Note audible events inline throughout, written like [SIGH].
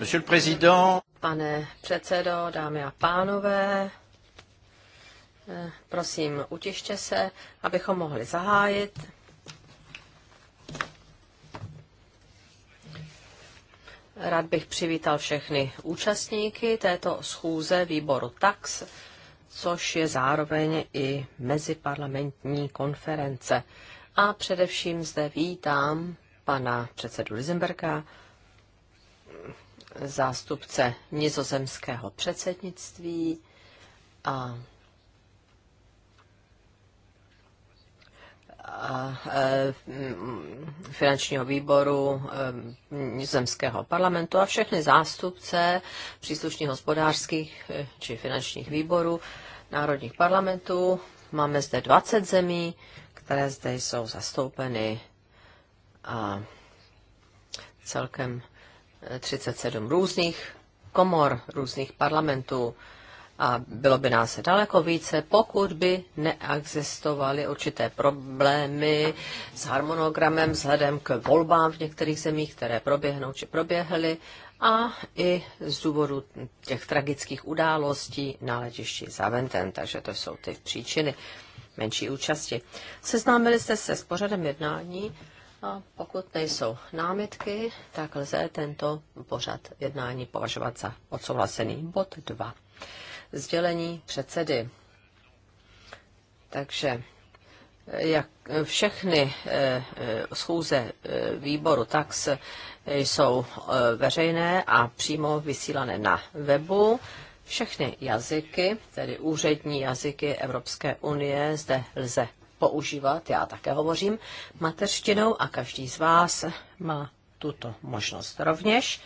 Monsieur le Président. Pane předsedo, dámy a pánové, eh, prosím, utište se, abychom mohli zahájit. Rád bych přivítal všechny účastníky této schůze výboru TAX, což je zároveň i meziparlamentní konference. A především zde vítám pana předsedu Lizenberka, zástupce nizozemského předsednictví a a e, finančního výboru e, nizozemského parlamentu a všechny zástupce příslušných hospodářských e, či finančních výborů národních parlamentů. Máme zde 20 zemí, které zde jsou zastoupeny a celkem 37 různých komor, různých parlamentů a bylo by nás daleko více, pokud by neexistovaly určité problémy s harmonogramem vzhledem k volbám v některých zemích, které proběhnou či proběhly a i z důvodu těch tragických událostí na letišti Zaventem, takže to jsou ty příčiny menší účasti. Seznámili jste se s pořadem jednání. A pokud nejsou námitky, tak lze tento pořad jednání považovat za odsouhlasený. Bod 2. Sdělení předsedy. Takže jak všechny eh, eh, schůze eh, výboru tax jsou veřejné a přímo vysílané na webu. Všechny jazyky, tedy úřední jazyky Evropské unie, zde lze používat, já také hovořím mateřštinou a každý z vás má tuto možnost rovněž.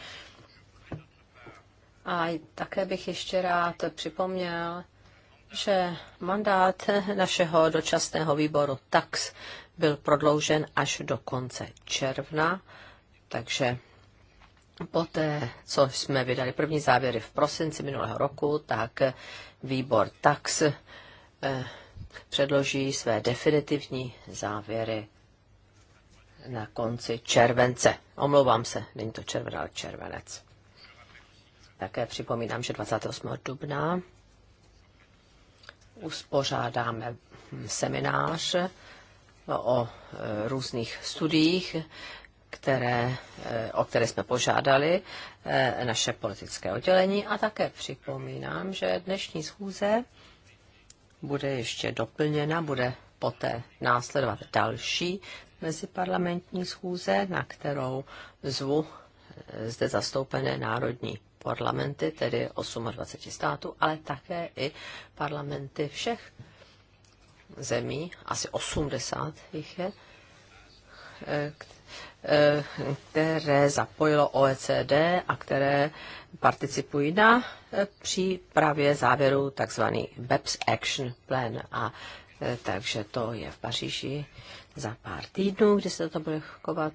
A také bych ještě rád připomněl, že mandát našeho dočasného výboru TAX byl prodloužen až do konce června, takže poté, co jsme vydali první závěry v prosinci minulého roku, tak výbor TAX eh, předloží své definitivní závěry na konci července. Omlouvám se, není to červen, ale červenec. Také připomínám, že 28. dubna uspořádáme seminář o e, různých studiích, které, e, o které jsme požádali e, naše politické oddělení. A také připomínám, že dnešní schůze bude ještě doplněna, bude poté následovat další meziparlamentní schůze, na kterou zvu eh, zde zastoupené národní parlamenty, tedy 28 států, ale také i parlamenty všech zemí, asi 80 jich je, eh, které zapojilo OECD a které participují na eh, přípravě závěru tzv. BEPS Action Plan. A eh, takže to je v Paříži za pár týdnů, kdy se to bude chovat,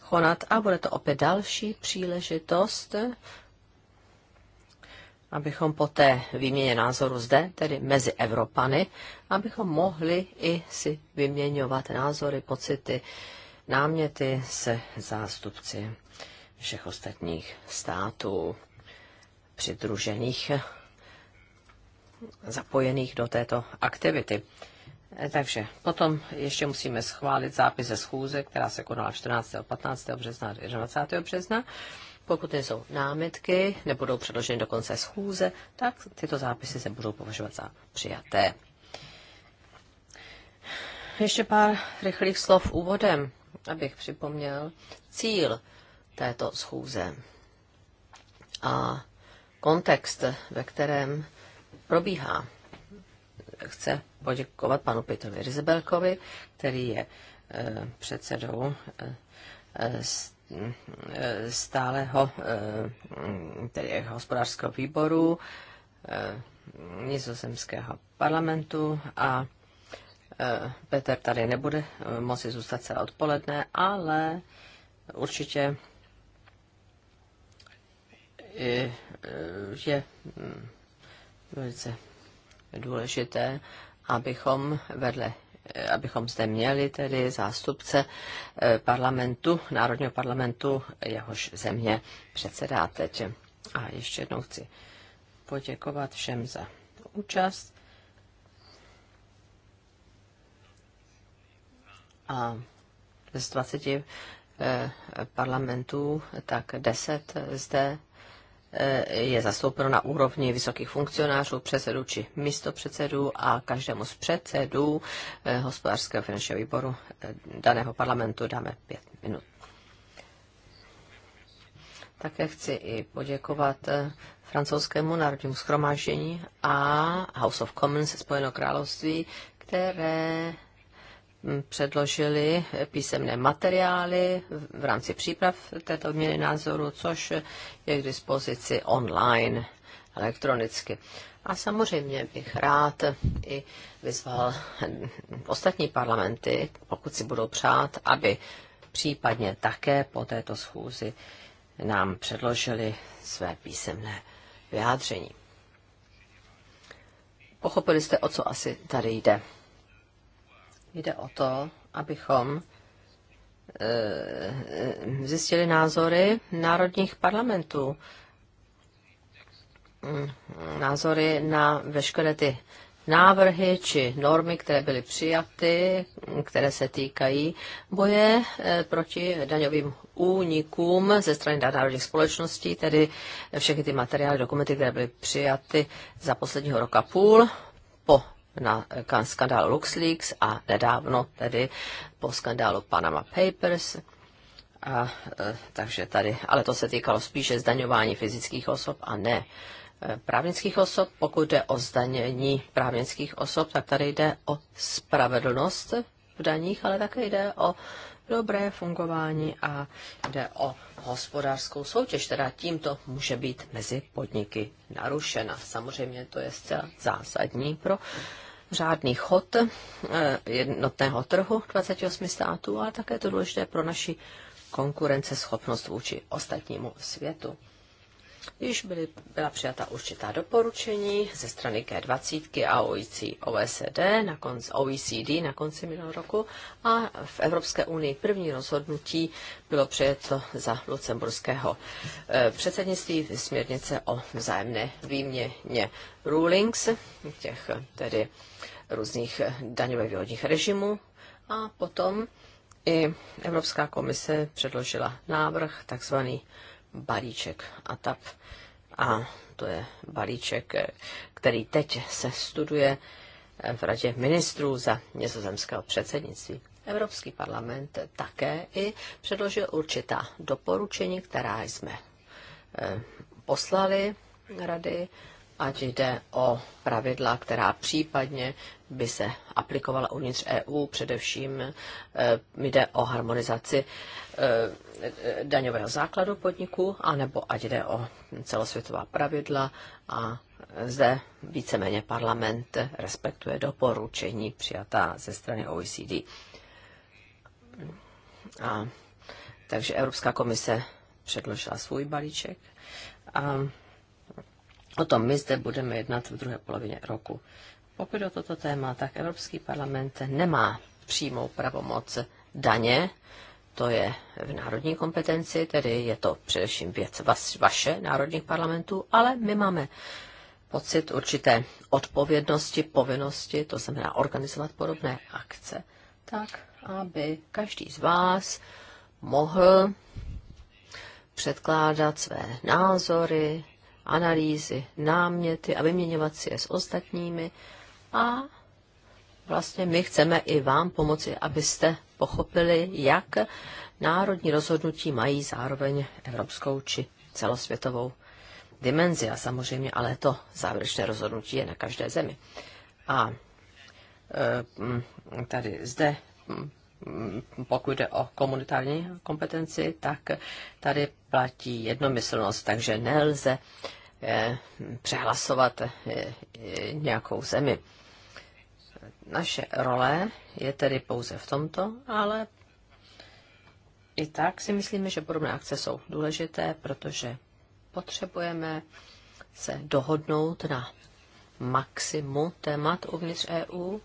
chonat a bude to opět další příležitost, abychom po té výměně názoru zde, tedy mezi Evropany, abychom mohli i si vyměňovat názory, pocity, náměty se zástupci všech ostatních států přidružených, zapojených do této aktivity. Takže potom ještě musíme schválit zápis ze schůze, která se konala 14. 15. března a 20. března. Pokud nejsou námitky, nebudou předloženy do konce schůze, tak tyto zápisy se budou považovat za přijaté. Ještě pár rychlých slov úvodem abych připomněl cíl této schůze a kontext, ve kterém probíhá. Chce poděkovat panu Pitovi Rizebelkovi, který je eh, předsedou eh, eh, stáleho tedy hospodářského výboru nizozemského parlamentu a Eh, Peter tady nebude eh, moci zůstat celé odpoledne, ale určitě eh, je mm, velice důležité, abychom vedle abychom zde měli tedy zástupce parlamentu, Národního parlamentu, jehož země předsedá teď. A ještě jednou chci poděkovat všem za účast a z 20 eh, parlamentů, tak 10 zde eh, je zastoupeno na úrovni vysokých funkcionářů, předsedů či místopředsedů a každému z předsedů eh, hospodářského finančního výboru daného parlamentu dáme pět minut. Také chci i poděkovat francouzskému národnímu schromáždění a House of Commons Spojeno království, které Mm, předložili písemné materiály v rámci příprav této měny názoru, což je k dispozici online elektronicky. A samozřejmě bych rád i vyzval ostatní parlamenty, pokud si budou přát, aby případně také po této schůzi nám předložili své písemné vyjádření. Pochopili jste, o co asi tady jde. Jde o to, abychom eh, zjistili názory národních parlamentů, mm, názory na veškeré ty návrhy či normy, které byly přijaty, které se týkají boje eh, proti daňovým únikům ze strany národních společností, tedy všechny ty materiály, dokumenty, které byly přijaty za posledního roka půl po na eh, skandál LuxLeaks a nedávno tedy po skandálu Panama Papers. A, eh, takže tady, ale to se týkalo spíše zdaňování fyzických osob a ne eh, právnických osob. Pokud jde o zdanění právnických osob, tak tady jde o spravedlnost v daních, ale také jde o dobré fungování a jde o hospodářskou soutěž, která tímto může být mezi podniky narušena. Samozřejmě to je zcela zásadní pro řádný chod eh, jednotného trhu 28 států, ale také to důležité pro naši konkurenceschopnost vůči ostatnímu světu. Již byly, byla přijata určitá doporučení ze strany G20 a OECD na konci, OECD na konci minulého roku a v Evropské unii první rozhodnutí bylo přijeto za lucemburského eh, předsednictví směrnice o vzájemné výměně rulings, těch eh, tedy různých eh, daňově výhodních režimů. A potom i Evropská komise předložila návrh, takzvaný balíček ATAP. A to je balíček, eh, který teď se studuje eh, v Radě ministrů za nizozemského předsednictví. Evropský parlament také i předložil určitá doporučení, která jsme poslali rady ať jde o pravidla, která případně by se aplikovala uvnitř EU, především eh, jde o harmonizaci eh, daňového základu podniku, anebo ať jde o celosvětová pravidla a zde víceméně parlament respektuje doporučení přijatá ze strany OECD. A, takže Evropská komise předložila svůj balíček a O tom my zde budeme jednat v druhé polovině roku. Pokud o toto téma, tak Evropský parlament nemá přímou pravomoc daně, to je v národní kompetenci, tedy je to především věc vaše národních parlamentů, ale my máme pocit určité odpovědnosti, povinnosti, to znamená organizovat podobné akce, tak aby každý z vás mohl předkládat své názory, analýzy, náměty a vyměňovat si je s ostatními. A vlastně my chceme i vám pomoci, abyste pochopili, jak národní rozhodnutí mají zároveň evropskou či celosvětovou dimenzi. A samozřejmě, ale to závěrečné rozhodnutí je na každé zemi. A e, tady zde pokud jde o komunitární kompetenci, tak tady platí jednomyslnost, takže nelze eh, přehlasovat eh, nějakou zemi. Naše role je tedy pouze v tomto, ale i tak si myslíme, že podobné akce jsou důležité, protože potřebujeme se dohodnout na maximum témat uvnitř EU,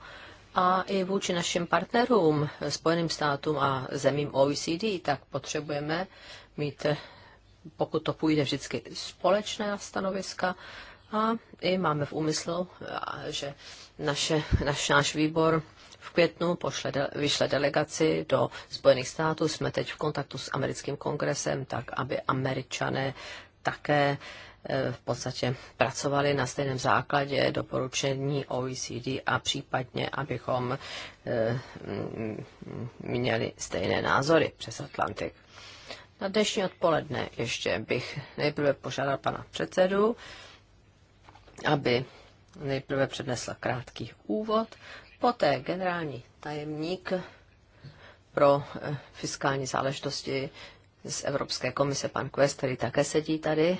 a i vůči našim partnerům, Spojeným státům a zemím OECD, tak potřebujeme mít, pokud to půjde, vždycky společné stanoviska. A i máme v úmyslu, že naše, naš, náš výbor v květnu pošle vyšle delegaci do Spojených států. Jsme teď v kontaktu s americkým kongresem, tak aby američané také eh, v podstatě pracovali na stejném základě doporučení OECD a případně, abychom eh, měli stejné názory přes Atlantik. Na dnešní odpoledne ještě bych nejprve požádal pana předsedu, aby nejprve přednesl krátký úvod, poté generální tajemník pro eh, fiskální záležitosti z Evropské komise, pan Quest, který také sedí tady,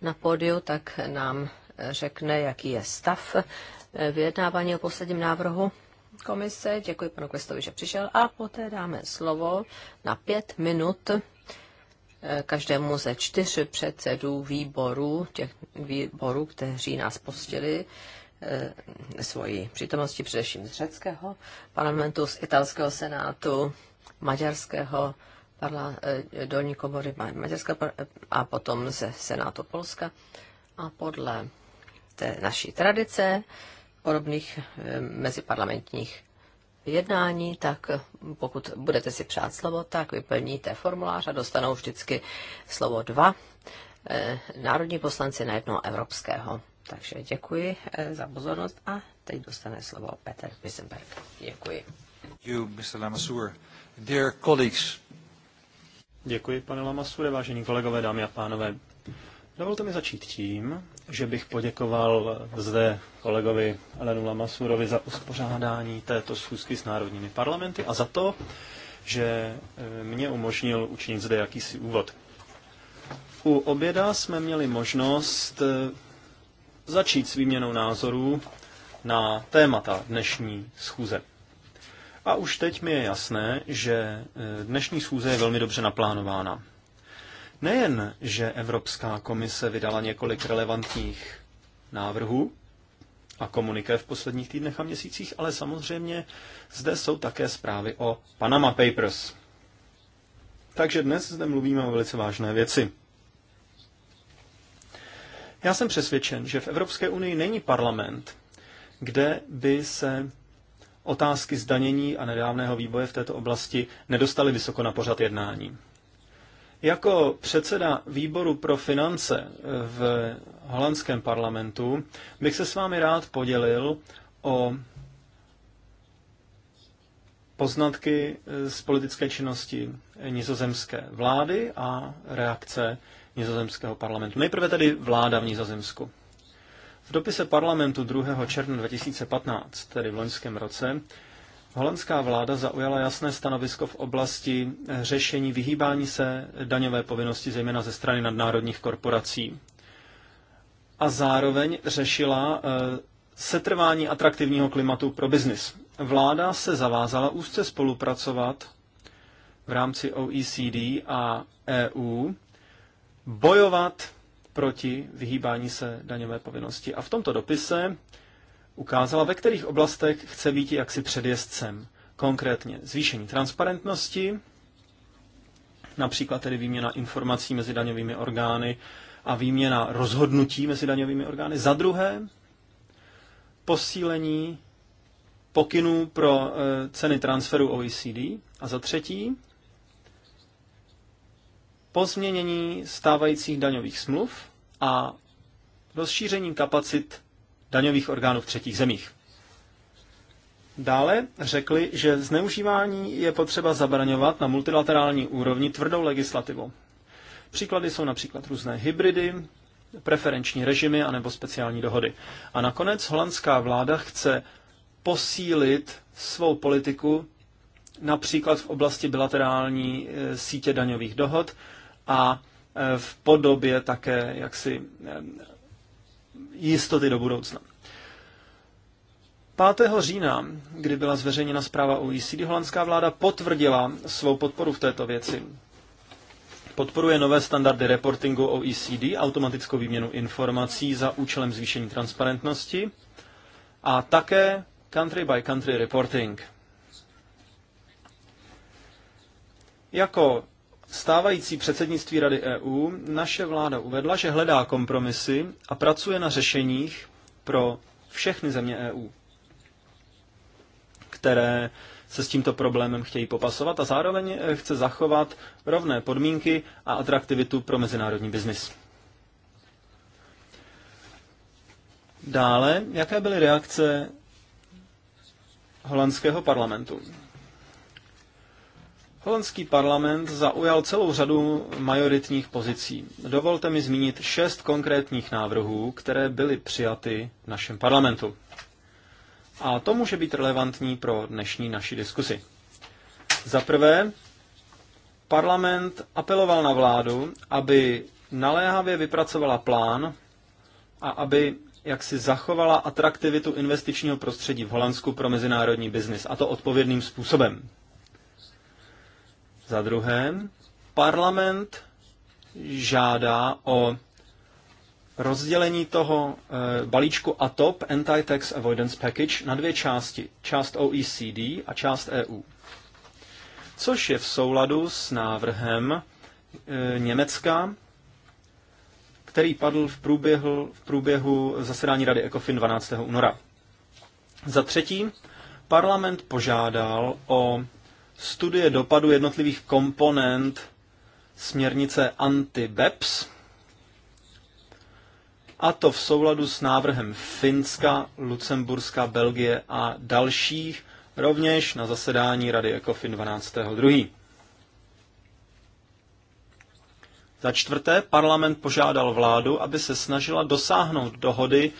na pódiu, tak nám řekne, jaký je stav eh, vyjednávání o posledním návrhu komise. Děkuji panu Kvestovi, že přišel a poté dáme slovo na pět minut eh, každému ze čtyř předsedů výborů, těch výborů, kteří nás postili eh, svoji přítomnosti především z řeckého parlamentu, z italského senátu, maďarského parla, eh, dolní komory Maďarska a potom ze Senátu Polska. A podle té naší tradice podobných eh, meziparlamentních jednání, tak pokud budete si přát slovo, tak vyplníte formulář a dostanou vždycky slovo dva eh, národní poslanci na jednoho evropského. Takže děkuji za pozornost a teď dostane slovo Petr Wissenberg. Děkuji. Děkuji, Mr. Lamassur. Dear colleagues, Děkuji, pane Lamasure, vážení kolegové, dámy a pánové. Dovolte mi začít tím, že bych poděkoval zde kolegovi Elenu Lamasurovi za uspořádání této schůzky s národními parlamenty a za to, že eh, mě umožnil učinit zde jakýsi úvod. U oběda jsme měli možnost eh, začít s výměnou názorů na témata dnešní schůze. A už teď mi je jasné, že e, dnešní schůze je velmi dobře naplánována. Nejen, že Evropská komise vydala několik relevantních návrhů a komuniké v posledních týdnech a měsících, ale samozřejmě zde jsou také zprávy o Panama Papers. Takže dnes zde mluvíme o velice vážné věci. Já jsem přesvědčen, že v Evropské unii není parlament, kde by se otázky zdanění a nedávného vývoje v této oblasti nedostaly vysoko na pořad jednání. Jako předseda výboru pro finance v holandském parlamentu bych se s vámi rád podělil o poznatky z politické činnosti nizozemské vlády a reakce nizozemského parlamentu. Nejprve tedy vláda v Nizozemsku. V dopise parlamentu 2. června 2015, tedy v loňském roce, holandská vláda zaujala jasné stanovisko v oblasti řešení vyhýbání se daňové povinnosti, zejména ze strany nadnárodních korporací. A zároveň řešila eh, setrvání atraktivního klimatu pro biznis. Vláda se zavázala úzce spolupracovat v rámci OECD a EU, bojovat proti vyhýbání se daňové povinnosti. A v tomto dopise ukázala, ve kterých oblastech chce být jaksi předjezdcem. Konkrétně zvýšení transparentnosti, například tedy výměna informací mezi daňovými orgány a výměna rozhodnutí mezi daňovými orgány. Za druhé, posílení pokynů pro eh, ceny transferu OECD. A za třetí, pozměnění stávajících daňových smluv a rozšíření kapacit daňových orgánů v třetích zemích. Dále řekli, že zneužívání je potřeba zabraňovat na multilaterální úrovni tvrdou legislativou. Příklady jsou například různé hybridy, preferenční režimy anebo speciální dohody. A nakonec holandská vláda chce posílit svou politiku například v oblasti bilaterální e, sítě daňových dohod, a e, v podobě také jaksi e, jistoty do budoucna. 5. října, kdy byla zveřejněna zpráva OECD, holandská vláda potvrdila svou podporu v této věci. Podporuje nové standardy reportingu OECD, automatickou výměnu informací za účelem zvýšení transparentnosti a také country by country reporting. Jako stávající předsednictví Rady EU naše vláda uvedla, že hledá kompromisy a pracuje na řešeních pro všechny země EU, které se s tímto problémem chtějí popasovat a zároveň eh, chce zachovat rovné podmínky a atraktivitu pro mezinárodní biznis. Dále, jaké byly reakce holandského parlamentu? Holandský parlament zaujal celou řadu majoritních pozicí. Dovolte mi zmínit šest konkrétních návrhů, které byly přijaty v našem parlamentu. A to může být relevantní pro dnešní naši diskusi. Za prvé, parlament apeloval na vládu, aby naléhavě vypracovala plán a aby jak si zachovala atraktivitu investičního prostředí v Holandsku pro mezinárodní biznis, a to odpovědným způsobem. Za druhé, parlament žádá o rozdělení toho e, balíčku ATOP, Anti-Tax Avoidance Package, na dvě části. Část OECD a část EU. Což je v souladu s návrhem e, Německa, který padl v průběhu, v průběhu zasedání Rady ECOFIN 12. února. Za třetí, parlament požádal o studie dopadu jednotlivých komponent směrnice anti-BEPS, a to v souladu s návrhem Finska, Lucemburska, Belgie a dalších, rovněž na zasedání Rady ECOFIN 12.2. Za čtvrté, parlament požádal vládu, aby se snažila dosáhnout dohody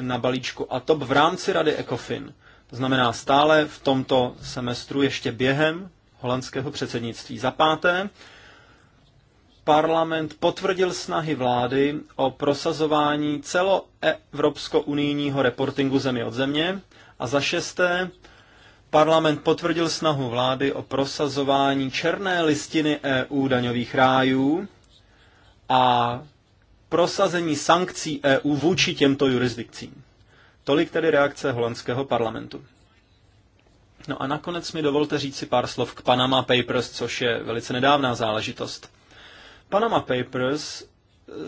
na balíčku ATOP v rámci Rady ECOFIN znamená stále v tomto semestru ještě během holandského předsednictví. Za páté, parlament potvrdil snahy vlády o prosazování celoevropsko-unijního reportingu zemi od země. A za šesté, parlament potvrdil snahu vlády o prosazování černé listiny EU daňových rájů a prosazení sankcí EU vůči těmto jurisdikcím. Tolik tedy reakce holandského parlamentu. No a nakonec mi dovolte říct si pár slov k Panama Papers, což je velice nedávná záležitost. Panama Papers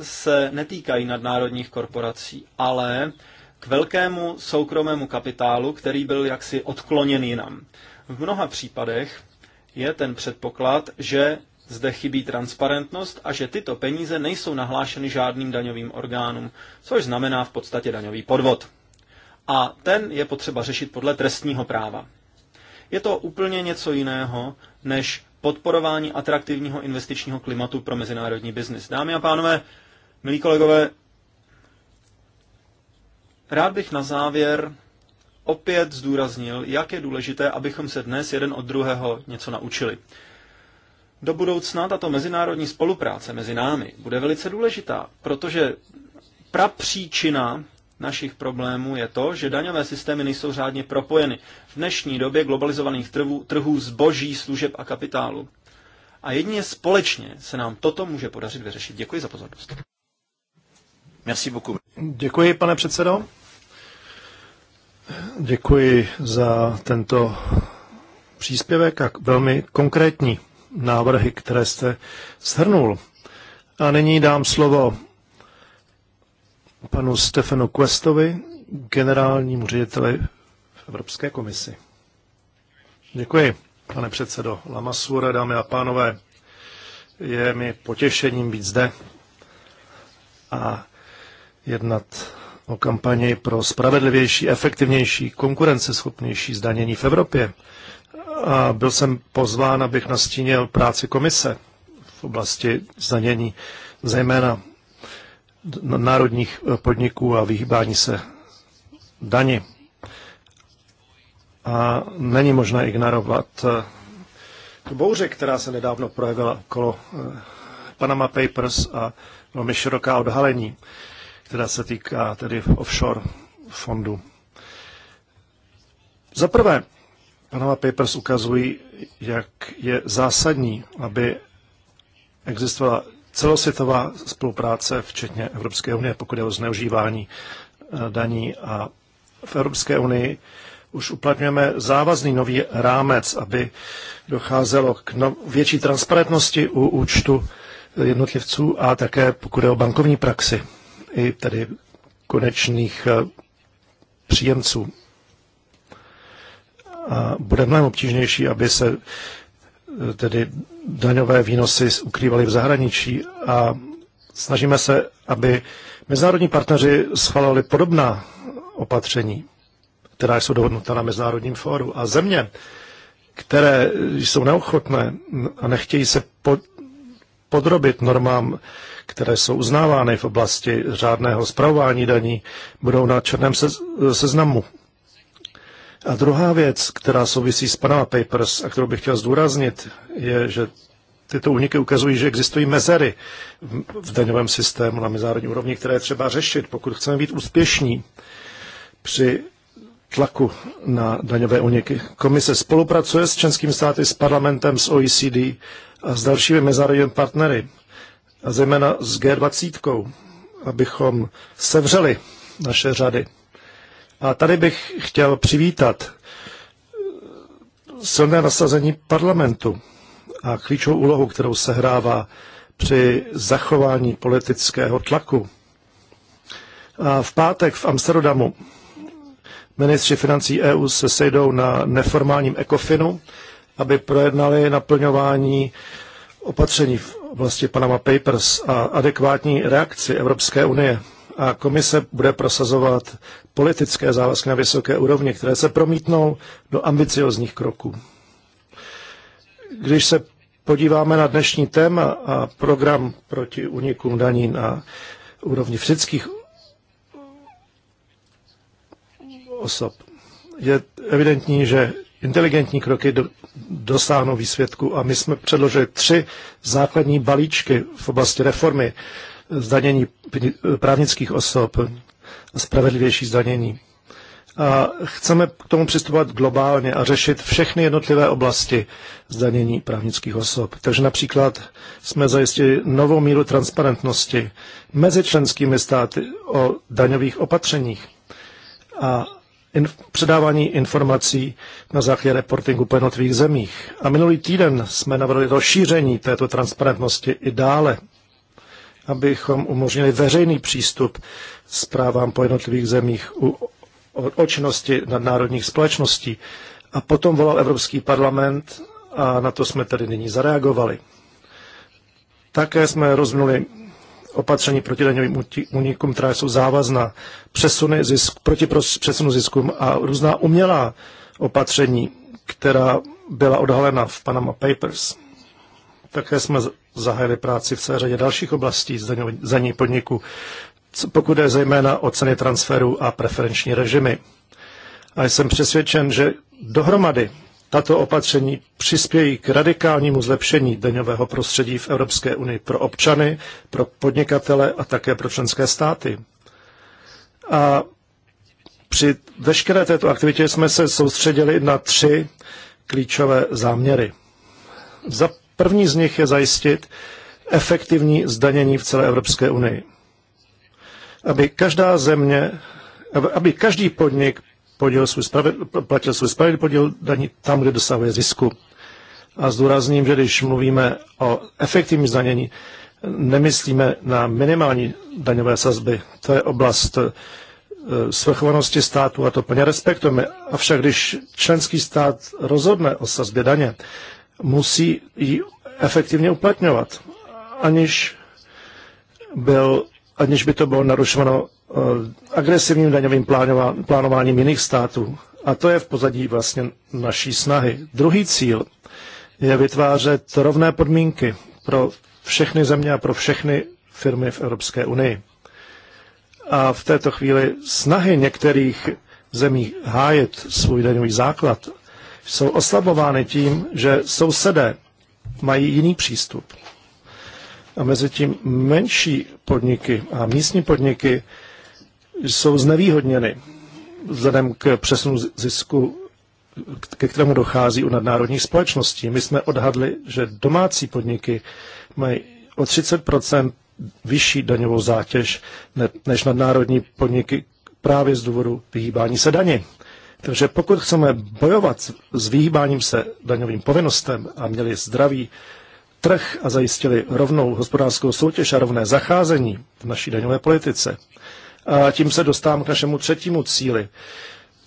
se netýkají nadnárodních korporací, ale k velkému soukromému kapitálu, který byl jaksi odkloněn jinam. V mnoha případech je ten předpoklad, že zde chybí transparentnost a že tyto peníze nejsou nahlášeny žádným daňovým orgánům, což znamená v podstatě daňový podvod. A ten je potřeba řešit podle trestního práva. Je to úplně něco jiného, než podporování atraktivního investičního klimatu pro mezinárodní biznis. Dámy a pánové, milí kolegové, rád bych na závěr opět zdůraznil, jak je důležité, abychom se dnes jeden od druhého něco naučili. Do budoucna tato mezinárodní spolupráce mezi námi bude velice důležitá, protože prapříčina našich problémů je to, že daňové systémy nejsou řádně propojeny v dnešní době globalizovaných trhů, trhů zboží, služeb a kapitálu. A jedině společně se nám toto může podařit vyřešit. Děkuji za pozornost. Merci beaucoup. Děkuji, pane předsedo. Děkuji za tento příspěvek a velmi konkrétní návrhy, které jste shrnul. A nyní dám slovo panu Stefanu Questovi, generálnímu řediteli v Evropské komisi. Děkuji, pane předsedo Lamasura, dámy a pánové. Je mi potěšením být zde a jednat o kampani pro spravedlivější, efektivnější, konkurenceschopnější zdanění v Evropě. A byl jsem pozván, abych nastínil práci komise v oblasti zdanění, zejména národních eh, podniků a vyhýbání se dani. A není možné ignorovat eh, tu bouře, která se nedávno projevila okolo eh, Panama Papers a velmi široká odhalení, která se týká tedy offshore fondu. Za prvé, Panama Papers ukazují, jak je zásadní, aby existovala celosvětová spolupráce, včetně Evropské unie, pokud je o zneužívání eh, daní a v Evropské unii už uplatňujeme závazný nový rámec, aby docházelo k no, větší transparentnosti u účtu jednotlivců a také pokud je o bankovní praxi, i tedy konečných eh, příjemců. A bude mnohem obtížnější, aby se tedy daňové výnosy ukrývali v zahraničí a snažíme se, aby mezinárodní partneři schválili podobná opatření, která jsou dohodnuta na Mezinárodním fóru. A země, které jsou neochotné a nechtějí se podrobit normám, které jsou uznávány v oblasti řádného zpravování daní, budou na černém seznamu a druhá věc, která souvisí s Panama Papers a kterou bych chtěl zdůraznit, je, že tyto úniky ukazují, že existují mezery v daňovém systému na mezinárodní úrovni, které je třeba řešit, pokud chceme být úspěšní při tlaku na daňové úniky. Komise spolupracuje s členskými státy, s parlamentem, s OECD a s dalšími mezinárodními partnery, a zejména s G20, abychom sevřeli naše řady. A tady bych chtěl přivítat eh, silné nasazení parlamentu a klíčovou úlohu, kterou se hrává při zachování politického tlaku. A v pátek v Amsterdamu ministři financí EU se sejdou na neformálním ECOFINu, aby projednali naplňování opatření v oblasti Panama Papers a adekvátní reakci Evropské unie a komise bude prosazovat politické závazky na vysoké úrovni, které se promítnou do ambiciozních kroků. Když se podíváme na dnešní téma a program proti unikům daní na úrovni fyzických osob, je evidentní, že inteligentní kroky dosáhnou výsvědku a my jsme předložili tři základní balíčky v oblasti reformy zdanění právnických osob, spravedlivější zdanění. A chceme k tomu přistupovat globálně a řešit všechny jednotlivé oblasti zdanění právnických osob. Takže například jsme zajistili novou míru transparentnosti mezi členskými státy o daňových opatřeních a inf- předávání informací na základě reportingu po jednotlivých zemích. A minulý týden jsme navrhli rozšíření této transparentnosti i dále abychom umožnili veřejný přístup zprávám po jednotlivých zemích u, očnosti nadnárodních společností. A potom volal Evropský parlament a na to jsme tedy nyní zareagovali. Také jsme rozvinuli opatření proti daňovým únikům, která jsou závazná, přesuny zisk, proti přesunu ziskům a různá umělá opatření, která byla odhalena v Panama Papers. Také jsme zahájili práci v celé řadě dalších oblastí za ní podniku, pokud je zejména o ceny transferu a preferenční režimy. A jsem přesvědčen, že dohromady tato opatření přispějí k radikálnímu zlepšení daňového prostředí v Evropské unii pro občany, pro podnikatele a také pro členské státy. A při veškeré této aktivitě jsme se soustředili na tři klíčové záměry. Za První z nich je zajistit efektivní zdanění v celé Evropské unii. Aby každá země, aby každý podnik podíl svůj spravedl, platil svůj spravedlivý podíl daní tam, kde dosahuje zisku. A zdůrazním, že když mluvíme o efektivním zdanění, nemyslíme na minimální daňové sazby. To je oblast eh, svrchovanosti státu a to plně respektujeme. Avšak když členský stát rozhodne o sazbě daně, musí ji efektivně uplatňovat, aniž, byl, aniž by to bylo narušováno eh, agresivním daňovým plánováním jiných států. A to je v pozadí vlastně naší snahy. Druhý cíl je vytvářet rovné podmínky pro všechny země a pro všechny firmy v Evropské unii. A v této chvíli snahy některých zemí hájet svůj daňový základ jsou oslabovány tím, že sousedé mají jiný přístup. A mezi tím menší podniky a místní podniky jsou znevýhodněny vzhledem k přesunu zisku, ke kterému dochází u nadnárodních společností. My jsme odhadli, že domácí podniky mají o 30 vyšší daňovou zátěž než nadnárodní podniky právě z důvodu vyhýbání se daně. Takže pokud chceme bojovat s vyhýbáním se daňovým povinnostem a měli zdravý trh a zajistili rovnou hospodářskou soutěž a rovné zacházení v naší daňové politice, a tím se dostávám k našemu třetímu cíli,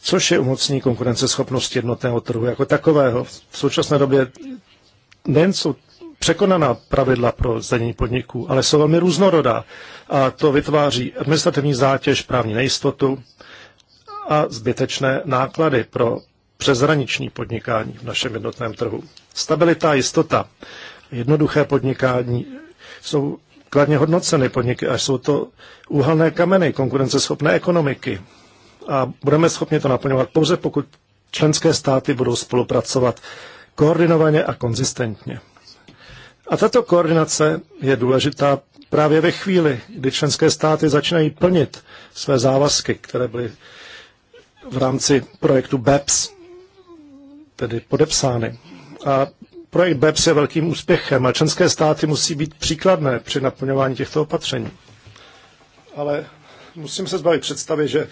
což je umocní konkurenceschopnost jednotného trhu jako takového. V současné době nejen jsou překonaná pravidla pro zdanění podniků, ale jsou velmi různorodá. A to vytváří administrativní zátěž, právní nejistotu a zbytečné náklady pro přezraniční podnikání v našem jednotném trhu. Stabilita jistota, jednoduché podnikání jsou kladně hodnoceny podniky a jsou to úhelné kameny konkurenceschopné ekonomiky. A budeme schopni to naplňovat pouze, pokud členské státy budou spolupracovat koordinovaně a konzistentně. A tato koordinace je důležitá právě ve chvíli, kdy členské státy začínají plnit své závazky, které byly v rámci projektu BEPS, tedy podepsány. A projekt BEPS je velkým úspěchem a členské státy musí být příkladné při naplňování těchto opatření. Ale musím se zbavit představy, že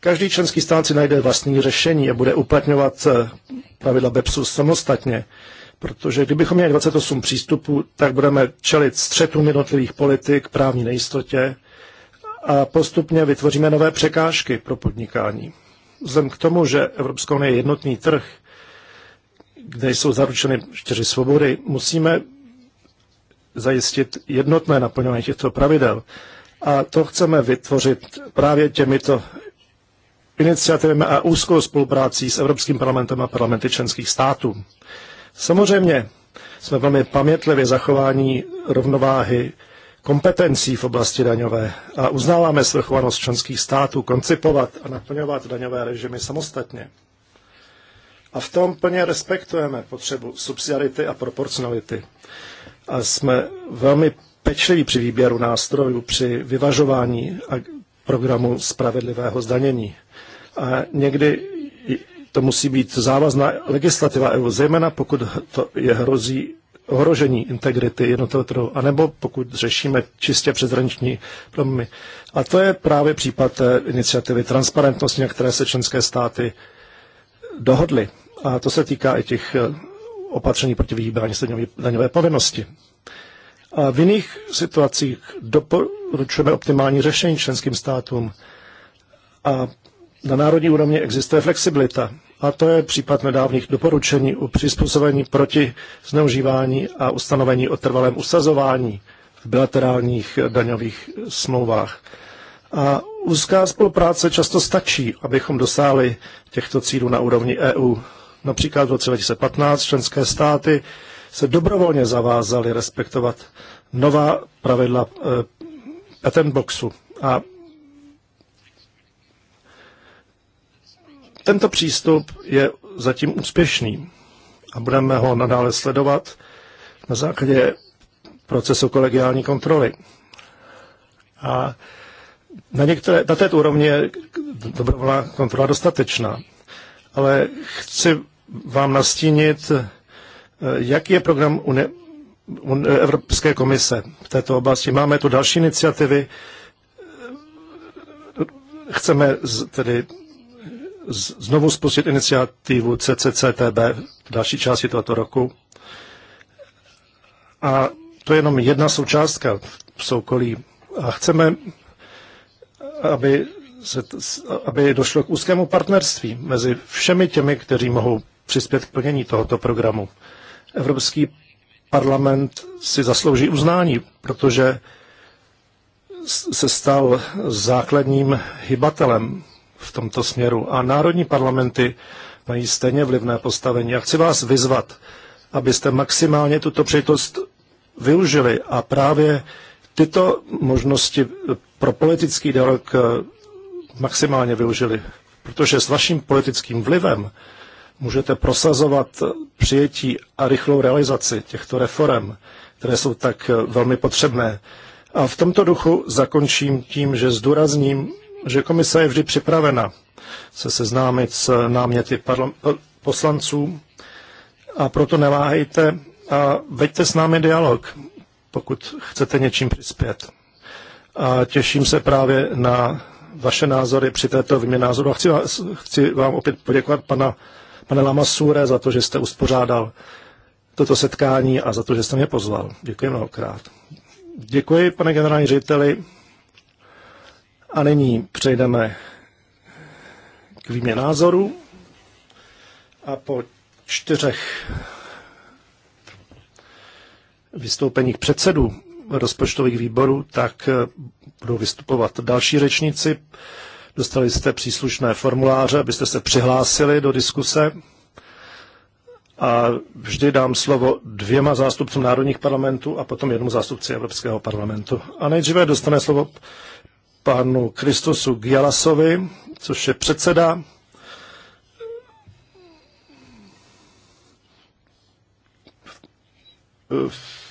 každý členský stát si najde vlastní řešení a bude uplatňovat eh, pravidla BEPSu samostatně. Protože kdybychom měli 28 přístupů, tak budeme čelit střetům jednotlivých politik, právní nejistotě a postupně vytvoříme nové překážky pro podnikání vzhledem k tomu, že Evropská unie je jednotný trh, kde jsou zaručeny čtyři svobody, musíme zajistit jednotné naplňování těchto pravidel. A to chceme vytvořit právě těmito iniciativami a úzkou spoluprácí s Evropským parlamentem a parlamenty členských států. Samozřejmě jsme velmi pamětlivě zachování rovnováhy kompetencí v oblasti daňové a uznáváme svrchovanost členských států koncipovat a naplňovat daňové režimy samostatně. A v tom plně respektujeme potřebu subsidiarity a proporcionality. A jsme velmi pečliví při výběru nástrojů, při vyvažování a programu spravedlivého zdanění. A někdy to musí být závazná legislativa EU, zejména pokud to je hrozí ohrožení integrity jednotlivého trhu, anebo pokud řešíme čistě přezraniční problémy. A to je právě případ té iniciativy transparentnosti, na které se členské státy dohodly. A to se týká i těch eh, opatření proti vyhýbání se daňové povinnosti. A v jiných situacích doporučujeme optimální řešení členským státům. A na národní úrovni existuje flexibilita. A to je případ nedávných doporučení u přizpůsobení proti zneužívání a ustanovení o trvalém usazování v bilaterálních daňových smlouvách. A úzká spolupráce často stačí, abychom dosáhli těchto cílů na úrovni EU. Například v roce 2015 členské státy se dobrovolně zavázaly respektovat nová pravidla eh, patentboxu a Tento přístup je zatím úspěšný a budeme ho nadále sledovat na základě procesu kolegiální kontroly. A na, některé, na této úrovni je dobrovolná kontrola dostatečná. Ale chci vám nastínit, jaký je program Unie, Evropské komise v této oblasti. Máme tu další iniciativy. Chceme tedy znovu spustit iniciativu CCCTB v další části tohoto roku. A to je jenom jedna součástka v soukolí. A chceme, aby, se, aby došlo k úzkému partnerství mezi všemi těmi, kteří mohou přispět k plnění tohoto programu. Evropský parlament si zaslouží uznání, protože se stal základním hybatelem v tomto směru. A národní parlamenty mají stejně vlivné postavení. A chci vás vyzvat, abyste maximálně tuto přejitost využili a právě tyto možnosti pro politický dialog eh, maximálně využili. Protože s vaším politickým vlivem můžete prosazovat přijetí a rychlou realizaci těchto reform, které jsou tak eh, velmi potřebné. A v tomto duchu zakončím tím, že zdůrazním že komise je vždy připravena se seznámit s náměty poslanců a proto neváhejte a veďte s námi dialog, pokud chcete něčím přispět. A těším se právě na vaše názory při této výměně názoru. A chci, vás, chci vám opět poděkovat pana, pane Lamasure za to, že jste uspořádal toto setkání a za to, že jste mě pozval. Děkuji mnohokrát. Děkuji, pane generální řediteli. A nyní přejdeme k výměně názorů. A po čtyřech vystoupeních předsedů rozpočtových výborů, tak eh, budou vystupovat další řečníci. Dostali jste příslušné formuláře, abyste se přihlásili do diskuse. A vždy dám slovo dvěma zástupcům národních parlamentů a potom jednomu zástupci Evropského parlamentu. A nejdříve dostane slovo panu Kristosu Gialasovi, což je předseda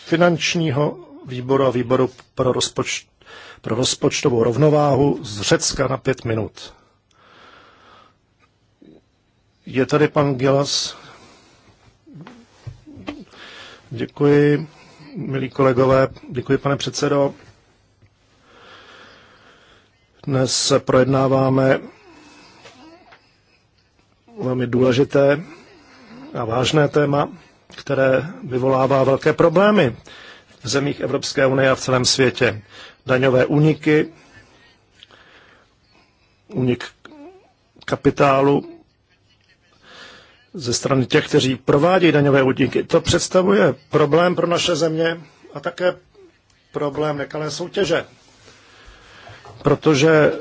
finančního výboru a výboru pro, rozpoč- pro rozpočtovou rovnováhu z Řecka na pět minut. Je tady pan Gilas? Děkuji, milí kolegové, děkuji, pane předsedo. Dnes projednáváme velmi důležité a vážné téma, které vyvolává velké problémy v zemích Evropské unie a v celém světě. Daňové úniky, únik kapitálu ze strany těch, kteří provádějí daňové úniky. To představuje problém pro naše země a také problém nekalé soutěže Protože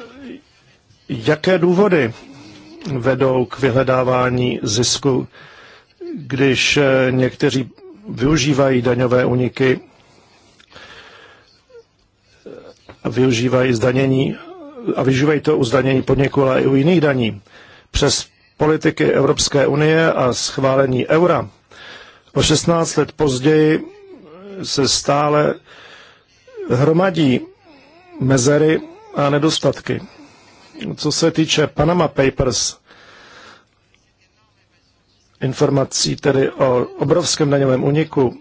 jaké důvody vedou k vyhledávání zisku, když eh, někteří využívají daňové uniky a využívají zdanění a využívají to u zdanění podniku, ale i u jiných daní. Přes politiky Evropské unie a schválení eura o 16 let později se stále hromadí mezery a nedostatky. Co se týče Panama Papers, informací tedy o obrovském daňovém uniku,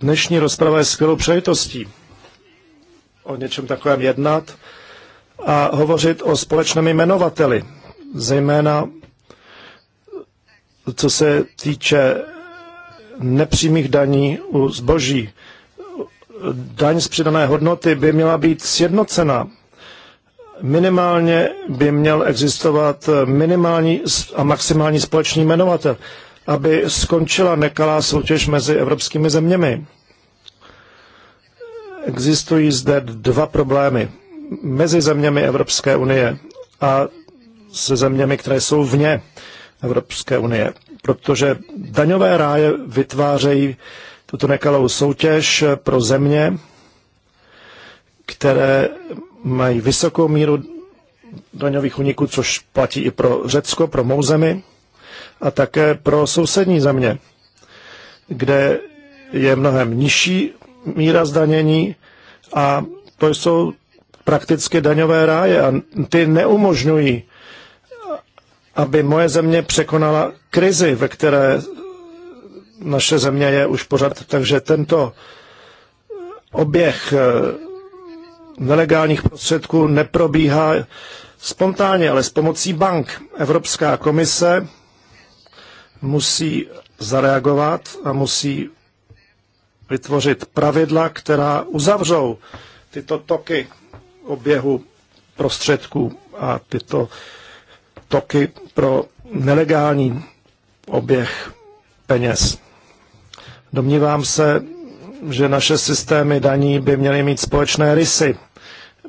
dnešní rozprava je skvělou přejitostí o něčem takovém jednat a hovořit o společném jmenovateli, zejména co se týče nepřímých daní u zboží. Daň z přidané hodnoty by měla být sjednocena minimálně by měl existovat minimální a maximální společný jmenovatel, aby skončila nekalá soutěž mezi evropskými zeměmi. Existují zde dva problémy mezi zeměmi Evropské unie a se zeměmi, které jsou vně Evropské unie, protože daňové ráje vytvářejí tuto nekalou soutěž pro země, které mají vysokou míru daňových uniků, což platí i pro Řecko, pro mou zemi a také pro sousední země, kde je mnohem nižší míra zdanění a to jsou prakticky daňové ráje a ty neumožňují, aby moje země překonala krizi, ve které naše země je už pořád. Takže tento oběh nelegálních prostředků neprobíhá spontánně, ale s pomocí bank. Evropská komise musí zareagovat a musí vytvořit pravidla, která uzavřou tyto toky oběhu prostředků a tyto toky pro nelegální oběh peněz. Domnívám se, že naše systémy daní by měly mít společné rysy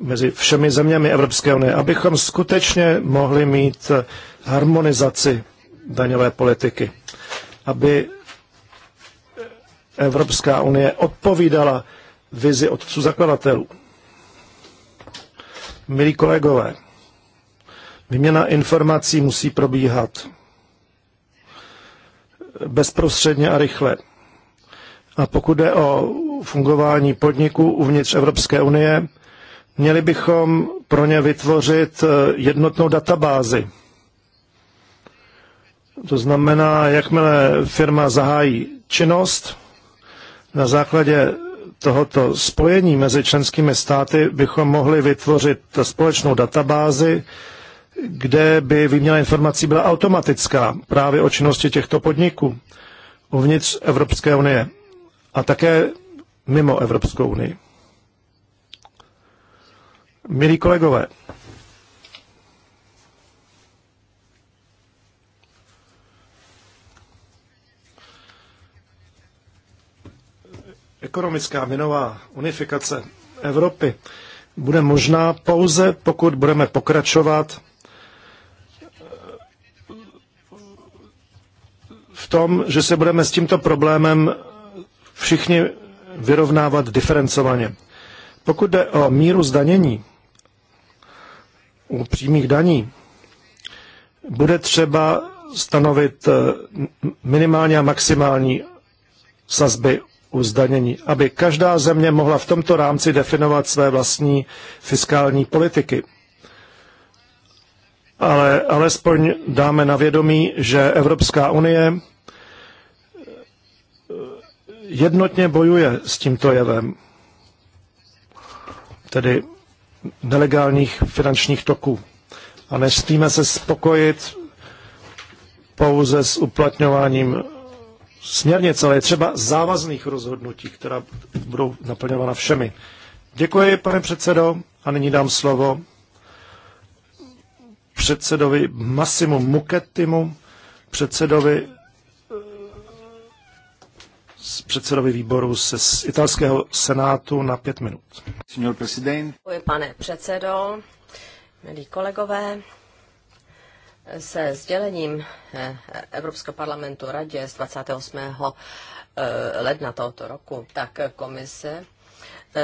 mezi všemi zeměmi Evropské unie, abychom skutečně mohli mít eh, harmonizaci daňové politiky, aby eh, Evropská unie odpovídala vizi otců zakladatelů. Milí kolegové, výměna informací musí probíhat eh, bezprostředně a rychle. A pokud jde o fungování podniků uvnitř Evropské unie, Měli bychom pro ně vytvořit eh, jednotnou databázi. To znamená, jakmile firma zahájí činnost, na základě tohoto spojení mezi členskými státy bychom mohli vytvořit společnou databázi, kde by výměna informací byla automatická právě o činnosti těchto podniků uvnitř Evropské unie a také mimo Evropskou unii. Milí kolegové, ekonomická minová unifikace Evropy bude možná pouze, pokud budeme pokračovat eh, v tom, že se budeme s tímto problémem všichni vyrovnávat diferencovaně. Pokud jde o míru zdanění, u přímých daní bude třeba stanovit eh, minimální a maximální sazby u zdanění, aby každá země mohla v tomto rámci definovat své vlastní fiskální politiky. Ale alespoň dáme na vědomí, že Evropská unie eh, jednotně bojuje s tímto jevem. Tedy nelegálních finančních toků. A nesmíme se spokojit pouze s uplatňováním směrnic, ale je třeba závazných rozhodnutí, která budou naplňována všemi. Děkuji, pane předsedo, a nyní dám slovo předsedovi Massimu Muketimu, předsedovi předsedovi výboru se, z italského senátu na pět minut. Signor president. Děkuji, pane předsedo, milí kolegové. Se sdělením eh, Evropského parlamentu radě z 28. Eh, ledna tohoto roku, tak komise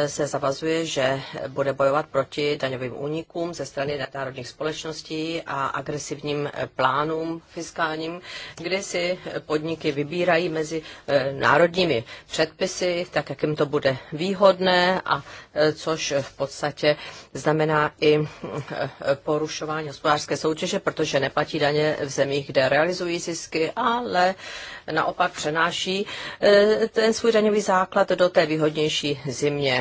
se zavazuje, že bude bojovat proti daňovým únikům ze strany národních společností a agresivním eh, plánům fiskálním, kde si podniky vybírají mezi eh, národními předpisy, tak jak jim to bude výhodné, a eh, což v podstatě znamená i porušování hospodářské soutěže, protože neplatí daně v zemích, kde realizují zisky, ale naopak přenáší ten svůj daňový základ do té výhodnější zimě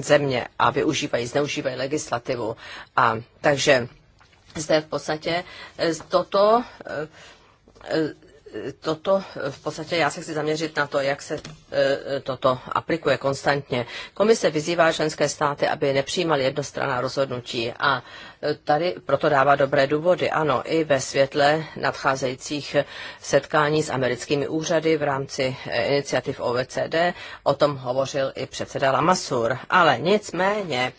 země a využívají, zneužívají legislativu. A takže zde v podstatě eh, toto eh, eh, toto v podstatě já se chci zaměřit na to, jak se toto aplikuje konstantně. Komise vyzývá členské státy, aby nepřijímali jednostranná rozhodnutí a tady proto dává dobré důvody. Ano, i ve světle nadcházejících setkání s americkými úřady v rámci eh, iniciativ OVCD o tom hovořil i předseda Lamasur. Ale nicméně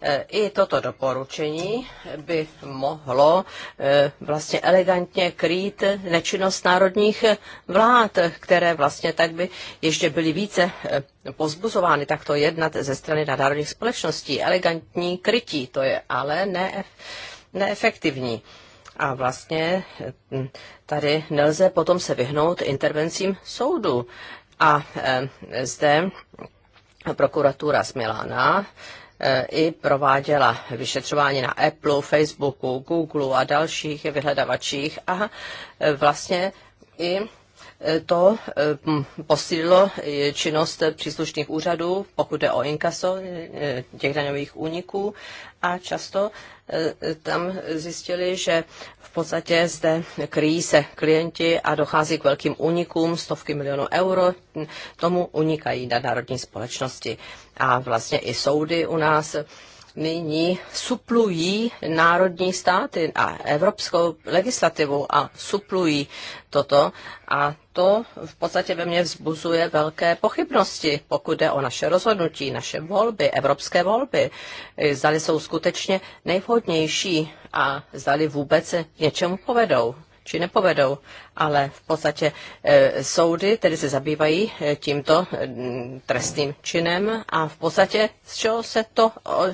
eh, i toto doporučení by mohlo eh, vlastně elegantně krýt nečinnost národních vlád, které vlastně tak by ještě byly více pozbuzovány takto jednat ze strany nadárodních společností. Elegantní krytí, to je ale ne, neefektivní. A vlastně hm, tady nelze potom se vyhnout intervencím soudu. A eh, zde prokuratura z Milána eh, i prováděla vyšetřování na Apple, Facebooku, Google a dalších vyhledavačích a eh, vlastně i to eh, posílilo činnost příslušných úřadů, pokud jde o inkaso eh, těch daňových úniků a často eh, tam zjistili, že v podstatě zde kryjí se klienti a dochází k velkým únikům, stovky milionů euro, tomu unikají na národní společnosti. A vlastně i soudy u nás nyní suplují národní státy a evropskou legislativu a suplují toto. A to v podstatě ve mně vzbuzuje velké pochybnosti, pokud jde o naše rozhodnutí, naše volby, evropské volby. Zdali jsou skutečně nejvhodnější a zdali vůbec něčemu povedou či nepovedou, ale v podstatě e, soudy tedy se zabývají eh, tímto mm, trestným činem a v podstatě z čeho se to o,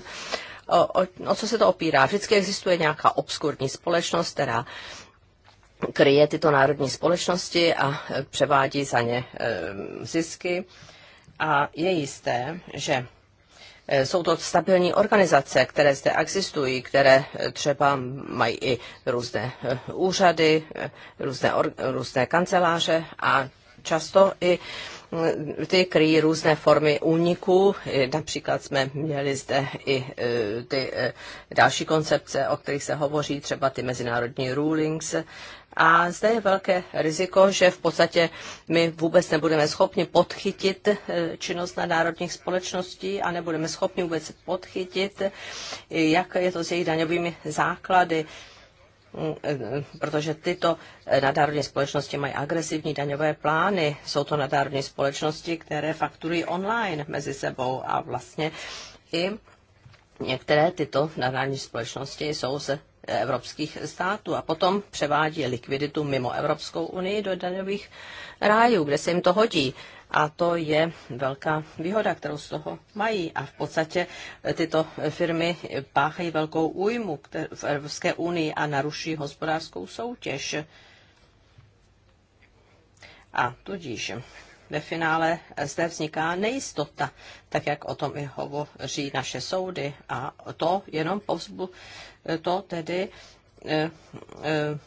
o, o, o co se to opírá. Vždycky existuje nějaká obskurní společnost, která kryje tyto národní společnosti a převádí za ně eh, zisky. A je jisté, že eh, jsou to stabilní organizace, které zde existují, které eh, třeba mají i různé úřady, různé, or, různé kanceláře a často i ty kryjí různé formy úniků. Například jsme měli zde i ty další koncepce, o kterých se hovoří, třeba ty mezinárodní rulings, a zde je velké riziko, že v podstatě my vůbec nebudeme schopni podchytit e, činnost na národních společností a nebudeme schopni vůbec podchytit, e, jak je to s jejich daňovými základy mm, e, protože tyto nadárodní společnosti mají agresivní daňové plány. Jsou to nadárodní společnosti, které fakturují online mezi sebou a vlastně i Některé tyto nadnárodní společnosti jsou ze evropských států a potom převádí likviditu mimo Evropskou unii do daňových rájů, kde se jim to hodí. A to je velká výhoda, kterou z toho mají. A v podstatě tyto firmy páchají velkou újmu v Evropské unii a naruší hospodářskou soutěž. A tudíž ve finále zde vzniká nejistota, tak jak o tom i hovoří naše soudy. A to jenom povzbu, to tedy eh, eh,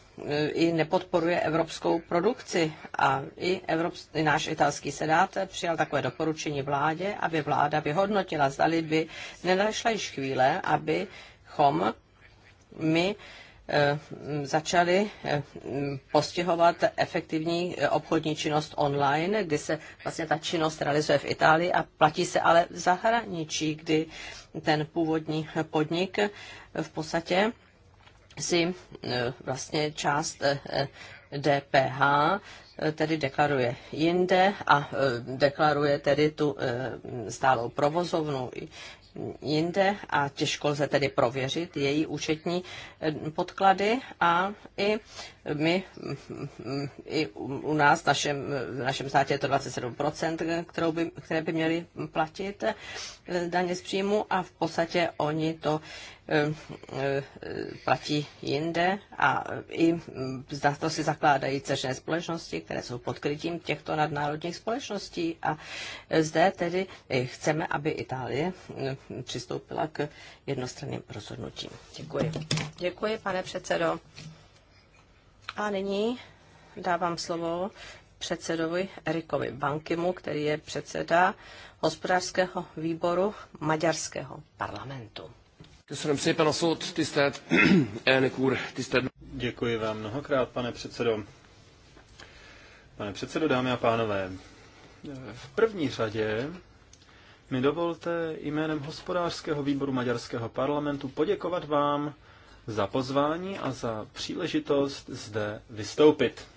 i nepodporuje evropskou produkci. A i, Evrops, i náš italský sedát přijal takové doporučení vládě, aby vláda vyhodnotila, zdali by nenašla již chvíle, abychom my Eh, začali eh, postihovat efektivní eh, obchodní činnost online, kdy se vlastně ta činnost realizuje v Itálii a platí se ale v zahraničí, kdy ten původní podnik v podstatě si vlastně část DPH tedy deklaruje jinde a deklaruje tedy tu stálou provozovnu jinde a těžko lze tedy prověřit její účetní eh, podklady a i my, i u nás, v našem, v našem státě je to 27%, kterou by, které by měly platit eh, daně z příjmu a v podstatě oni to E, e, platí jinde a i za to si zakládají ceřné společnosti, které jsou podkrytím těchto nadnárodních společností. A zde tedy chceme, aby Itálie přistoupila k jednostranným rozhodnutím. Děkuji. Děkuji, pane předsedo. A nyní dávám slovo předsedovi Erikovi Bankimu, který je předseda hospodářského výboru maďarského parlamentu. Köszönöm szépen a szót, tisztelt [CLEARS THROAT] elnök úr, tisztelt... Děkuji vám mnohokrát, pane předsedo. Pane předsedo, dámy a pánové, v první řadě mi dovolte jménem hospodářského výboru Maďarského parlamentu poděkovat vám za pozvání a za příležitost zde vystoupit.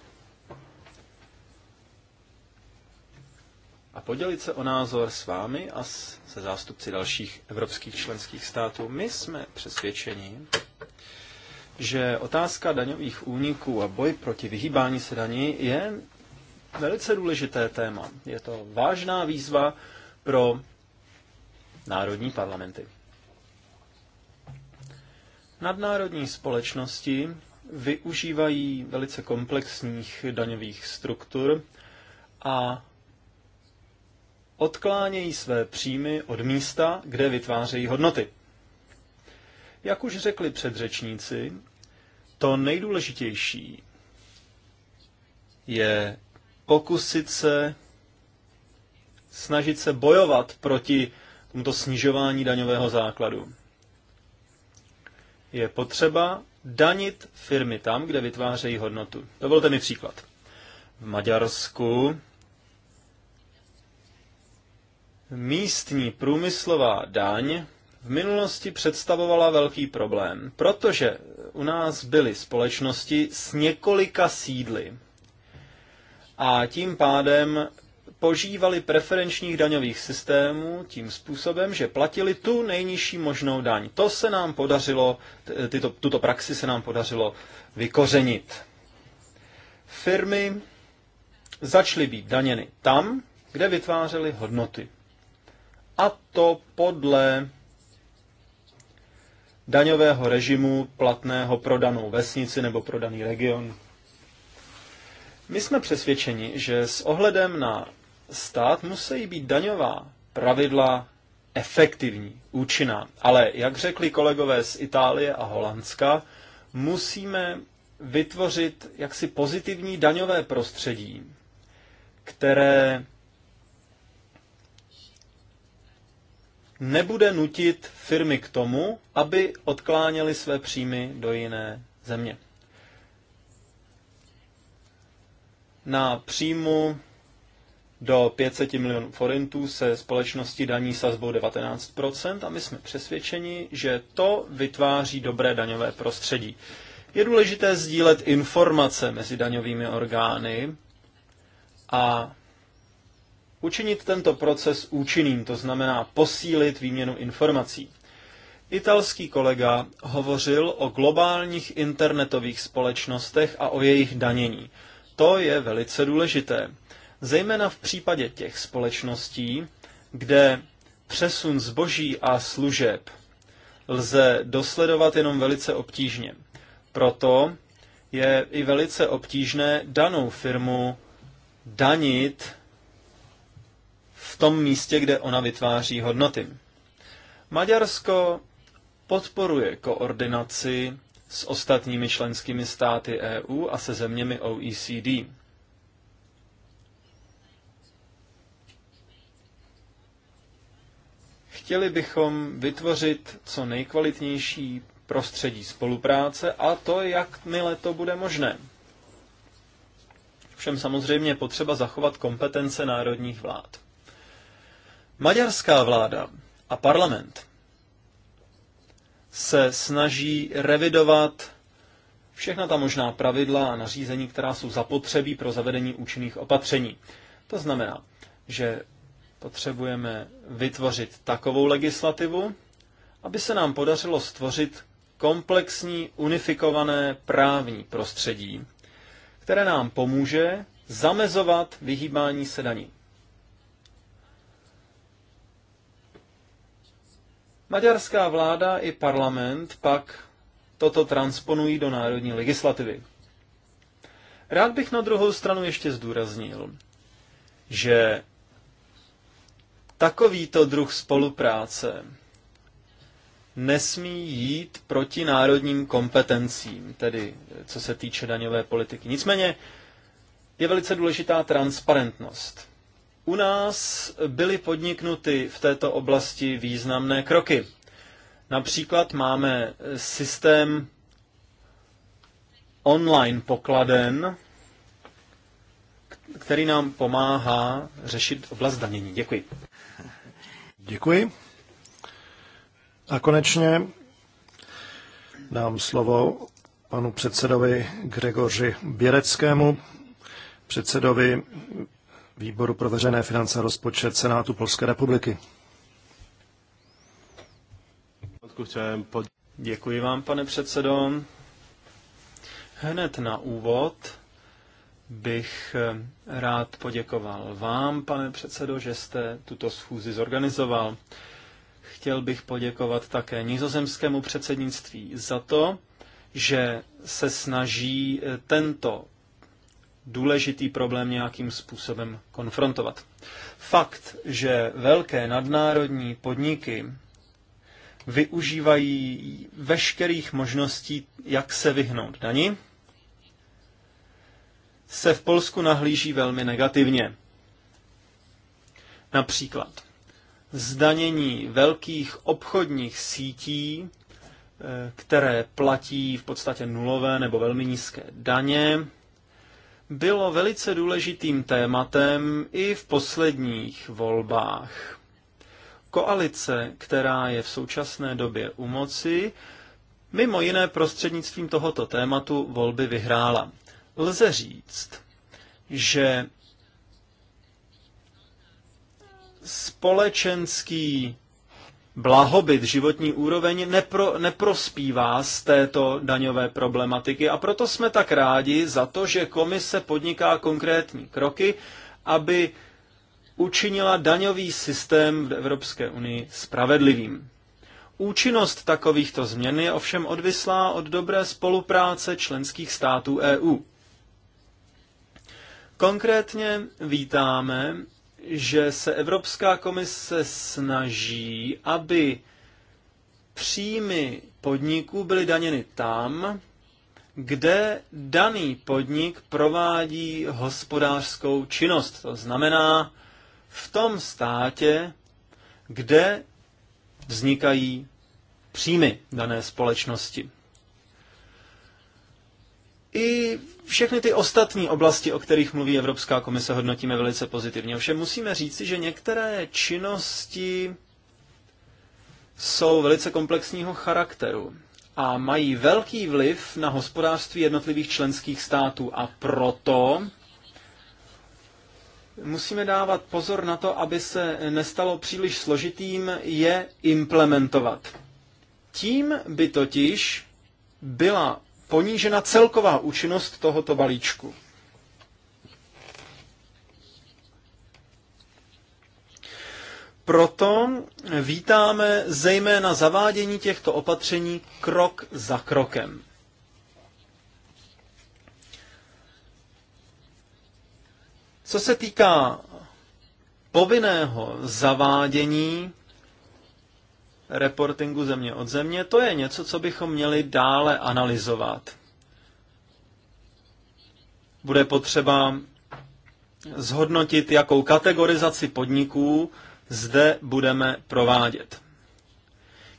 a podělit se o názor s vámi a se zástupci dalších evropských členských států. My jsme přesvědčeni, že otázka daňových úniků a boj proti vyhýbání se daní je velice důležité téma. Je to vážná výzva pro národní parlamenty. Nadnárodní společnosti využívají velice komplexních daňových struktur a odklánějí své příjmy od místa, kde vytvářejí hodnoty. Jak už řekli předřečníci, to nejdůležitější je pokusit se snažit se bojovat proti tomuto snižování daňového základu. Je potřeba danit firmy tam, kde vytvářejí hodnotu. Dovolte mi příklad. V Maďarsku Místní průmyslová daň v minulosti představovala velký problém, protože u nás byly společnosti s několika sídly a tím pádem požívali preferenčních daňových systémů tím způsobem, že platili tu nejnižší možnou daň. To se nám podařilo, tyto, tuto praxi se nám podařilo vykořenit. Firmy začaly být daněny tam, kde vytvářely hodnoty a to podle daňového režimu platného pro danou vesnici nebo pro daný region. My jsme přesvědčeni, že s ohledem na stát musí být daňová pravidla efektivní, účinná. Ale jak řekli kolegové z Itálie a Holandska, musíme vytvořit jaksi pozitivní daňové prostředí, které nebude nutit firmy k tomu, aby odkláněly své příjmy do jiné země. Na příjmu do 500 milionů forintů se společnosti daní sazbou 19% a my jsme přesvědčeni, že to vytváří dobré daňové prostředí. Je důležité sdílet informace mezi daňovými orgány a Učinit tento proces účinným, to znamená posílit výměnu informací. Italský kolega hovořil o globálních internetových společnostech a o jejich danění. To je velice důležité, zejména v případě těch společností, kde přesun zboží a služeb lze dosledovat jenom velice obtížně. Proto je i velice obtížné danou firmu danit v tom místě, kde ona vytváří hodnoty. Maďarsko podporuje koordinaci s ostatními členskými státy EU a se zeměmi OECD. Chtěli bychom vytvořit co nejkvalitnější prostředí spolupráce a to, jakmile to bude možné. Všem samozřejmě potřeba zachovat kompetence národních vlád. Maďarská vláda a parlament se snaží revidovat všechna ta možná pravidla a nařízení, která jsou zapotřebí pro zavedení účinných opatření. To znamená, že potřebujeme vytvořit takovou legislativu, aby se nám podařilo stvořit komplexní, unifikované právní prostředí, které nám pomůže zamezovat vyhýbání se daní. Maďarská vláda i parlament pak toto transponují do národní legislativy. Rád bych na druhou stranu ještě zdůraznil, že takovýto druh spolupráce nesmí jít proti národním kompetencím, tedy co se týče daňové politiky. Nicméně je velice důležitá transparentnost. U nás byly podniknuty v této oblasti významné kroky. Například máme systém online pokladen, který nám pomáhá řešit oblast danění. Děkuji. Děkuji. A konečně dám slovo panu předsedovi Gregoři Běreckému, předsedovi výboru pro veřejné finance a rozpočet Senátu Polské republiky. Děkuji vám, pane předsedo. Hned na úvod bych eh, rád poděkoval vám, pane předsedo, že jste tuto schůzi zorganizoval. Chtěl bych poděkovat také nizozemskému předsednictví za to, že se snaží eh, tento důležitý problém nějakým způsobem konfrontovat. Fakt, že velké nadnárodní podniky využívají veškerých možností, jak se vyhnout dani, se v Polsku nahlíží velmi negativně. Například zdanění velkých obchodních sítí, eh, které platí v podstatě nulové nebo velmi nízké daně, bylo velice důležitým tématem i v posledních volbách. Koalice, která je v současné době u moci, mimo jiné prostřednictvím tohoto tématu volby vyhrála. Lze říct, že společenský blahobyt, životní úroveň nepro, neprospívá z této daňové problematiky a proto jsme tak rádi za to, že komise podniká konkrétní kroky, aby učinila daňový systém v Evropské unii spravedlivým. Účinnost takovýchto změn je ovšem odvislá od dobré spolupráce členských států EU. Konkrétně vítáme, že se Evropská komise snaží, aby příjmy podniků byly daněny tam, kde daný podnik provádí hospodářskou činnost. To znamená v tom státě, kde vznikají příjmy dané společnosti i všechny ty ostatní oblasti, o kterých mluví Evropská komise, hodnotíme velice pozitivně. Ovšem musíme říci, že některé činnosti jsou velice komplexního charakteru a mají velký vliv na hospodářství jednotlivých členských států a proto musíme dávat pozor na to, aby se nestalo příliš složitým je implementovat. Tím by totiž byla ponížena celková účinnost tohoto balíčku. Proto vítáme zejména zavádění těchto opatření krok za krokem. Co se týká povinného zavádění reportingu země od země, to je něco, co bychom měli dále analyzovat. Bude potřeba zhodnotit, jakou kategorizaci podniků zde budeme provádět.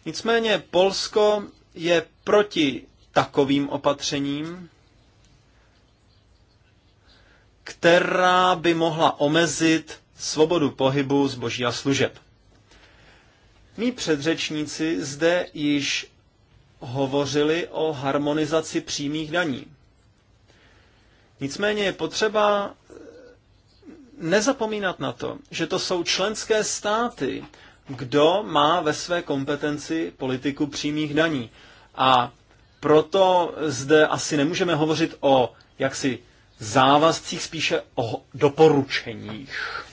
Nicméně Polsko je proti takovým opatřením, která by mohla omezit svobodu pohybu zboží a služeb. Mí předřečníci zde již hovořili o harmonizaci přímých daní. Nicméně je potřeba eh, nezapomínat na to, že to jsou členské státy, kdo má ve své kompetenci politiku přímých daní. A proto zde asi nemůžeme hovořit o jaksi závazcích, spíše o doporučeních.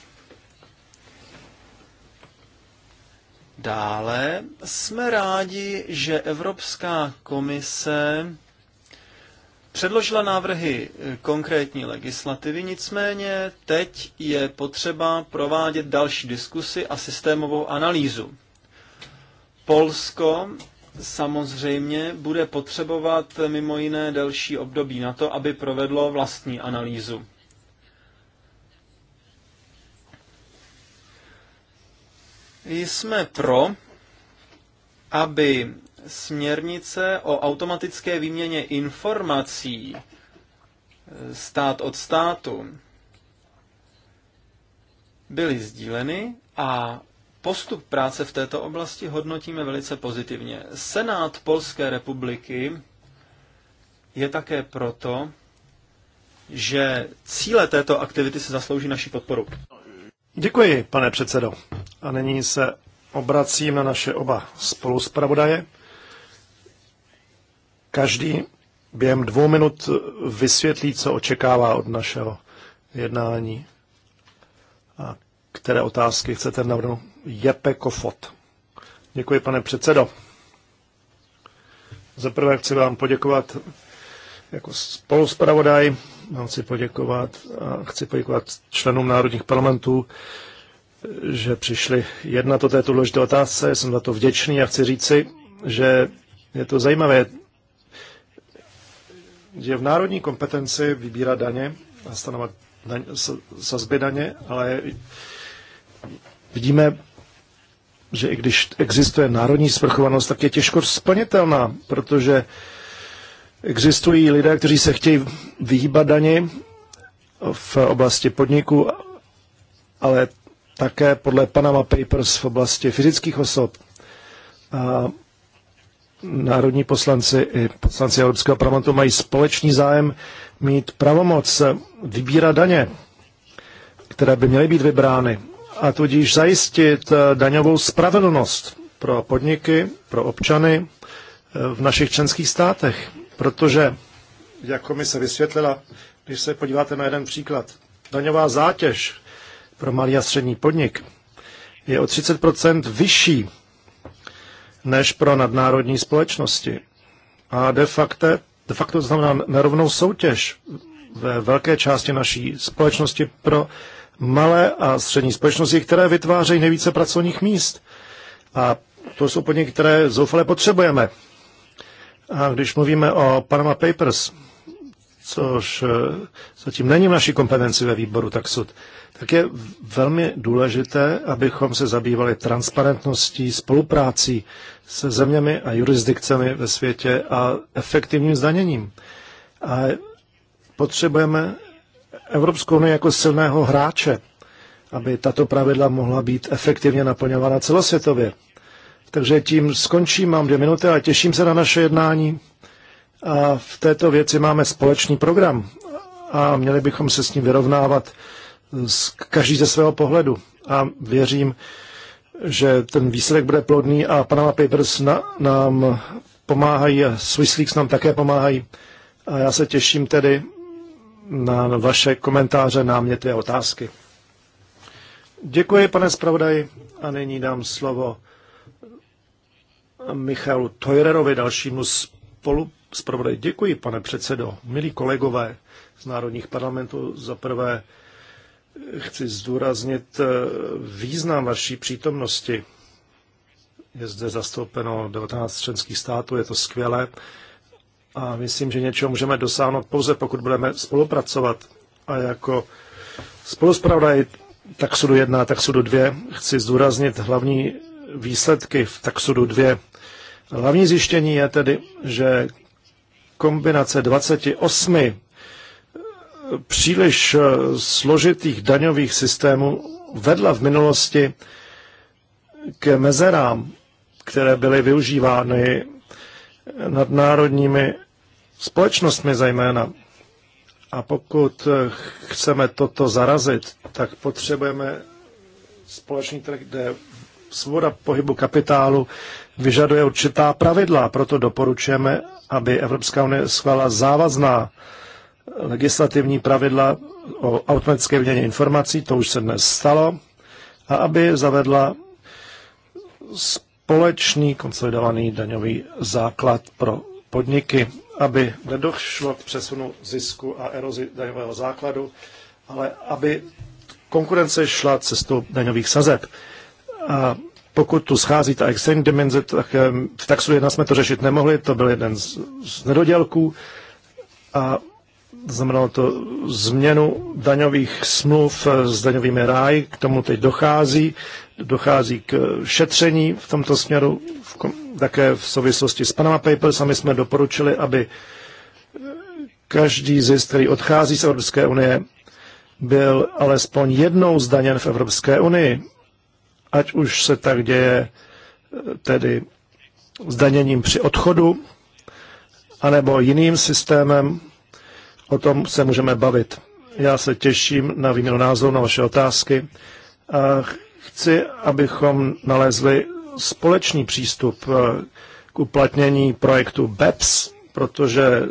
Dále jsme rádi, že Evropská komise předložila návrhy konkrétní legislativy, nicméně teď je potřeba provádět další diskusy a systémovou analýzu. Polsko samozřejmě bude potřebovat mimo jiné delší období na to, aby provedlo vlastní analýzu. Jsme pro, aby směrnice o automatické výměně informací e, stát od státu byly sdíleny a postup práce v této oblasti hodnotíme velice pozitivně. Senát Polské republiky je také proto, že cíle této aktivity se zaslouží naši podporu. Děkuji, pane předsedo. A nyní se obracím na naše oba spoluspravodaje. Každý během dvou minut vysvětlí, co očekává od našeho jednání a které otázky chcete navrhnout. Jepe Kofot. Děkuji, pane předsedo. Zaprvé chci vám poděkovat jako spoluspravodaj vám chci poděkovat a chci poděkovat členům národních parlamentů, že přišli jedna o této důležité otázce. Jsem za to vděčný a chci říci, že je to zajímavé, že v národní kompetenci vybírat daně a stanovat daně, sazby daně, ale vidíme, že i když existuje národní svrchovanost, tak je těžko splnitelná, protože Existují lidé, kteří se chtějí vyhýbat dani v oblasti podniku, ale také podle Panama Papers v oblasti fyzických osob. A národní poslanci i poslanci Evropského parlamentu mají společný zájem mít pravomoc vybírat daně, které by měly být vybrány, a tudíž zajistit daňovou spravedlnost pro podniky, pro občany v našich členských státech protože, jak komise vysvětlila, když se podíváte na jeden příklad, daňová zátěž pro malý a střední podnik je o 30 vyšší než pro nadnárodní společnosti. A de facto, de facto znamená nerovnou soutěž ve velké části naší společnosti pro malé a střední společnosti, které vytvářejí nejvíce pracovních míst. A to jsou podniky, které zoufale potřebujeme. A když mluvíme o Panama Papers, což eh, zatím není v naší kompetenci ve výboru sud, tak je velmi důležité, abychom se zabývali transparentností, spoluprácí se zeměmi a jurisdikcemi ve světě a efektivním zdaněním. A potřebujeme Evropskou unii jako silného hráče, aby tato pravidla mohla být efektivně naplňována celosvětově. Takže tím skončím, mám dvě minuty a těším se na naše jednání. A v této věci máme společný program a měli bychom se s ním vyrovnávat každý ze svého pohledu. A věřím, že ten výsledek bude plodný a Panama Papers na, nám pomáhají a Swiss Leaks nám také pomáhají. A já se těším tedy na vaše komentáře, náměty a otázky. Děkuji, pane zpravodaji, a nyní dám slovo Michalu Tojrerovi, dalšímu spolu zpravodaj. Děkuji, pane předsedo. Milí kolegové z národních parlamentů, za prvé chci zdůraznit eh, význam vaší přítomnosti. Je zde zastoupeno 19 členských států, je to skvělé. A myslím, že něčeho můžeme dosáhnout pouze, pokud budeme spolupracovat. A jako spoluspravodaj tak sudu jedna, tak sudu dvě. chci zdůraznit hlavní výsledky v taxodu 2. Hlavní zjištění je tedy, že kombinace 28 příliš složitých daňových systémů vedla v minulosti k mezerám, které byly využívány nadnárodními společnostmi zejména. A pokud chceme toto zarazit, tak potřebujeme společný trh, kde svoboda pohybu kapitálu vyžaduje určitá pravidla, proto doporučujeme, aby Evropská unie schválila závazná legislativní pravidla o automatické výměně informací, to už se dnes stalo, a aby zavedla společný konsolidovaný daňový základ pro podniky, aby nedošlo k přesunu zisku a erozi daňového základu, ale aby konkurence šla cestou daňových sazeb. A pokud tu schází ta externí dimenze, tak eh, v taxu 1 jsme to řešit nemohli, to byl jeden z, z nedodělků a znamenalo to změnu daňových smluv eh, s daňovými ráji, k tomu teď dochází, dochází k eh, šetření v tomto směru, v, také v souvislosti s Panama Papers, a my jsme doporučili, aby každý zisk, který odchází z Evropské unie, byl alespoň jednou zdaněn v Evropské unii ať už se tak děje eh, tedy zdaněním při odchodu, anebo jiným systémem, o tom se můžeme bavit. Já se těším na výměnu názoru na vaše otázky a chci, abychom nalezli společný přístup eh, k uplatnění projektu BEPS, protože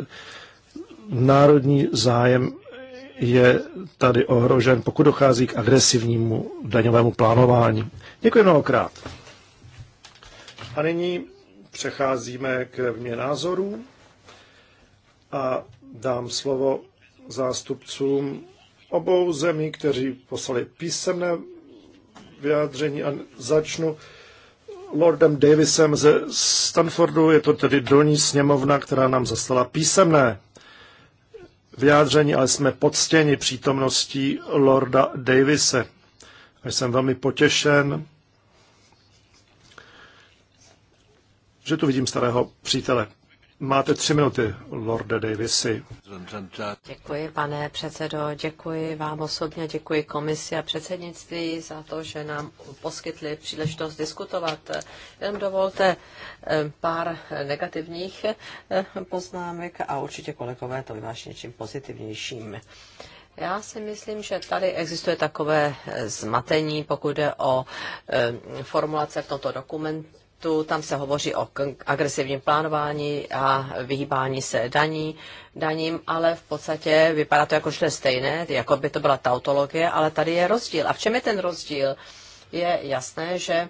národní zájem je tady ohrožen, pokud dochází k agresivnímu daňovému plánování. Děkuji mnohokrát. A nyní přecházíme k vně názorů a dám slovo zástupcům obou zemí, kteří poslali písemné vyjádření a začnu Lordem Davisem ze Stanfordu, je to tedy dolní sněmovna, která nám zaslala písemné vyjádření, ale jsme poctěni přítomností Lorda Davise. A jsem velmi potěšen, že tu vidím starého přítele. Máte tři minuty, Lorde Davisi. Děkuji, pane předsedo, děkuji vám osobně, děkuji komisi a předsednictví za to, že nám poskytli příležitost diskutovat. Jenom dovolte eh, pár negativních eh, poznámek a určitě kolegové to vyváš něčím pozitivnějším. Já si myslím, že tady existuje takové eh, zmatení, pokud jde o formulace v tomto dokumentu paktu, tam se hovoří o agresivním plánování a vyhýbání se daní, daním, ale v podstatě vypadá to jako, že to je stejné, jako by to byla tautologie, ale tady je rozdíl. A v čem je ten rozdíl? Je jasné, že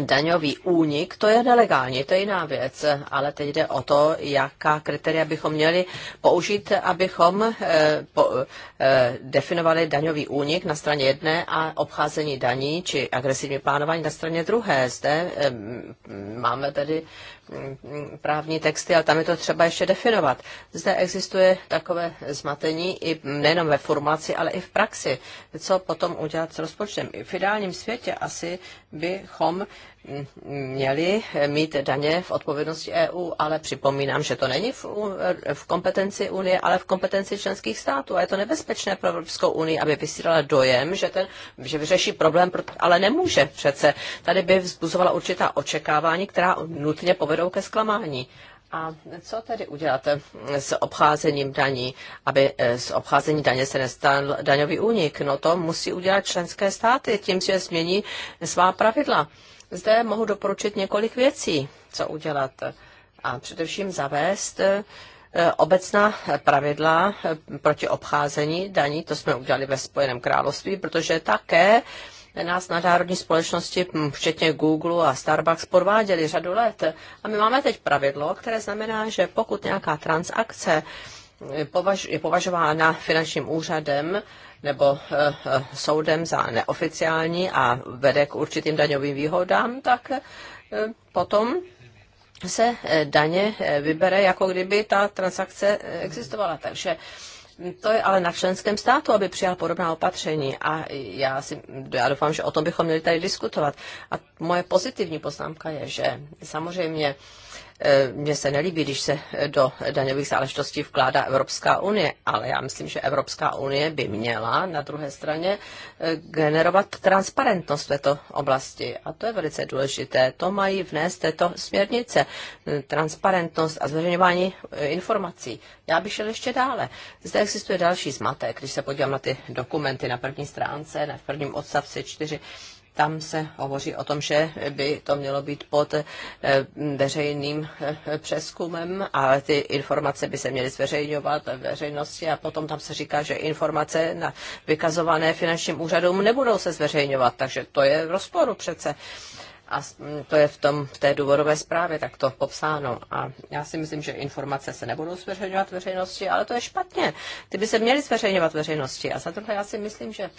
daňový únik, to je nelegální, to je jiná věc, ale teď jde o to, jaká kritéria bychom měli použít, abychom eh, po, eh, definovali daňový únik na straně jedné a obcházení daní či agresivní plánování na straně druhé. Zde eh, máme tedy právní texty, ale tam je to třeba ještě definovat. Zde existuje takové zmatení i nejenom ve formaci, ale i v praxi. Co potom udělat s rozpočtem? I v ideálním světě asi bychom měli mít daně v odpovědnosti EU, ale připomínám, že to není v, v kompetenci Unie, ale v kompetenci členských států. A je to nebezpečné pro Evropskou unii, aby vysílala dojem, že, ten, že vyřeší problém, ale nemůže přece. Tady by vzbuzovala určitá očekávání, která nutně povedou ke zklamání. A co tedy udělat s obcházením daní, aby eh, s obcházení daně se nestal daňový únik? No to musí udělat členské státy tím, že změní svá pravidla. Zde mohu doporučit několik věcí, co udělat. A především zavést eh, obecná pravidla eh, proti obcházení daní, to jsme udělali ve Spojeném království, protože také nás národní společnosti, hm, včetně Google a Starbucks, podváděli řadu let. A my máme teď pravidlo, které znamená, že pokud nějaká transakce eh, je považována finančním úřadem nebo eh, eh, soudem za neoficiální a vede k určitým daňovým výhodám, tak eh, potom se daně vybere, jako kdyby ta transakce existovala. Takže hm, to je ale na členském státu, aby přijal podobná opatření. A já, si, já doufám, že o tom bychom měli tady diskutovat. A moje pozitivní poznámka je, že samozřejmě E, mně se nelíbí, když se do daňových záležitostí vkládá Evropská unie, ale já myslím, že Evropská unie by měla na druhé straně e, generovat transparentnost v této oblasti. A to je velice důležité. To mají vnést této směrnice. Transparentnost a zveřejňování e, informací. Já bych šel ještě dále. Zde existuje další zmatek, když se podívám na ty dokumenty na první stránce, na prvním odstavci 4 tam se hovoří o tom, že by to mělo být pod eh, veřejným eh, přeskumem, ale ty informace by se měly zveřejňovat veřejnosti a potom tam se říká, že informace na vykazované finančním úřadům nebudou se zveřejňovat, takže to je v rozporu přece. A to je v, tom, v té důvodové zprávě takto popsáno. A já si myslím, že informace se nebudou zveřejňovat veřejnosti, ale to je špatně. Ty by se měly zveřejňovat veřejnosti. A za druhé, já si myslím, že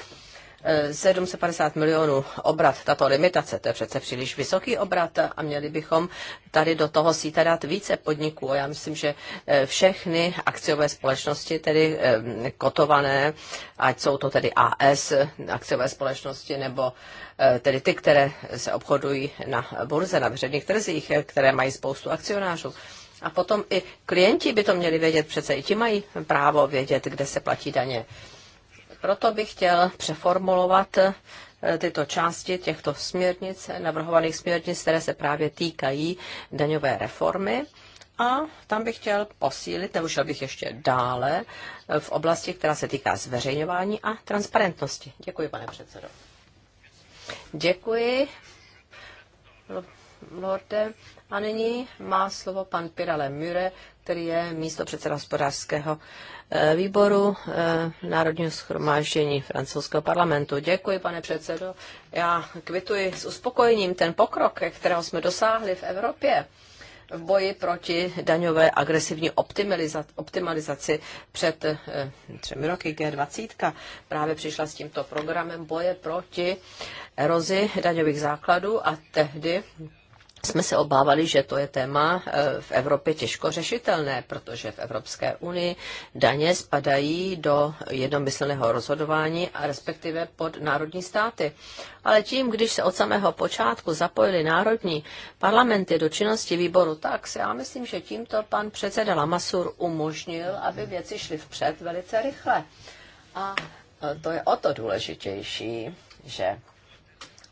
750 milionů obrat, tato limitace, to je přece příliš vysoký obrat a měli bychom tady do toho síta dát více podniků. já myslím, že eh, všechny akciové společnosti, tedy eh, kotované, ať jsou to tedy AS, akciové společnosti, nebo eh, tedy ty, které se obchodují na burze, na veřejných trzích, které mají spoustu akcionářů, a potom i klienti by to měli vědět, přece i ti mají právo vědět, kde se platí daně. Proto bych chtěl přeformulovat eh, tyto části těchto směrnic, navrhovaných směrnic, které se právě týkají daňové reformy. A tam bych chtěl posílit, nebo šel bych ještě dále eh, v oblasti, která se týká zveřejňování a transparentnosti. Děkuji, pane předsedo. Děkuji, Lorde. A nyní má slovo pan Pirale Mure, který je místo předseda hospodářského e, výboru e, Národního schromáždění francouzského parlamentu. Děkuji, pane předsedo. Já kvituji s uspokojením ten pokrok, kterého jsme dosáhli v Evropě v boji proti daňové agresivní optimalizaci před e, třemi roky G20 právě přišla s tímto programem boje proti erozi daňových základů a tehdy jsme se obávali, že to je téma eh, v Evropě těžko řešitelné, protože v Evropské unii daně spadají do jednomyslného rozhodování a respektive pod národní státy. Ale tím, když se od samého počátku zapojili národní parlamenty do činnosti výboru tak já myslím, že tímto pan předseda Lamasur umožnil, aby věci šly vpřed velice rychle. A eh, to je o to důležitější, že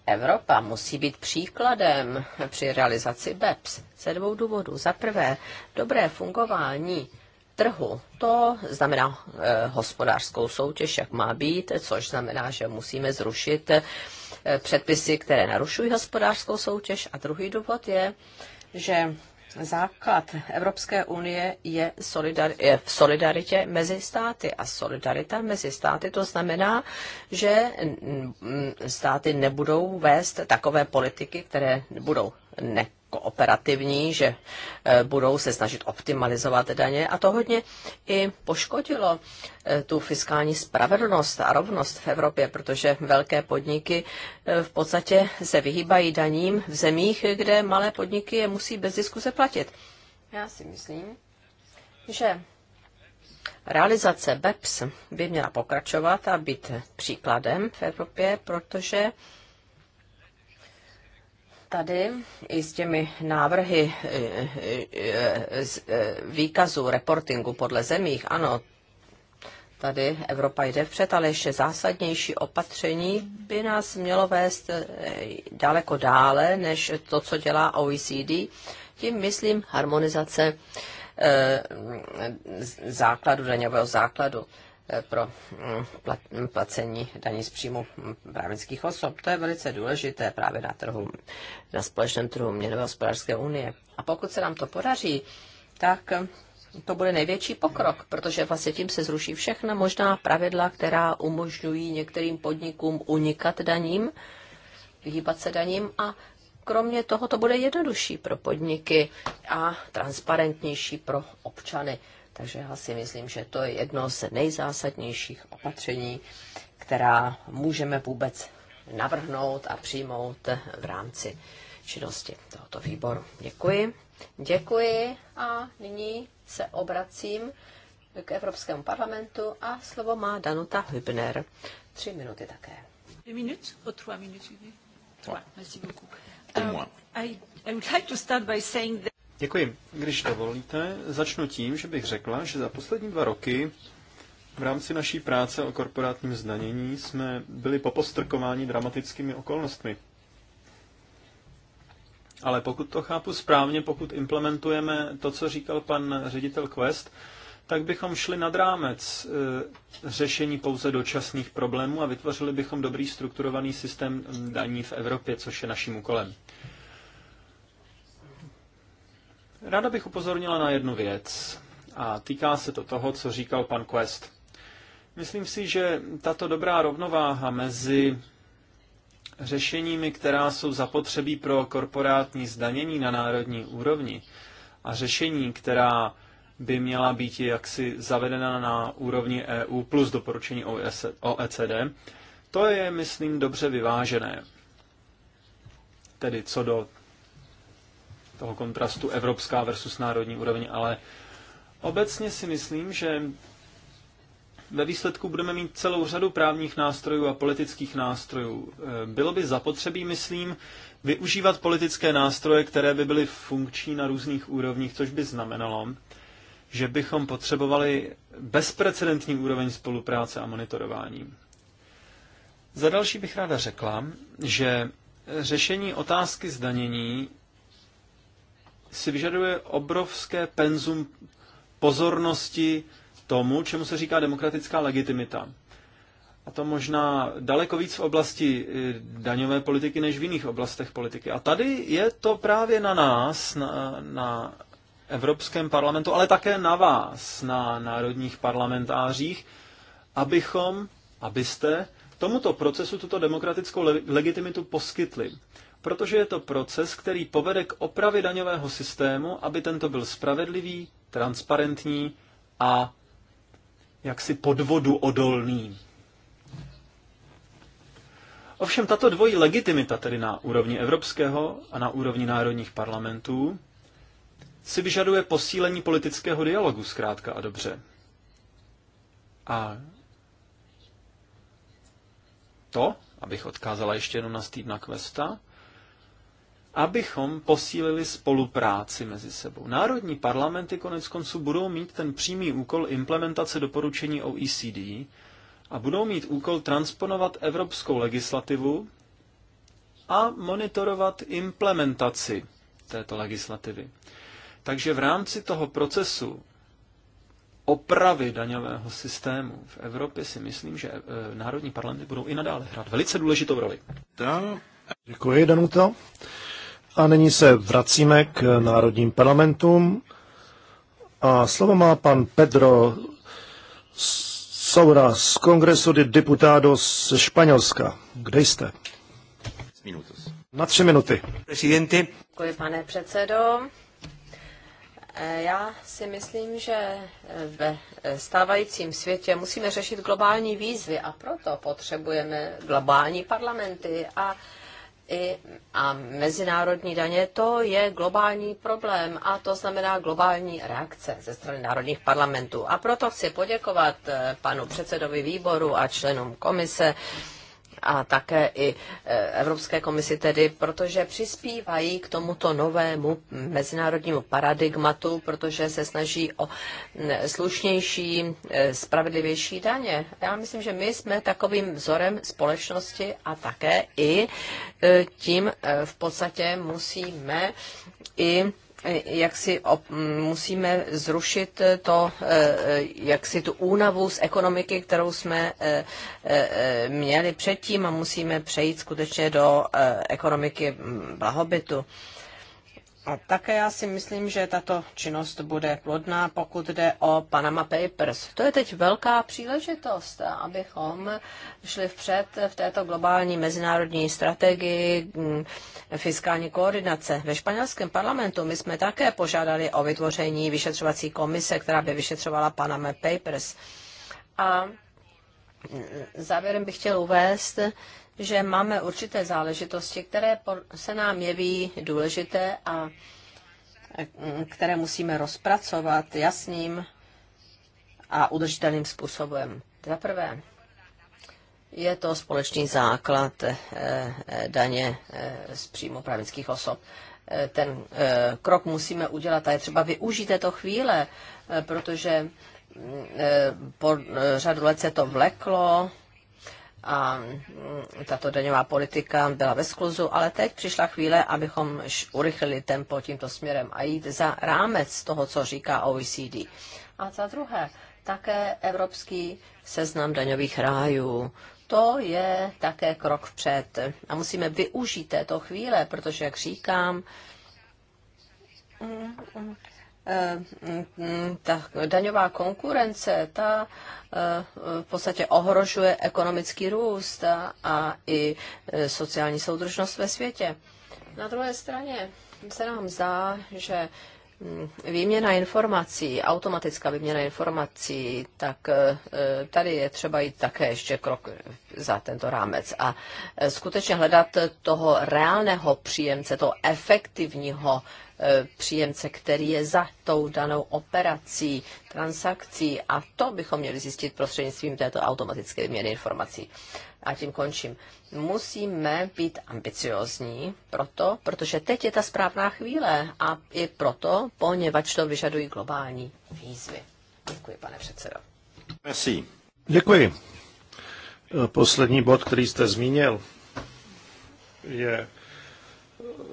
Evropa musí být příkladem při realizaci BEPS ze dvou důvodů. Za prvé, dobré fungování trhu. To znamená eh, hospodářskou soutěž, jak má být, což znamená, že musíme zrušit eh, předpisy, které narušují hospodářskou soutěž. A druhý důvod je, že základ Evropské unie je, solidar- je v solidaritě mezi státy. A solidarita mezi státy to znamená, že státy nebudou vést takové politiky, které budou ne kooperativní, že eh, budou se snažit optimalizovat daně a to hodně i poškodilo eh, tu fiskální spravedlnost a rovnost v Evropě, protože velké podniky eh, v podstatě se vyhýbají daním v zemích, kde malé podniky je musí bez diskuse platit. Já si myslím, že realizace BEPS by měla pokračovat a být příkladem v Evropě, protože tady i s těmi návrhy e, e, e, výkazu, reportingu podle zemích, ano, tady Evropa jde vpřed, ale ještě zásadnější opatření by nás mělo vést daleko dále, než to, co dělá OECD. Tím myslím harmonizace základu, daňového základu. Eh, pro mm, mm, placení daní z příjmu mm, právnických osob. To je velice důležité právě na trhu, na společném trhu měnové hospodářské unie. A pokud se nám to podaří, tak to bude největší pokrok, protože vlastně tím se zruší všechna možná pravidla, která umožňují některým podnikům unikat daním, vyhýbat se daním a kromě toho to bude jednodušší pro podniky a transparentnější pro občany. Takže já si myslím, že to je jedno z nejzásadnějších opatření, která můžeme vůbec navrhnout a přijmout v rámci činnosti tohoto výboru. Děkuji. Děkuji a nyní se obracím k Evropskému parlamentu a slovo má Danuta Hübner. Tři minuty také. Dvě minuty? O tři minuty? Tři. Merci beaucoup. Um, I, I would like to start by saying that Děkuji. Když dovolíte, začnu tím, že bych řekla, že za poslední dva roky v rámci naší práce o korporátním zdanění jsme byli popostrkováni dramatickými okolnostmi. Ale pokud to chápu správně, pokud implementujeme to, co říkal pan ředitel Quest, tak bychom šli nad rámec e, řešení pouze dočasných problémů a vytvořili bychom dobrý strukturovaný systém daní v Evropě, což je naším úkolem. Ráda bych upozornila na jednu věc a týká se to toho, co říkal pan Quest. Myslím si, že tato dobrá rovnováha mezi řešeními, která jsou zapotřebí pro korporátní zdanění na národní úrovni a řešení, která by měla být jaksi zavedena na úrovni EU plus doporučení OECD, to je, myslím, dobře vyvážené. Tedy co do toho kontrastu evropská versus národní úroveň, ale obecně si myslím, že ve výsledku budeme mít celou řadu právních nástrojů a politických nástrojů. E, bylo by zapotřebí, myslím, využívat politické nástroje, které by byly funkční na různých úrovních, což by znamenalo, že bychom potřebovali bezprecedentní úroveň spolupráce a monitorování. Za další bych ráda řekla, že řešení otázky zdanění si vyžaduje obrovské penzum pozornosti tomu, čemu se říká demokratická legitimita. A to možná daleko víc v oblasti eh, daňové politiky než v jiných oblastech politiky. A tady je to právě na nás, na, na Evropském parlamentu, ale také na vás, na národních parlamentářích, abychom, abyste tomuto procesu tuto demokratickou legitimitu poskytli protože je to proces, který povede k opravě daňového systému, aby tento byl spravedlivý, transparentní a jaksi podvodu odolný. Ovšem tato dvojí legitimita, tedy na úrovni evropského a na úrovni národních parlamentů, si vyžaduje posílení politického dialogu, zkrátka a dobře. A to, abych odkázala ještě jenom na Stevena Questa, abychom posílili spolupráci mezi sebou. Národní parlamenty konec konců budou mít ten přímý úkol implementace doporučení OECD a budou mít úkol transponovat evropskou legislativu a monitorovat implementaci této legislativy. Takže v rámci toho procesu opravy daňového systému v Evropě si myslím, že e, národní parlamenty budou i nadále hrát velice důležitou roli. Děkuji, Danuto. A nyní se vracíme k národním parlamentům. A slovo má pan Pedro Soura z Kongresu de Diputados z Španělska. Kde jste? Na tři minuty. Presidente. Děkuji, pane předsedo. E, já si myslím, že ve stávajícím světě musíme řešit globální výzvy a proto potřebujeme globální parlamenty a i a mezinárodní daně, to je globální problém a to znamená globální reakce ze strany národních parlamentů. A proto chci poděkovat eh, panu předsedovi výboru a členům komise a také i e, Evropské komisi tedy, protože přispívají k tomuto novému mezinárodnímu paradigmatu, protože se snaží o slušnější, e, spravedlivější daně. Já myslím, že my jsme takovým vzorem společnosti a také i e, tím v podstatě musíme i jak si op, musíme zrušit to, eh, eh, jak si tu únavu z ekonomiky, kterou jsme eh, měli předtím a musíme přejít skutečně do ekonomiky mm, blahobytu. A také já si myslím, že tato činnost bude plodná, pokud jde o Panama Papers. To je teď velká příležitost, abychom šli vpřed v této globální mezinárodní strategii mm, fiskální koordinace. Ve španělském parlamentu my jsme také požádali o vytvoření vyšetřovací komise, která by vyšetřovala Panama Papers. A mm, závěrem bych chtěl uvést, že máme určité záležitosti, které se nám jeví důležité a eh, které musíme rozpracovat jasným a udržitelným způsobem. Za prvé, je to společný základ eh, eh, daně z příjmu právnických osob. Ten krok musíme udělat a je třeba využít této chvíle, protože mm, po řadu let se to vleklo, a mm, tato daňová politika byla ve skluzu, ale teď přišla chvíle, abychom urychlili tempo tímto směrem a jít za rámec toho, co říká OECD. A za druhé, také Evropský seznam daňových rájů. To je také krok vpřed. A musíme využít této chvíle, protože, jak říkám, mm, mm, Eh, mm, ta daňová konkurence, ta eh, v podstatě ohrožuje ekonomický růst a i eh, sociální soudržnost ve světě. Na druhé straně se nám zdá, že mm, Výměna informací, automatická výměna informací, tak tady je třeba jít také ještě krok za tento rámec a skutečně hledat toho reálného příjemce, toho efektivního E, příjemce, který je za tou danou operací, transakcí a to bychom měli zjistit prostřednictvím této automatické výměny informací. A tím končím. Musíme být ambiciozní proto, protože teď je ta správná chvíle a i proto, poněvadž to vyžadují globální výzvy. Děkuji, pane předsedo. Merci. Děkuji. E, poslední bod, který jste zmínil, je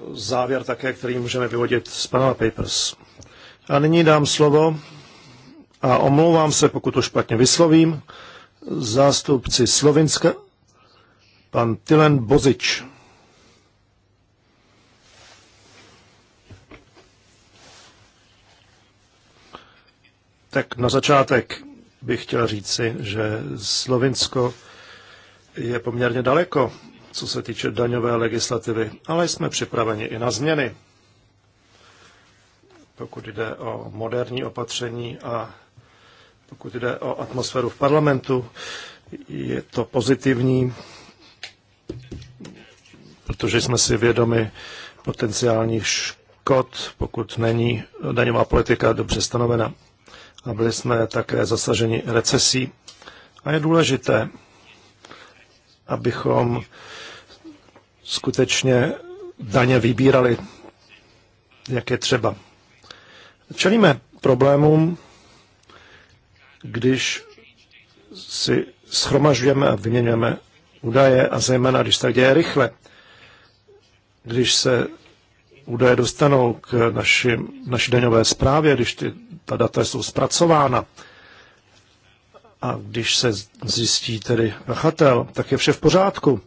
závěr také, který můžeme vyvodit z Panama Papers. A nyní dám slovo a omlouvám se, pokud to špatně vyslovím, zástupci Slovinska, pan Tilen Bozič. Tak na začátek bych chtěl říci, že Slovinsko je poměrně daleko co se týče daňové legislativy, ale jsme připraveni i na změny. Pokud jde o moderní opatření a pokud jde o atmosféru v parlamentu, je to pozitivní, protože jsme si vědomi potenciálních škod, pokud není daňová politika dobře stanovena. A byli jsme také zasaženi recesí. A je důležité, abychom skutečně daně vybírali, jak je třeba. Čelíme problémům, když si schromažujeme a vyměňujeme údaje a zejména, když tak děje rychle. Když se údaje dostanou k naši, naší daňové zprávě, když ty, ta data jsou zpracována, a když se zjistí tedy pachatel, tak je vše v pořádku.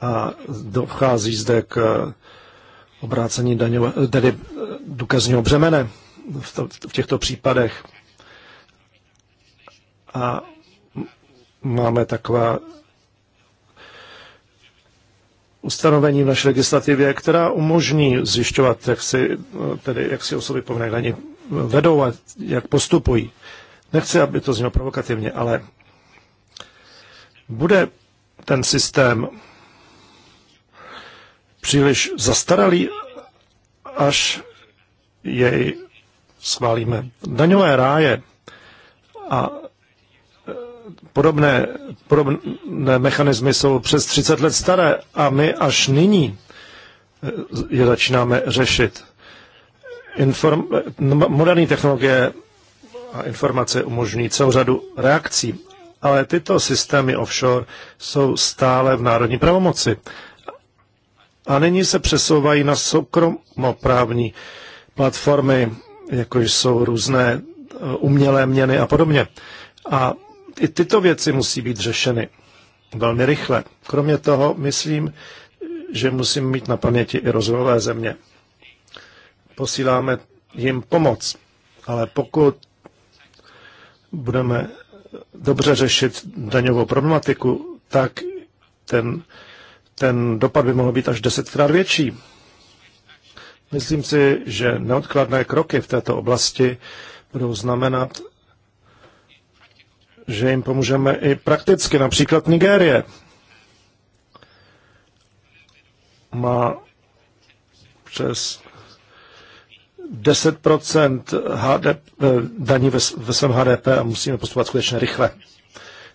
A dochází zde k obrácení daňové, tedy důkazního břemene v, to, v těchto případech. A máme taková ustanovení v naší legislativě, která umožní zjišťovat, jak si, tedy, jak si osoby povinné daně vedou a jak postupují. Nechci, aby to znělo provokativně, ale bude ten systém příliš zastaralý, až jej schválíme. Daňové ráje a podobné, podobné mechanismy jsou přes 30 let staré a my až nyní eh, je začínáme řešit. Inform, no, moderní technologie a informace umožní celou řadu reakcí, ale tyto systémy offshore jsou stále v národní pravomoci. A nyní se přesouvají na soukromoprávní platformy, jako jsou různé eh, umělé měny a podobně. A i tyto věci musí být řešeny velmi rychle. Kromě toho, myslím, že musíme mít na paměti i rozvojové země. Posíláme jim pomoc, ale pokud budeme dobře řešit daňovou problematiku, tak ten, ten dopad by mohl být až desetkrát větší. Myslím si, že neodkladné kroky v této oblasti budou znamenat, že jim pomůžeme i prakticky, například Nigérie. Má přes 10% HDP, eh, daní ve, ve svém HDP a musíme postupovat skutečně rychle.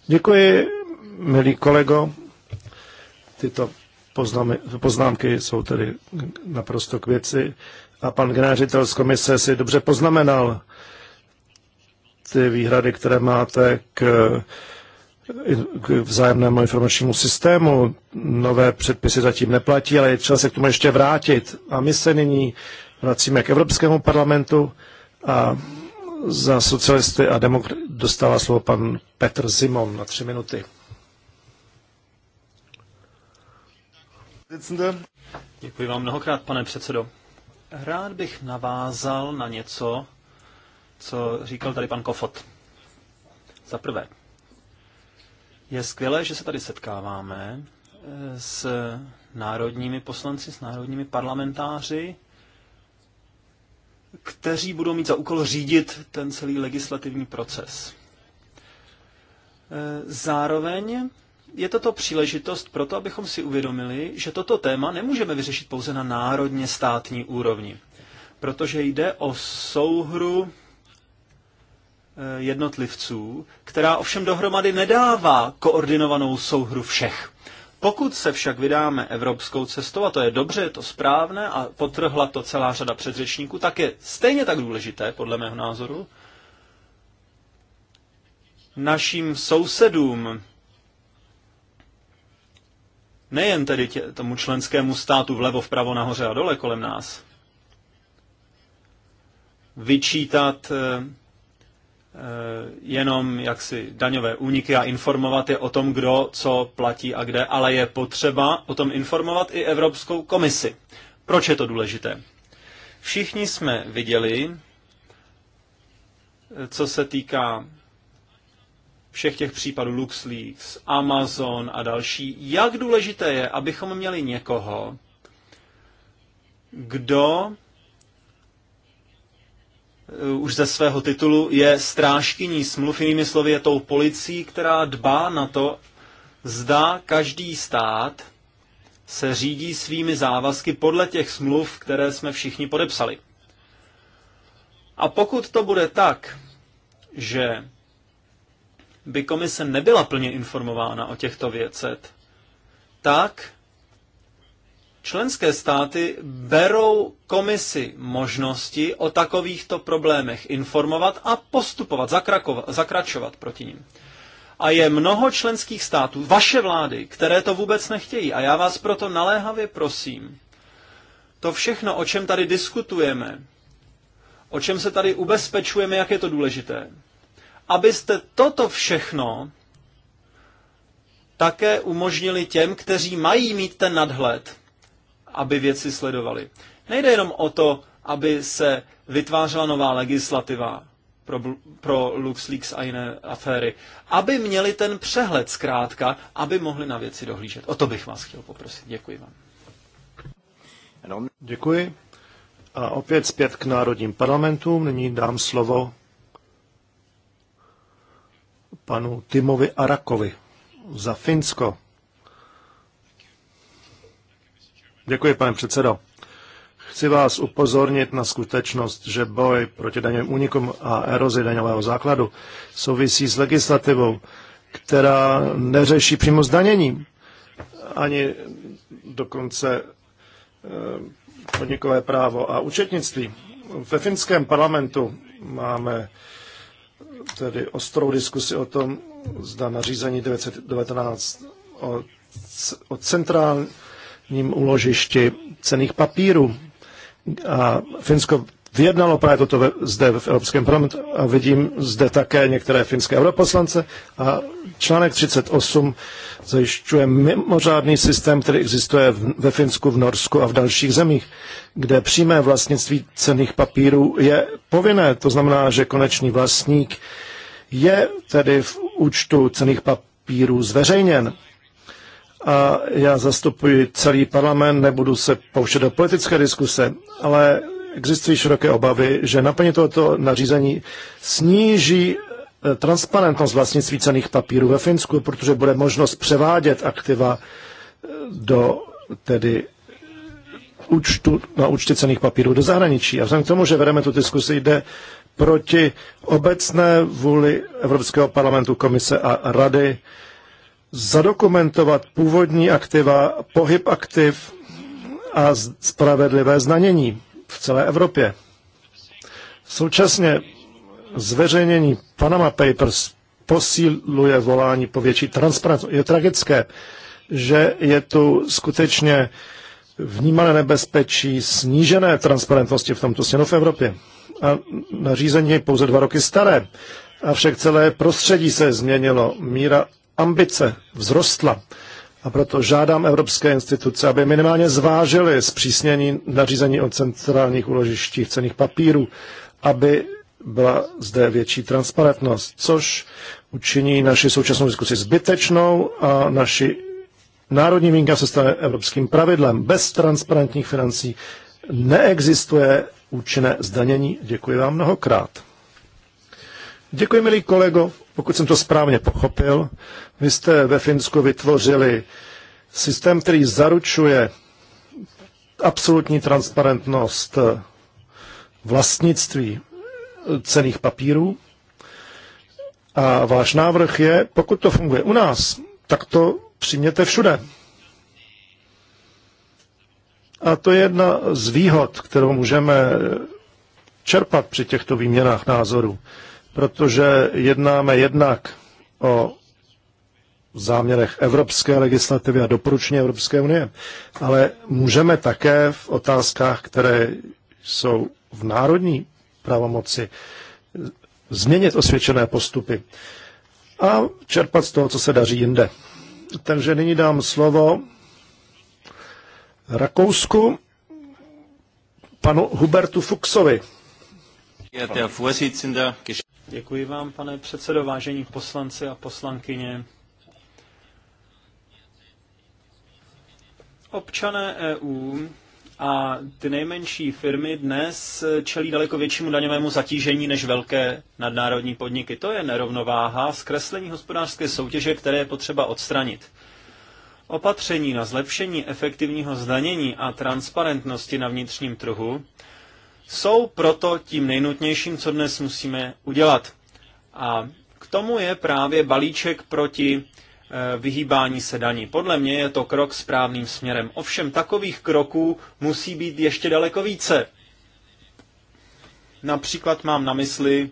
Děkuji, milý kolego. Tyto poznámy, poznámky jsou tedy naprosto k věci. A pan generářitel z komise si dobře poznamenal, ty výhrady, které máte k, k vzájemnému informačnímu systému. Nové předpisy zatím neplatí, ale je třeba se k tomu ještě vrátit. A my se nyní vracíme k Evropskému parlamentu a za socialisty a demokr. dostává slovo pan Petr Zimon na tři minuty. Děkuji vám mnohokrát, pane předsedo. Rád bych navázal na něco, co říkal tady pan Kofot. Za prvé, je skvělé, že se tady setkáváme eh, s národními poslanci, s národními parlamentáři, kteří budou mít za úkol řídit ten celý legislativní proces. Eh, zároveň je toto příležitost pro to, abychom si uvědomili, že toto téma nemůžeme vyřešit pouze na národně státní úrovni, protože jde o souhru Eh, jednotlivců, která ovšem dohromady nedává koordinovanou souhru všech. Pokud se však vydáme evropskou cestou, a to je dobře, je to správné, a potrhla to celá řada předřečníků, tak je stejně tak důležité, podle mého názoru, našim sousedům, nejen tedy tě, tomu členskému státu vlevo, vpravo, nahoře a dole kolem nás, vyčítat eh, Eh, jenom jaksi daňové úniky a informovat je o tom, kdo co platí a kde, ale je potřeba o tom informovat i Evropskou komisi. Proč je to důležité? Všichni jsme viděli, eh, co se týká všech těch případů LuxLeaks, Amazon a další, jak důležité je, abychom měli někoho, kdo Eh, už ze svého titulu je strážkyní smluv, jinými slovy je tou policií, která dbá na to, zda každý stát se řídí svými závazky podle těch smluv, které jsme všichni podepsali. A pokud to bude tak, že by komise nebyla plně informována o těchto věcech, tak Členské státy berou komisi možnosti o takovýchto problémech informovat a postupovat, zakračovat proti ním. A je mnoho členských států, vaše vlády, které to vůbec nechtějí. A já vás proto naléhavě prosím, to všechno, o čem tady diskutujeme, o čem se tady ubezpečujeme, jak je to důležité, abyste toto všechno také umožnili těm, kteří mají mít ten nadhled aby věci sledovali. Nejde jenom o to, aby se vytvářela nová legislativa pro, pro LuxLeaks a jiné aféry, aby měli ten přehled zkrátka, aby mohli na věci dohlížet. O to bych vás chtěl poprosit. Děkuji vám. Děkuji. A opět zpět k národním parlamentům. Nyní dám slovo panu Timovi Arakovi za Finsko. Děkuji, pane předsedo. Chci vás upozornit na skutečnost, že boj proti daněm únikům a erozi daňového základu souvisí s legislativou, která neřeší přímo zdanění, ani dokonce eh, podnikové právo a účetnictví. Ve finském parlamentu máme tedy ostrou diskusi o tom, zda nařízení 919 o, o centrální ním uložišti cených papírů. A Finsko vyjednalo právě toto ve, zde v Evropském parlamentu a vidím zde také některé finské europoslance a článek 38 zajišťuje mimořádný systém, který existuje v, ve Finsku, v Norsku a v dalších zemích, kde přímé vlastnictví cených papírů je povinné. To znamená, že konečný vlastník je tedy v účtu cených papírů zveřejněn a já zastupuji celý parlament, nebudu se pouštět do politické diskuse, ale existují široké obavy, že naplně tohoto nařízení sníží eh, transparentnost vlastnictví cených papírů ve Finsku, protože bude možnost převádět aktiva eh, do tedy účtu, na účty cených papírů do zahraničí. A vzhledem k tomu, že vedeme tu diskusi, jde proti obecné vůli Evropského parlamentu, komise a rady zadokumentovat původní aktiva, pohyb aktiv a spravedlivé znanění v celé Evropě. Současně zveřejnění Panama Papers posíluje volání po větší transparentnosti. Je tragické, že je tu skutečně vnímané nebezpečí snížené transparentnosti v tomto směru v Evropě. A nařízení je pouze dva roky staré. Avšak celé prostředí se změnilo. Míra ambice vzrostla. A proto žádám evropské instituce, aby minimálně zvážily zpřísnění nařízení o centrálních úložištích cených papírů, aby byla zde větší transparentnost, což učiní naši současnou diskusi zbytečnou a naši národní výjimka se stane evropským pravidlem. Bez transparentních financí neexistuje účinné zdanění. Děkuji vám mnohokrát. Děkuji, milý kolego. Pokud jsem to správně pochopil, vy jste ve Finsku vytvořili systém, který zaručuje absolutní transparentnost eh, vlastnictví eh, cených papírů. A váš návrh je, pokud to funguje u nás, tak to přijměte všude. A to je jedna z výhod, kterou můžeme čerpat při těchto výměnách názorů protože jednáme jednak o záměrech evropské legislativy a doporučení Evropské unie, ale můžeme také v otázkách, které jsou v národní pravomoci, změnit osvědčené postupy a čerpat z toho, co se daří jinde. Takže nyní dám slovo Rakousku panu Hubertu Fuchsovi. Děkuji vám, pane předsedo, vážení poslanci a poslankyně. Občané EU a ty nejmenší firmy dnes čelí daleko většímu daňovému zatížení než velké nadnárodní podniky. To je nerovnováha, zkreslení hospodářské soutěže, které je potřeba odstranit. Opatření na zlepšení efektivního zdanění a transparentnosti na vnitřním trhu jsou proto tím nejnutnějším, co dnes musíme udělat. A k tomu je právě balíček proti e, vyhýbání se daní. Podle mě je to krok správným směrem. Ovšem takových kroků musí být ještě daleko více. Například mám na mysli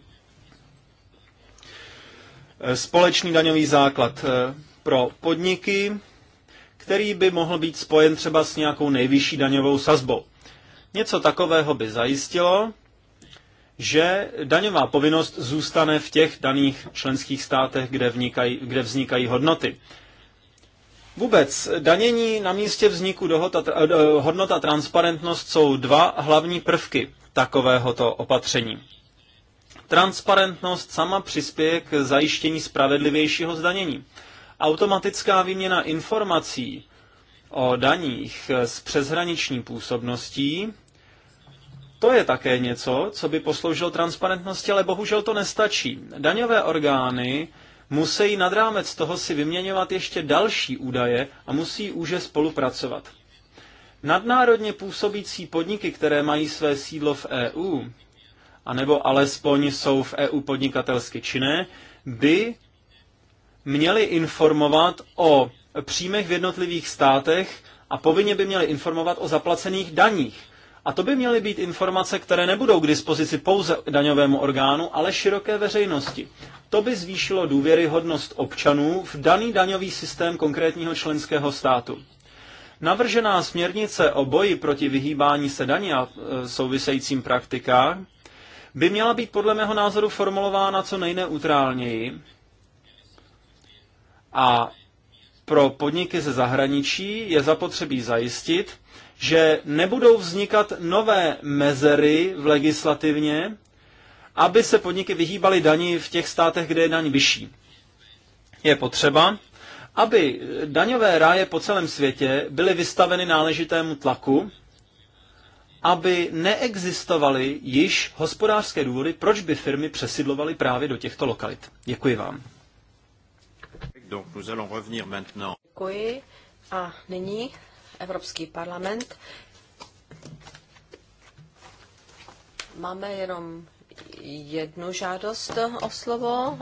e, společný daňový základ e, pro podniky, který by mohl být spojen třeba s nějakou nejvyšší daňovou sazbou. Něco takového by zajistilo, že daňová povinnost zůstane v těch daných členských státech, kde, vnikaj, kde vznikají hodnoty. Vůbec danění na místě vzniku dohoda, eh, hodnota transparentnost jsou dva hlavní prvky takovéhoto opatření. Transparentnost sama přispěje k zajištění spravedlivějšího zdanění. Automatická výměna informací o daních s přeshraniční působností, to je také něco, co by posloužilo transparentnosti, ale bohužel to nestačí. Daňové orgány musí nad rámec toho si vyměňovat ještě další údaje a musí už spolupracovat. Nadnárodně působící podniky, které mají své sídlo v EU, anebo alespoň jsou v EU podnikatelsky činné, by měly informovat o příjmech v jednotlivých státech a povinně by měli informovat o zaplacených daních. A to by měly být informace, které nebudou k dispozici pouze daňovému orgánu, ale široké veřejnosti. To by zvýšilo důvěryhodnost občanů v daný daňový systém konkrétního členského státu. Navržená směrnice o boji proti vyhýbání se daní a e, souvisejícím praktikám by měla být podle mého názoru formulována co nejneutrálněji a pro podniky ze zahraničí je zapotřebí zajistit, že nebudou vznikat nové mezery v legislativně, aby se podniky vyhýbaly daní v těch státech, kde je daň vyšší. Je potřeba, aby daňové ráje po celém světě byly vystaveny náležitému tlaku, aby neexistovaly již hospodářské důvody, proč by firmy přesidlovaly právě do těchto lokalit. Děkuji vám. Donc nous allons revenir maintenant. Děkuji. A nyní Evropský parlament. Máme jenom jednu žádost o slovo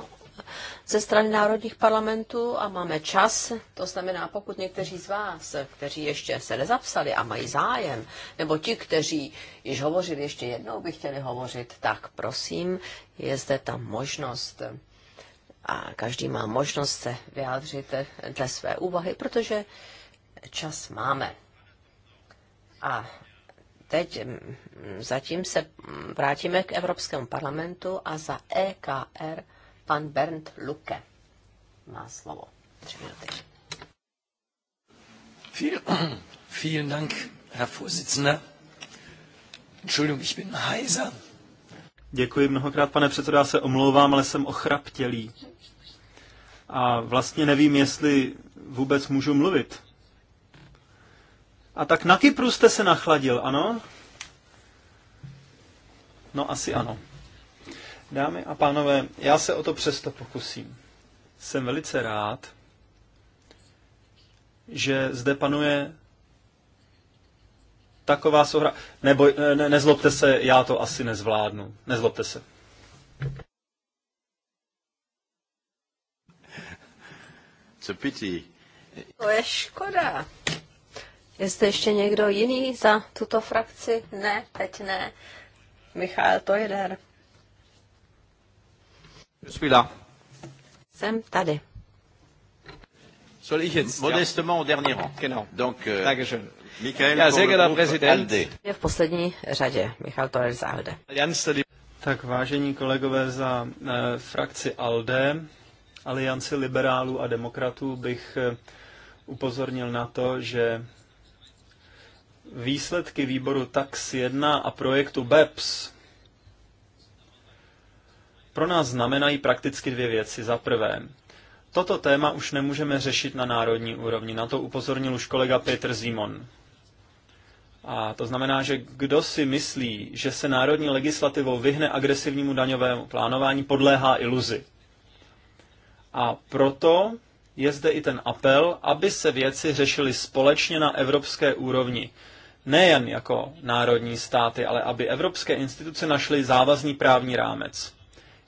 ze strany národních parlamentů a máme čas. To znamená, pokud někteří z vás, kteří ještě se nezapsali a mají zájem, nebo ti, kteří již hovořili ještě jednou, by chtěli hovořit, tak prosím, je zde ta možnost a každý má možnost se vyjádřit dle své úvahy, protože čas máme. A teď mm, zatím se mm, vrátíme k Evropskému parlamentu a za EKR pan Bernd Luke má slovo. Tři minuty. Vielen Dank, Herr Vorsitzender. Entschuldigung, ich bin heiser. Děkuji mnohokrát, pane předsedo, já se omlouvám, ale jsem ochraptělý a vlastně nevím, jestli vůbec můžu mluvit. A tak na Kypru jste se nachladil, ano? No asi ano. Dámy a pánové, já se o to přesto pokusím. Jsem velice rád, že zde panuje taková souhra. Nebo, ne, nezlobte se, já to asi nezvládnu. Nezlobte se. It's a pity. To je škoda. Jestli ještě někdo jiný za tuto frakci? Ne, teď ne. Michal Tojder. Jsem tady. Soll ich jetzt modestement au dernier rang. Genau. Donc, euh, Dankeschön. Michael ja, sehr geehrter Präsident. Je v poslední řadě. Michal Tojder z ALDE. Tak vážení kolegové za eh, frakci ALDE, alianci liberálů a demokratů bych eh, upozornil na to, že výsledky výboru TAX 1 a projektu BEPS pro nás znamenají prakticky dvě věci. Za prvé, toto téma už nemůžeme řešit na národní úrovni. Na to upozornil už kolega Petr Zimon. A to znamená, že kdo si myslí, že se národní legislativou vyhne agresivnímu daňovému plánování, podléhá iluzi. A proto je zde i ten apel, aby se věci řešily společně na evropské úrovni. Nejen jako národní státy, ale aby evropské instituce našly závazný právní rámec.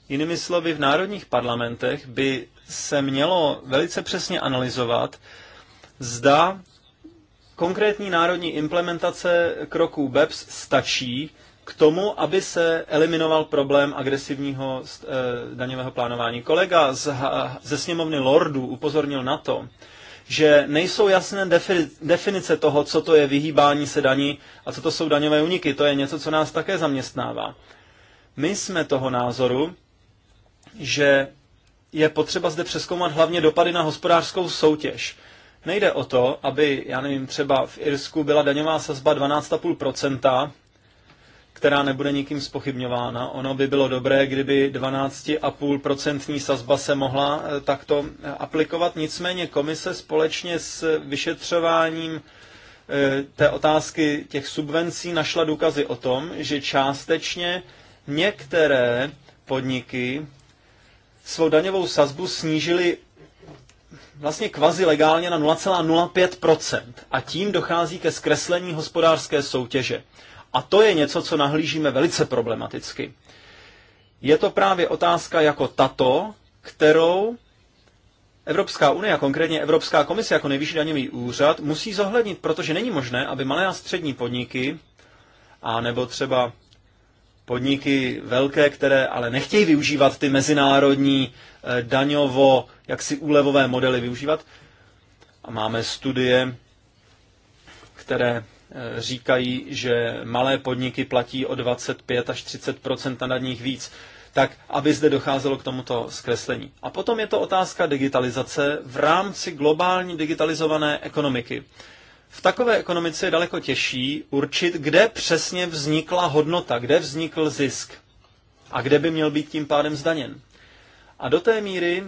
Jinými slovy, v národních parlamentech by se mělo velice přesně analyzovat, zda konkrétní národní implementace kroků BEPS stačí k tomu, aby se eliminoval problém agresivního eh, daňového plánování. Kolega z, ze sněmovny Lordů upozornil na to, že nejsou jasné definice toho, co to je vyhýbání se daní a co to jsou daňové uniky. To je něco, co nás také zaměstnává. My jsme toho názoru, že je potřeba zde přeskoumat hlavně dopady na hospodářskou soutěž. Nejde o to, aby, já nevím, třeba v Irsku byla daňová sazba 12,5%, která nebude nikým spochybňována. Ono by bylo dobré, kdyby 12,5% sazba se mohla eh, takto eh, aplikovat. Nicméně komise společně s vyšetřováním eh, té otázky těch subvencí našla důkazy o tom, že částečně některé podniky svou daňovou sazbu snížily vlastně kvazi legálně na 0,05% a tím dochází ke zkreslení hospodářské soutěže. A to je něco, co nahlížíme velice problematicky. Je to právě otázka jako tato, kterou Evropská unie, a konkrétně Evropská komise jako nejvyšší daňový úřad, musí zohlednit, protože není možné, aby malé a střední podniky, a nebo třeba podniky velké, které ale nechtějí využívat ty mezinárodní eh, daňovo, jaksi úlevové modely využívat. A máme studie, které Eh, říkají, že malé podniky platí o 25 až 30 nad nich víc, tak aby zde docházelo k tomuto zkreslení. A potom je to otázka digitalizace v rámci globální digitalizované ekonomiky. V takové ekonomice je daleko těžší určit, kde přesně vznikla hodnota, kde vznikl zisk a kde by měl být tím pádem zdaněn. A do té míry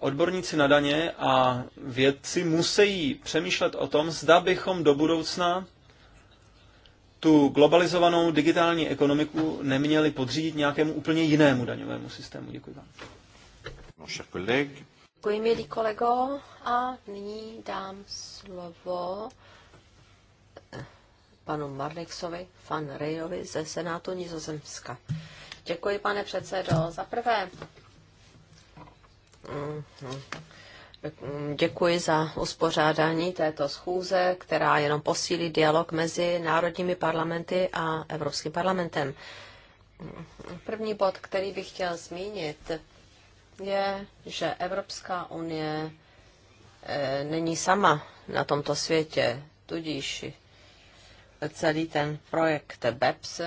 odborníci na daně a vědci musí přemýšlet o tom, zda bychom do budoucna tu globalizovanou digitální ekonomiku neměli podřídit nějakému úplně jinému daňovému systému. Děkuji vám. No, Děkuji, milí kolego. A nyní dám slovo eh, panu Marleksovi van Rejovi ze Senátu Nizozemska. Děkuji, pane předsedo. Za prvé, Mm-hmm. Děkuji za uspořádání této schůze, která jenom posílí dialog mezi národními parlamenty a Evropským parlamentem. První bod, který bych chtěl zmínit, je, že Evropská unie eh, není sama na tomto světě, tudíž celý ten projekt BEPS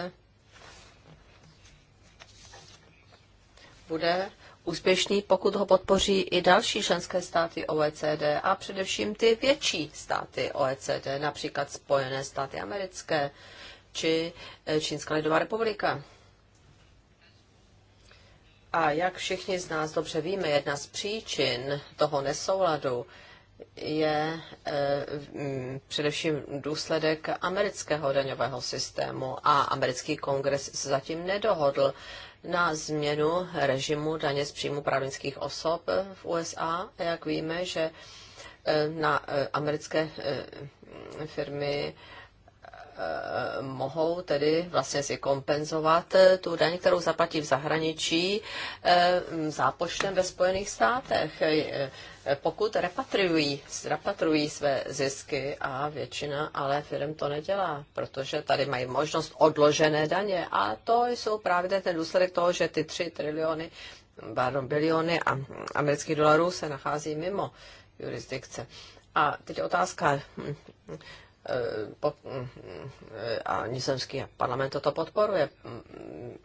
bude úspěšný, pokud ho podpoří i další členské státy OECD a především ty větší státy OECD, například Spojené státy americké či eh, Čínská lidová republika. A jak všichni z nás dobře víme, jedna z příčin toho nesouladu je e, především důsledek amerického daňového systému a americký kongres se zatím nedohodl na změnu režimu daně z příjmu právnických osob v USA. A jak víme, že eh, na eh, americké eh, firmy mohou tedy vlastně si kompenzovat tu daň, kterou zaplatí v zahraničí zápočtem ve Spojených státech pokud repatriují, repatriují své zisky a většina ale firm to nedělá, protože tady mají možnost odložené daně a to jsou právě ten důsledek toho, že ty 3 triliony, pardon, biliony a amerických dolarů se nachází mimo jurisdikce. A teď otázka, hm, Eh, eh, a nizozemský parlament toto podporuje.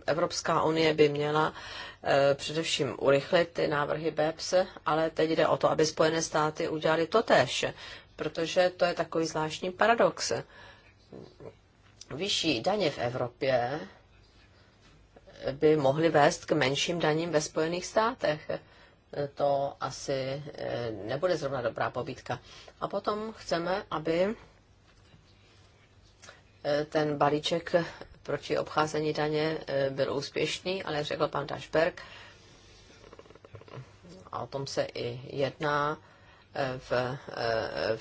Evropská unie by měla eh, především urychlit ty návrhy BEPS, ale teď jde o to, aby Spojené státy udělali to tež, protože to je takový zvláštní paradox. Vyšší daně v Evropě by mohly vést k menším daním ve Spojených státech to asi nebude zrovna dobrá pobídka. A potom chceme, aby Eh, ten balíček proti obcházení daně eh, byl úspěšný, ale řekl pan Dašberg, a o tom se i jedná eh, v,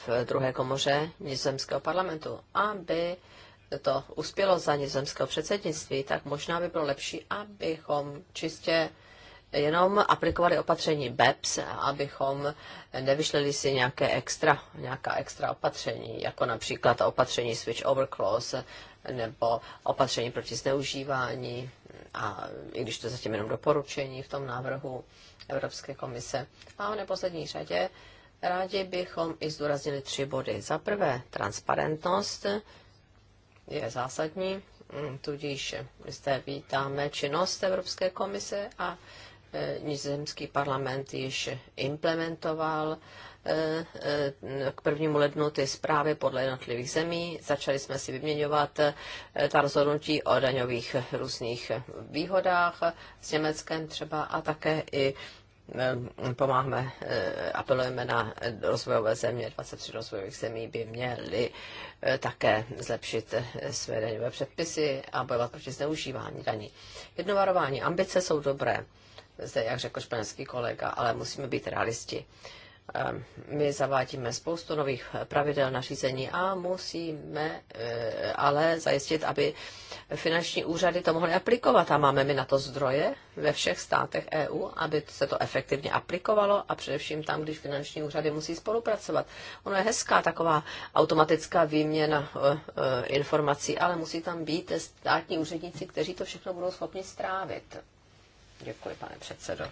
v druhé komoře nizozemského parlamentu, aby to uspělo za nizozemského předsednictví, tak možná by bylo lepší, abychom čistě jenom aplikovali opatření BEPS, abychom nevyšleli si nějaké extra, nějaká extra opatření, jako například opatření switch over clause nebo opatření proti zneužívání, a i když to zatím jenom doporučení v tom návrhu Evropské komise. A v neposlední řadě rádi bychom i zdůraznili tři body. Za prvé, transparentnost je zásadní, tudíž zde vítáme činnost Evropské komise a Eh, nizozemský parlament již implementoval eh, eh, k prvnímu lednu ty zprávy podle jednotlivých zemí. Začali jsme si vyměňovat ta rozhodnutí o daňových různých výhodách s Německem třeba a také i pomáháme, apelujeme na rozvojové země, 23 rozvojových zemí by měly také zlepšit své daňové předpisy a bojovat proti zneužívání daní. Jednovarování ambice jsou dobré zde, jak řekl španělský kolega, ale musíme být realisti. Ehm, my zavádíme spoustu nových eh, pravidel nařízení a musíme eh, ale zajistit, aby finanční úřady to mohly aplikovat. A máme my na to zdroje ve všech státech EU, aby se to efektivně aplikovalo a především tam, když finanční úřady musí spolupracovat. Ono je hezká taková automatická výměna eh, informací, ale musí tam být státní úředníci, kteří to všechno budou schopni strávit. Děkuji, pane předsedo.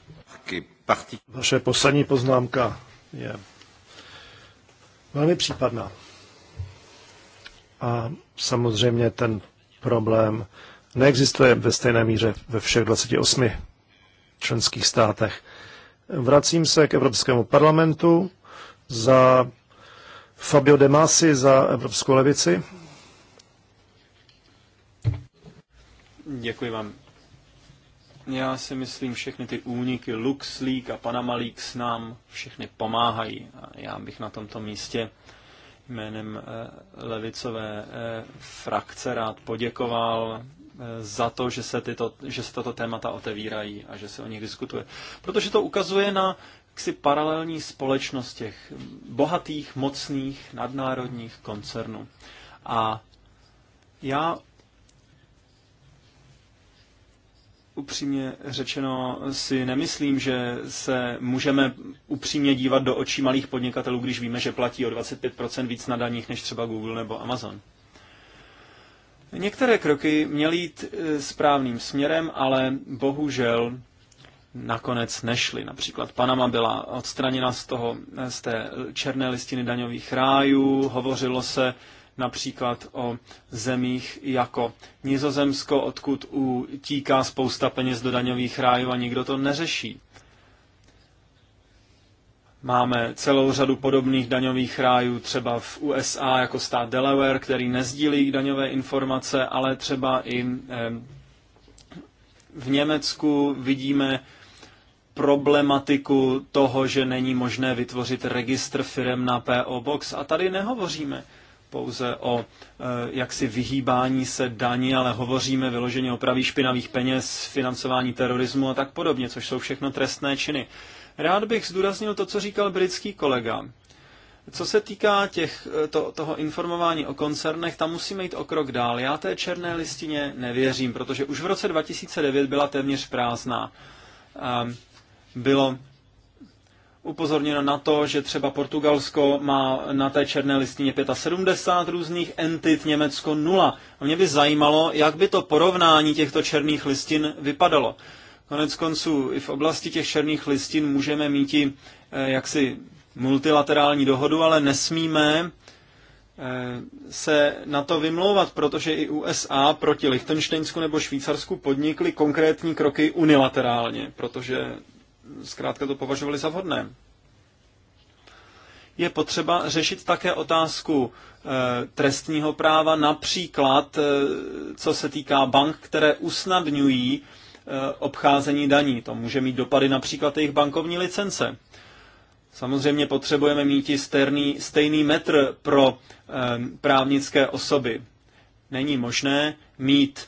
Vaše poslední poznámka je velmi případná. A samozřejmě ten problém neexistuje ve stejné míře ve všech 28 členských státech. Vracím se k Evropskému parlamentu za Fabio De Masi za Evropskou levici. Děkuji vám. Já si myslím, všechny ty úniky LuxLeak a Panama Leaks nám všechny pomáhají. A já bych na tomto místě jménem eh, levicové eh, frakce rád poděkoval eh, za to, že se, tyto, že se tato témata otevírají a že se o nich diskutuje. Protože to ukazuje na jaksi paralelní společnost těch bohatých, mocných, nadnárodních koncernů. A já upřímně řečeno si nemyslím, že se můžeme upřímně dívat do očí malých podnikatelů, když víme, že platí o 25% víc na daních než třeba Google nebo Amazon. Některé kroky měly jít e, správným směrem, ale bohužel nakonec nešly. Například Panama byla odstraněna z, toho, e, z té černé listiny daňových rájů, hovořilo se například o zemích jako Nizozemsko, odkud utíká spousta peněz do daňových rájů a nikdo to neřeší. Máme celou řadu podobných daňových rájů, třeba v USA jako stát Delaware, který nezdílí daňové informace, ale třeba i eh, v Německu vidíme problematiku toho, že není možné vytvořit registr firm na PO Box. A tady nehovoříme pouze o e, jaksi vyhýbání se daní, ale hovoříme vyloženě o praví špinavých peněz, financování terorismu a tak podobně, což jsou všechno trestné činy. Rád bych zdůraznil to, co říkal britský kolega. Co se týká těch, e, to, toho informování o koncernech, tam musíme jít o krok dál. Já té černé listině nevěřím, protože už v roce 2009 byla téměř prázdná. Ehm, bylo upozorněno na to, že třeba Portugalsko má na té černé listině 75 různých entit, Německo nula. A mě by zajímalo, jak by to porovnání těchto černých listin vypadalo. Konec konců i v oblasti těch černých listin můžeme mít i eh, jaksi multilaterální dohodu, ale nesmíme eh, se na to vymlouvat, protože i USA proti Lichtensteinsku nebo Švýcarsku podnikly konkrétní kroky unilaterálně, protože zkrátka to považovali za vhodné. Je potřeba řešit také otázku eh, trestního práva, například eh, co se týká bank, které usnadňují eh, obcházení daní. To může mít dopady například jejich bankovní licence. Samozřejmě potřebujeme mít i stejný, stejný metr pro právnické osoby. Není možné mít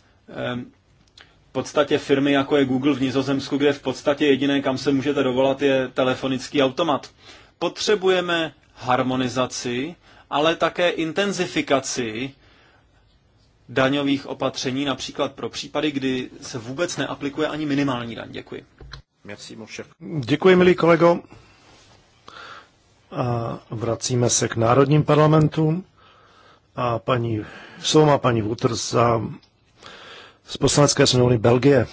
podstatě firmy, jako je Google v Nizozemsku, kde v podstatě jediné, kam se můžete dovolat, je telefonický automat. Potřebujeme harmonizaci, ale také intenzifikaci daňových opatření, například pro případy, kdy se vůbec neaplikuje ani minimální daň. Děkuji. Merci, Děkuji, milý kolego. A vracíme se k národním parlamentům. A paní, slovo má paní Wouters za z poslanecké sněmovny Belgie.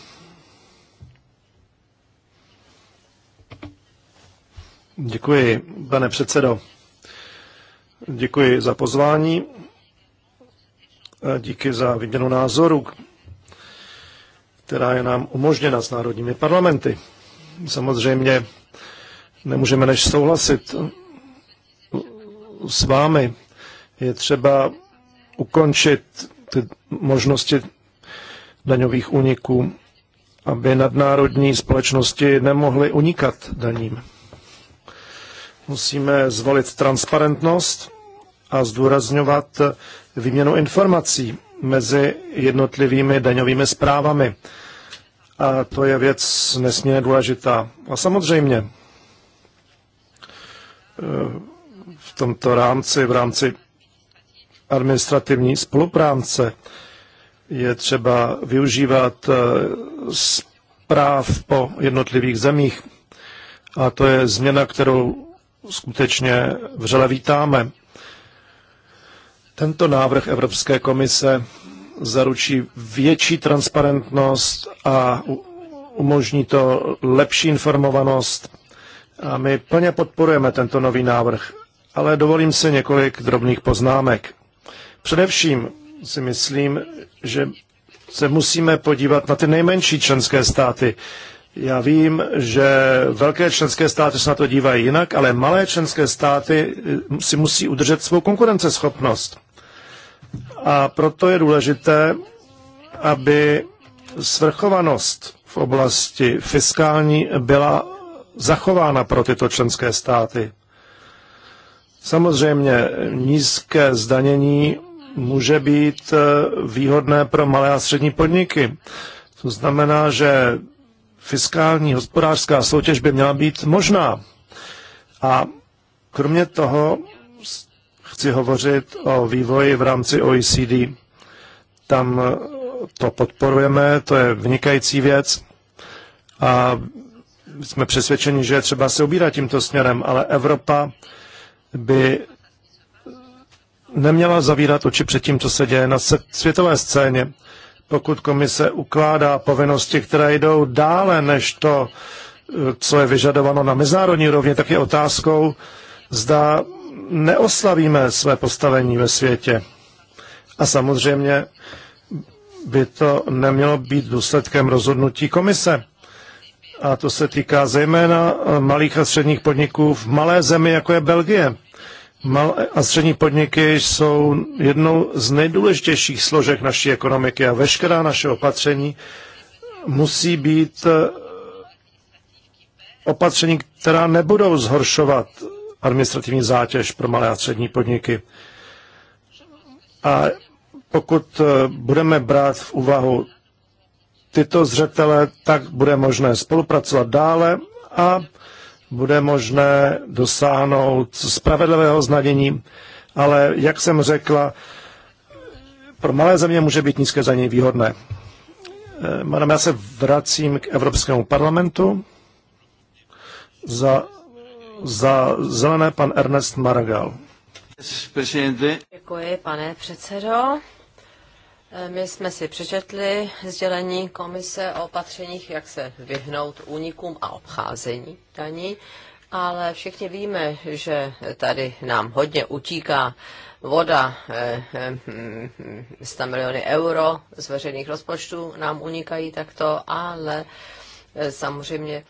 Děkuji, pane předsedo. Děkuji za pozvání. A díky za výměnu názoru, která je nám umožněna s národními parlamenty. Samozřejmě nemůžeme než souhlasit s vámi. Je třeba ukončit ty možnosti daňových úniků, aby nadnárodní společnosti nemohly unikat daním. Musíme zvolit transparentnost a zdůrazňovat výměnu informací mezi jednotlivými daňovými zprávami. A to je věc nesmírně důležitá. A samozřejmě eh, v tomto rámci, v rámci administrativní spolupráce, je třeba využívat eh, zpráv po jednotlivých zemích. A to je změna, kterou skutečně vřele vítáme. Tento návrh Evropské komise zaručí větší transparentnost a umožní to lepší informovanost. A my plně podporujeme tento nový návrh, ale dovolím si několik drobných poznámek. Především si myslím, že se musíme podívat na ty nejmenší členské státy. Já vím, že velké členské státy se na to dívají jinak, ale malé členské státy eh, si musí udržet svou konkurenceschopnost. A proto je důležité, aby svrchovanost v oblasti fiskální byla zachována pro tyto členské státy. Samozřejmě nízké zdanění může být eh, výhodné pro malé a střední podniky. To znamená, že fiskální hospodářská soutěž by měla být možná. A kromě toho chci hovořit o vývoji v rámci OECD. Tam eh, to podporujeme, to je vynikající věc a jsme přesvědčeni, že třeba se ubírat tímto směrem, ale Evropa by neměla zavírat oči před tím, co se děje na světové scéně. Pokud komise ukládá povinnosti, které jdou dále než to, co je vyžadováno na mezinárodní rovně, tak je otázkou, zda neoslavíme své postavení ve světě. A samozřejmě by to nemělo být důsledkem rozhodnutí komise. A to se týká zejména malých a středních podniků v malé zemi, jako je Belgie. Malé a střední podniky jsou jednou z nejdůležitějších složek naší ekonomiky a veškerá naše opatření musí být eh, opatření, která nebudou zhoršovat administrativní zátěž pro malé a střední podniky. A pokud eh, budeme brát v úvahu tyto zřetele, tak bude možné spolupracovat dále a bude možné dosáhnout spravedlivého znadění, ale jak jsem řekla, pro malé země může být nízké zdanění výhodné. Eh, madam, já se vracím k Evropskému parlamentu. Za, za zelené pan Ernest Maragal. Děkuji, pane předsedo. My jsme si přečetli sdělení komise o opatřeních, jak se vyhnout únikům a obcházení daní, ale všichni víme, že tady nám hodně utíká voda, 100 eh, eh, miliony euro z veřejných rozpočtů nám unikají takto, ale eh, samozřejmě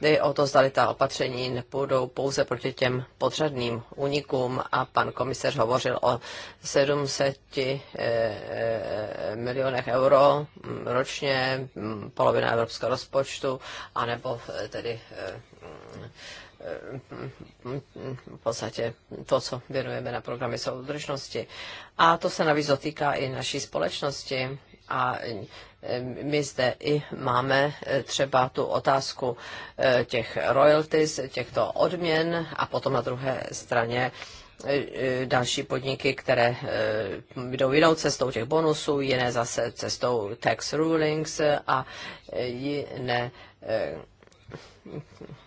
jde eh, o to, zda ta opatření nepůjdou pouze proti těm podřadným únikům a pan komisař hovořil o 700 eh, eh, milionech euro mm, ročně, mm, polovina evropského rozpočtu, anebo tedy mm, v podstatě to, co věnujeme na programy soudržnosti. A to se navíc dotýká i naší společnosti a my zde i máme eh, třeba tu otázku eh, těch royalties, těchto odměn a potom na druhé straně eh, další podniky, které jdou jinou cestou těch bonusů, jiné zase cestou tax rulings a jiné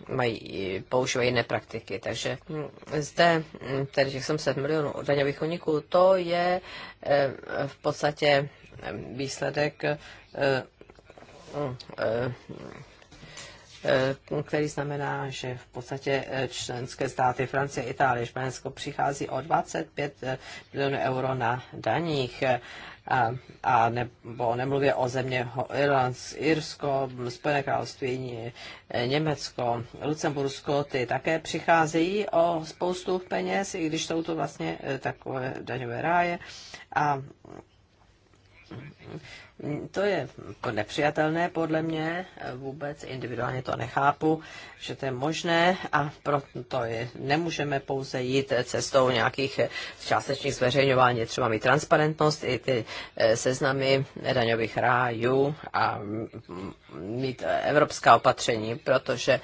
mají, používají jiné praktiky. Takže hm, zde, hm, tedy těch 700 milionů daňových uniků, to je v podstatě výsledek, eh, eh, eh, který znamená, že v podstatě členské státy Francie, Itálie, Španělsko přichází o 25 milionů euro na daních a, a nebo nemluvě o země Irlands, Irsko, Spojené království, Německo, Lucembursko, ty také přicházejí o spoustu peněz, i když jsou to vlastně takové daňové ráje. A to je nepřijatelné podle mě, vůbec individuálně to nechápu, že to je možné a proto je, nemůžeme pouze jít cestou nějakých částečných zveřejňování, třeba mít transparentnost i ty eh, seznamy daňových rájů a mm, mít eh, evropská opatření, protože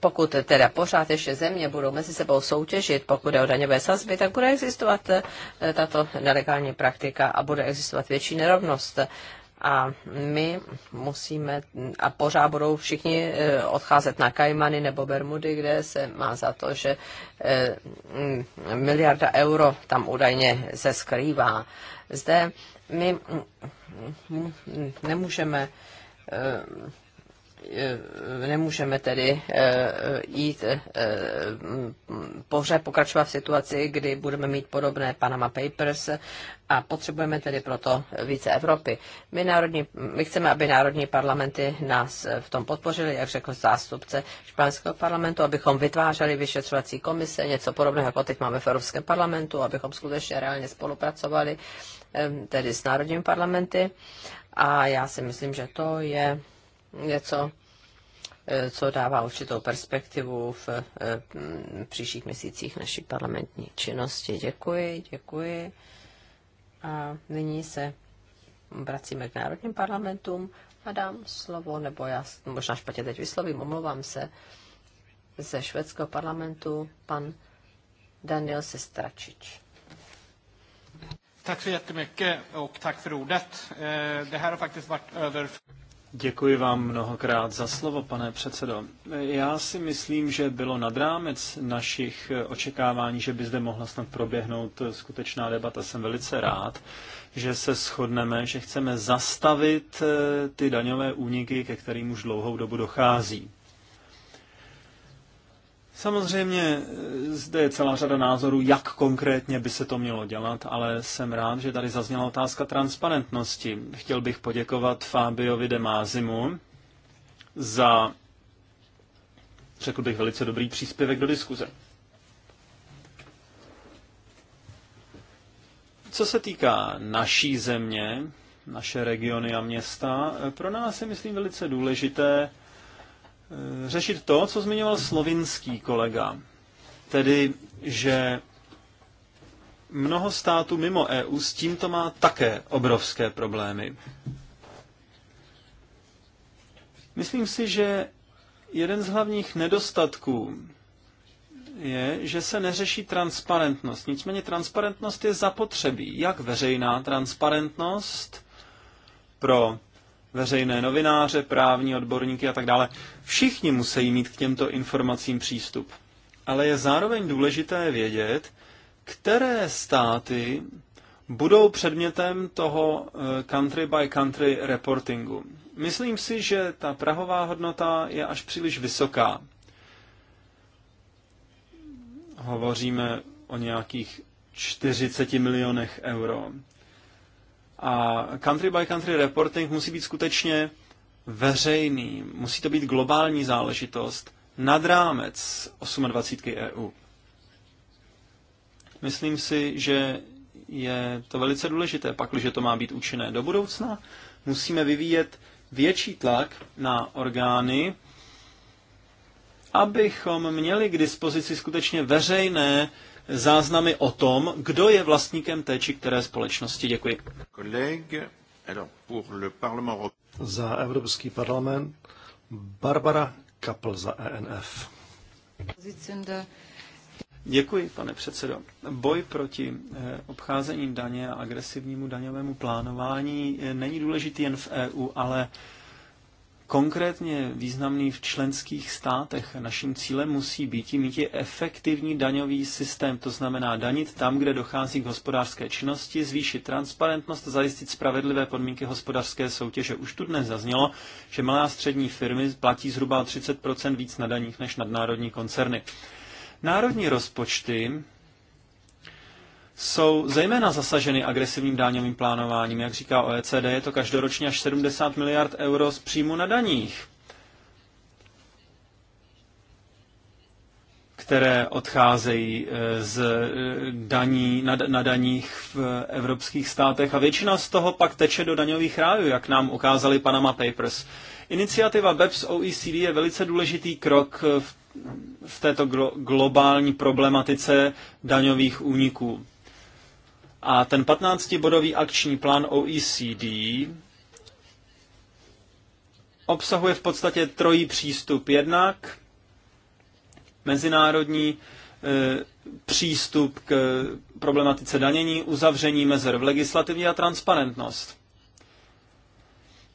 pokud teda pořád ještě země budou mezi sebou soutěžit, pokud je o daňové sazby, tak bude existovat eh, tato nelegální praktika a bude existovat větší nerovnost. A my musíme, a pořád budou všichni eh, odcházet na Kajmany nebo Bermudy, kde se má za to, že eh, mm, miliarda euro tam údajně se skrývá. Zde my mm, mm, nemůžeme Eh, nemůžeme tedy eh, jít eh, pořád pokračovat v situaci, kdy budeme mít podobné Panama Papers a potřebujeme tedy proto více Evropy. My, národní, my chceme, aby národní parlamenty nás v tom podpořili, jak řekl zástupce španělského parlamentu, abychom vytvářeli vyšetřovací komise, něco podobného, jako teď máme v Evropském parlamentu, abychom skutečně reálně spolupracovali tedy s národními parlamenty. A já si myslím, že to je něco, eh, co dává určitou perspektivu v eh, příštích měsících naší parlamentní činnosti. Děkuji, děkuji. A nyní se vracíme k národním parlamentům a dám slovo, nebo já možná špatně teď vyslovím, omlouvám se, ze švédského parlamentu pan Daniel Sestračič. Tack så jättemycket och tack för ordet. Eh, det här har faktiskt varit över... Děkuji vám mnohokrát za slovo, pane předsedo. Já si myslím, že bylo nad rámec našich očekávání, že by zde mohla snad proběhnout skutečná debata. Jsem velice rád, že se shodneme, že chceme zastavit eh, ty daňové úniky, ke kterým už dlouhou dobu dochází. Samozřejmě eh, zde je celá řada názorů, jak konkrétně by se to mělo dělat, ale jsem rád, že tady zazněla otázka transparentnosti. Chtěl bych poděkovat Fabiovi de Mázimu za, řekl bych, velice dobrý příspěvek do diskuze. Co se týká naší země, naše regiony a města, eh, pro nás je, myslím, velice důležité Eh, řešit to, co zmiňoval slovinský kolega. Tedy, že mnoho států mimo EU s tímto má také obrovské problémy. Myslím si, že jeden z hlavních nedostatků je, že se neřeší transparentnost. Nicméně transparentnost je zapotřebí, jak veřejná transparentnost pro veřejné novináře, právní odborníky a tak dále. Všichni musí mít k těmto informacím přístup. Ale je zároveň důležité vědět, které státy budou předmětem toho eh, country by country reportingu. Myslím si, že ta prahová hodnota je až příliš vysoká. Hovoříme o nějakých 40 milionech euro. A country by country reporting musí být skutečně veřejný, musí to být globální záležitost nad rámec 28 EU. Myslím si, že je to velice důležité, pakliže to má být účinné do budoucna. Musíme vyvíjet větší tlak na orgány, abychom měli k dispozici skutečně veřejné záznamy o tom, kdo je vlastníkem té či které společnosti. Děkuji. Za Evropský parlament Barbara Kapl za ENF. Děkuji, pane předsedo. Boj proti eh, obcházení daně a agresivnímu daňovému plánování eh, není důležitý jen v EU, ale konkrétně významný v členských státech. Naším cílem musí být mít je efektivní daňový systém, to znamená danit tam, kde dochází k hospodářské činnosti, zvýšit transparentnost a zajistit spravedlivé podmínky hospodářské soutěže. Už tu dnes zaznělo, že malé a střední firmy platí zhruba 30 víc na daních než nadnárodní koncerny. Národní rozpočty jsou zejména zasaženy agresivním dáňovým plánováním. Jak říká OECD, je to každoročně až 70 miliard euro z příjmu na daních, které odcházejí e, z e, daní, na, na daních v evropských státech a většina z toho pak teče do daňových rájů, jak nám ukázali Panama Papers. Iniciativa BEPS OECD je velice důležitý krok v, v této glo, globální problematice daňových úniků. A ten 15-bodový akční plán OECD obsahuje v podstatě trojí přístup. Jednak mezinárodní e, přístup k problematice danění, uzavření mezer v legislativě a transparentnost.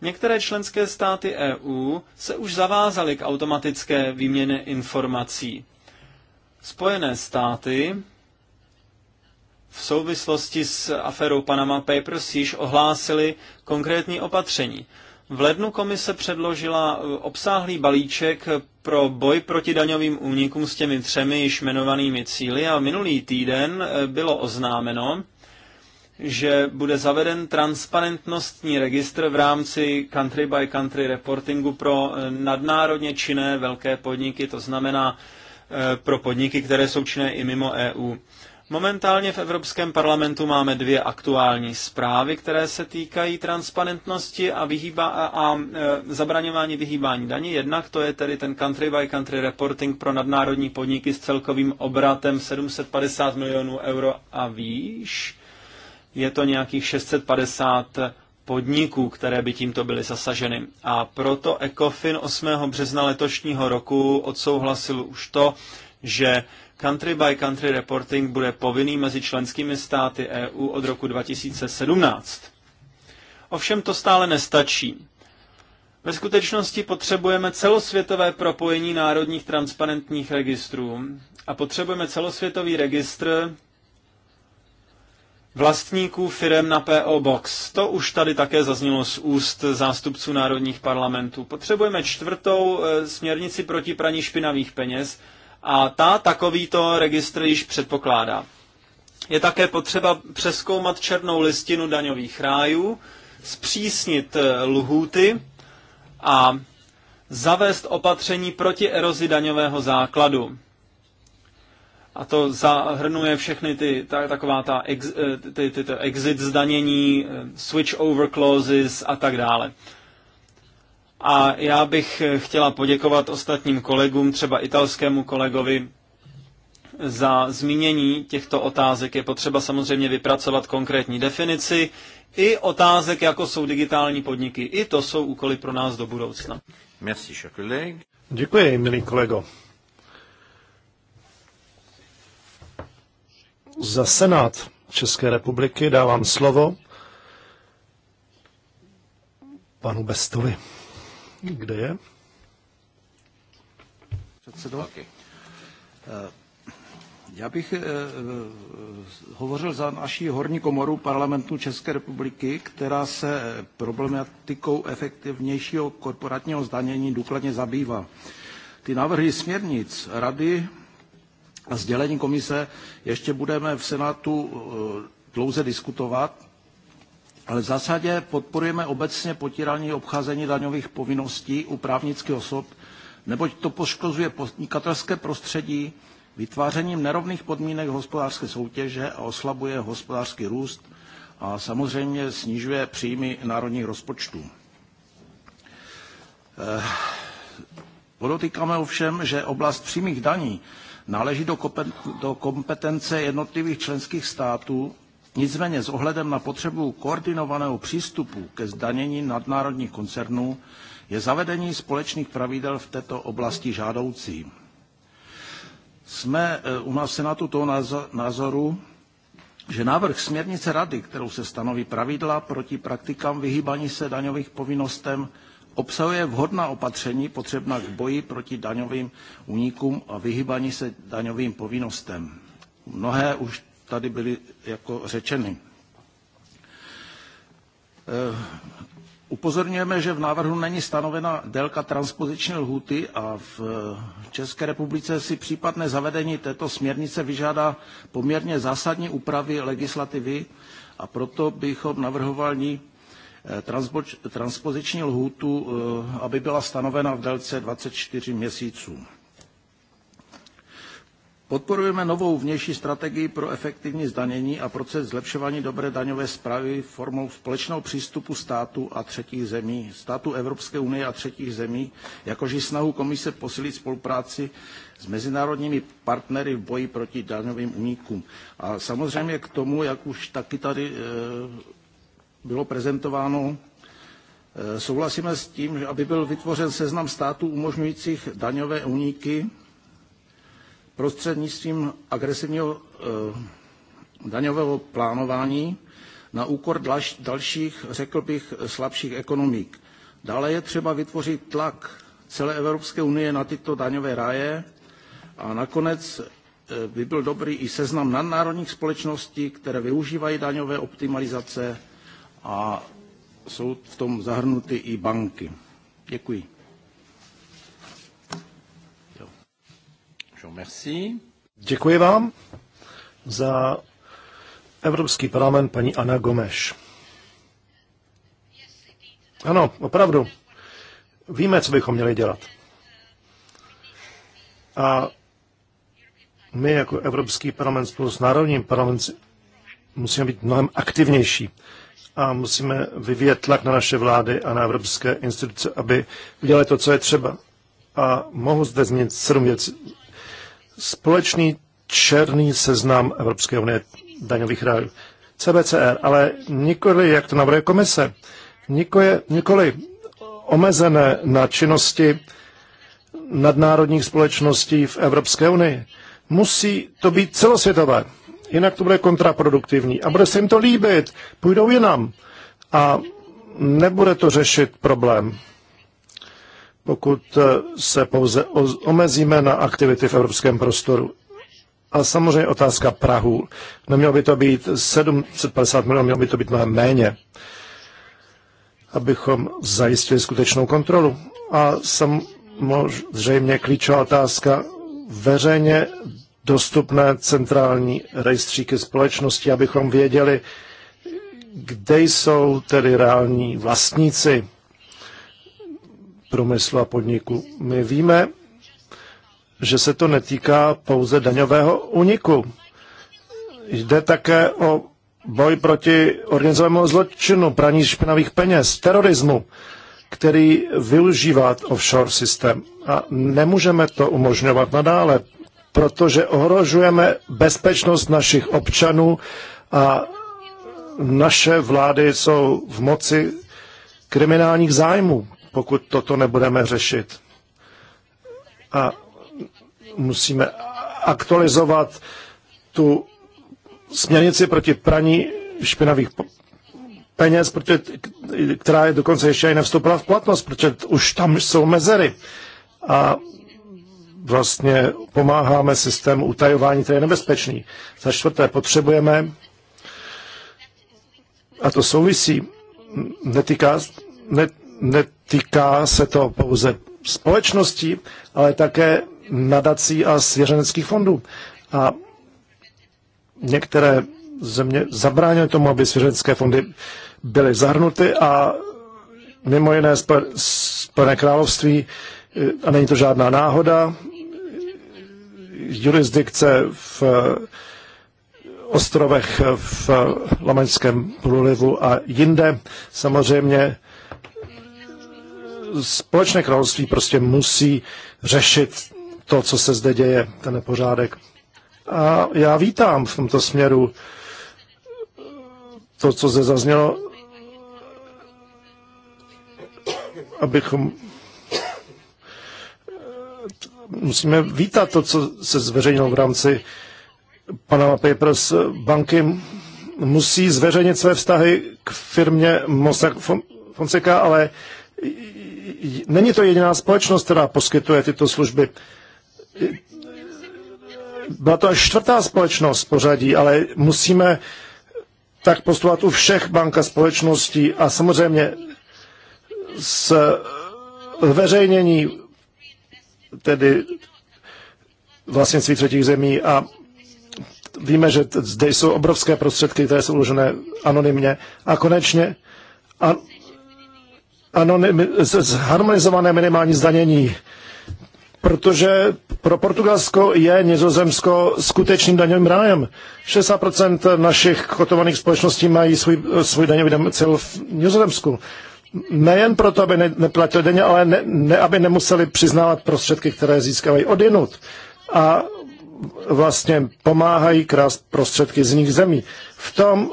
Některé členské státy EU se už zavázaly k automatické výměně informací. Spojené státy v souvislosti s aferou Panama Papers již ohlásili konkrétní opatření. V lednu komise předložila eh, obsáhlý balíček pro boj proti daňovým únikům s těmi třemi již jmenovanými cíly a minulý týden eh, bylo oznámeno, že bude zaveden transparentnostní registr v rámci country by country reportingu pro eh, nadnárodně činné velké podniky, to znamená pro podniky, které jsou činné i mimo EU. Momentálně v Evropském parlamentu máme dvě aktuální zprávy, které se týkají transparentnosti a, vyhýba, a e, zabraňování vyhýbání daní. Jednak to je tedy ten country by country reporting pro nadnárodní podniky s celkovým obratem 750 milionů euro a výš. Je to nějakých 650 podniků, které by tímto byly zasaženy. A proto ECOFIN 8. března letošního roku odsouhlasil už to, že Country by country reporting bude povinný mezi členskými státy EU od roku 2017. Ovšem to stále nestačí. Ve skutečnosti potřebujeme celosvětové propojení národních transparentních registrů a potřebujeme celosvětový registr vlastníků firem na PO Box. To už tady také zaznělo z úst zástupců národních parlamentů. Potřebujeme čtvrtou e, směrnici proti praní špinavých peněz, a ta takovýto registr již předpokládá. Je také potřeba přeskoumat černou listinu daňových rájů, zpřísnit eh, lhůty a zavést opatření proti erozi daňového základu. A to zahrnuje všechny ty, ta, taková ta ex, eh, ty, ty, ty exit zdanění, eh, switch over clauses a tak dále. A já bych eh, chtěla poděkovat ostatním kolegům, třeba italskému kolegovi, za zmínění těchto otázek. Je potřeba samozřejmě vypracovat konkrétní definici i otázek, jako jsou digitální podniky. I to jsou úkoly pro nás do budoucna. Merci, Děkuji, milý kolego. Za Senát České republiky dávám slovo panu Bestovi. Kde je? Předsedo. Okay. Eh, já bych eh, eh, hovořil za naší horní komoru parlamentu České republiky, která se problematikou efektivnějšího korporátního zdanění důkladně zabývá. Ty návrhy směrnic Rady a sdělení komise ještě budeme v Senátu dlouze diskutovat ale v zásadě podporujeme obecně potírání obcházení daňových povinností u právnických osob, neboť to poškozuje podnikatelské prostředí vytvářením nerovných podmínek hospodářské soutěže a oslabuje hospodářský růst a samozřejmě snižuje příjmy národních rozpočtů. Eh, podotýkáme ovšem, že oblast přímých daní náleží do kompetence jednotlivých členských států Nicméně s ohledem na potřebu koordinovaného přístupu ke zdanění nadnárodních koncernů je zavedení společných pravidel v této oblasti žádoucí. Jsme eh, u nás v Senátu toho názoru, že návrh směrnice Rady, kterou se stanoví pravidla proti praktikám vyhýbání se daňových povinnostem, obsahuje vhodná opatření potřebná k boji proti daňovým únikům a vyhýbání se daňovým povinnostem. Mnohé už tady byly jako řečeny. Eh, upozorňujeme, že v návrhu není stanovena délka transpoziční lhuty a v České republice si případné zavedení této směrnice vyžádá poměrně zásadní úpravy legislativy a proto bychom navrhovali eh, transpoziční lhůtu, eh, aby byla stanovena v délce 24 měsíců. Podporujeme novou vnější strategii pro efektivní zdanění a proces zlepšování dobré daňové správy formou společného přístupu států a třetích zemí, států Evropské unie a třetích zemí, jakož i snahu komise posílit spolupráci s mezinárodními partnery v boji proti daňovým únikům. A samozřejmě k tomu, jak už taky tady eh, bylo prezentováno, eh, souhlasíme s tím, aby byl vytvořen seznam států umožňujících daňové úniky prostřednictvím agresivního eh, daňového plánování na úkor dalších, řekl bych, slabších ekonomik. Dále je třeba vytvořit tlak celé Evropské unie na tyto daňové ráje a nakonec eh, by byl dobrý i seznam nadnárodních společností, které využívají daňové optimalizace a jsou v tom zahrnuty i banky. Děkuji. Děkuji vám za Evropský parlament paní Ana Gomeš. Ano, opravdu. Víme, co bychom měli dělat. A my jako Evropský parlament spolu s Národním parlamentem musíme být mnohem aktivnější a musíme vyvíjet tlak na naše vlády a na evropské instituce, aby udělali to, co je třeba. A mohu zde změnit sedm věcí společný černý seznam Evropské unie daňových rájů. CBCR, ale nikoli, jak to navrhuje komise, nikoli, nikoli omezené na činnosti nadnárodních společností v Evropské unii. Musí to být celosvětové, jinak to bude kontraproduktivní a bude se jim to líbit, půjdou jinam a nebude to řešit problém pokud eh, se pouze omezíme na aktivity v evropském prostoru. A samozřejmě otázka Prahu. Nemělo by to být 750 milionů, mělo by to být mnohem méně, abychom zajistili skutečnou kontrolu. A samozřejmě klíčová otázka veřejně dostupné centrální rejstříky společnosti, abychom věděli, kde jsou tedy reální vlastníci průmyslu a podniku. My víme, že se to netýká pouze daňového úniku. Jde také o boj proti organizovanému zločinu, praní špinavých peněz, terorismu, který využívá offshore systém. A nemůžeme to umožňovat nadále, protože ohrožujeme bezpečnost našich občanů a naše vlády jsou v moci kriminálních zájmů pokud toto nebudeme řešit. A musíme aktualizovat tu směrnici proti praní špinavých peněz, protože, která je dokonce ještě i nevstoupila v platnost, protože už tam jsou mezery. A vlastně pomáháme systému utajování, který je nebezpečný. Za čtvrté potřebujeme, a to souvisí, netýká, net, netýká se to pouze společností, ale také nadací a svěřeneckých fondů. A některé země zabránily tomu, aby svěřenecké fondy byly zahrnuty a mimo jiné Spojené království, eh, a není to žádná náhoda, jurisdikce v eh, ostrovech v eh, Lamaňském průlivu a jinde samozřejmě společné království prostě musí řešit to, co se zde děje, ten nepořádek. A já vítám v tomto směru to, co zde zaznělo, abychom musíme vítat to, co se zveřejnilo v rámci Panama Papers. Banky musí zveřejnit své vztahy k firmě Mossack Fonseca, ale není to jediná společnost, která poskytuje tyto služby. Byla to až čtvrtá společnost pořadí, ale musíme tak postupovat u všech bank a společností a samozřejmě s veřejnění tedy vlastně svých třetích zemí a víme, že zde jsou obrovské prostředky, které jsou uložené anonymně. A konečně a ano, harmonizované minimální zdanění, protože pro Portugalsko je Nizozemsko skutečným daňovým rájem. 60% našich kotovaných společností mají svůj, svůj daňový cíl v Nizozemsku. Nejen proto, aby ne, neplatili daně, ale ne, ne, aby nemuseli přiznávat prostředky, které získávají odinut. A vlastně pomáhají krást prostředky z jiných zemí. V tom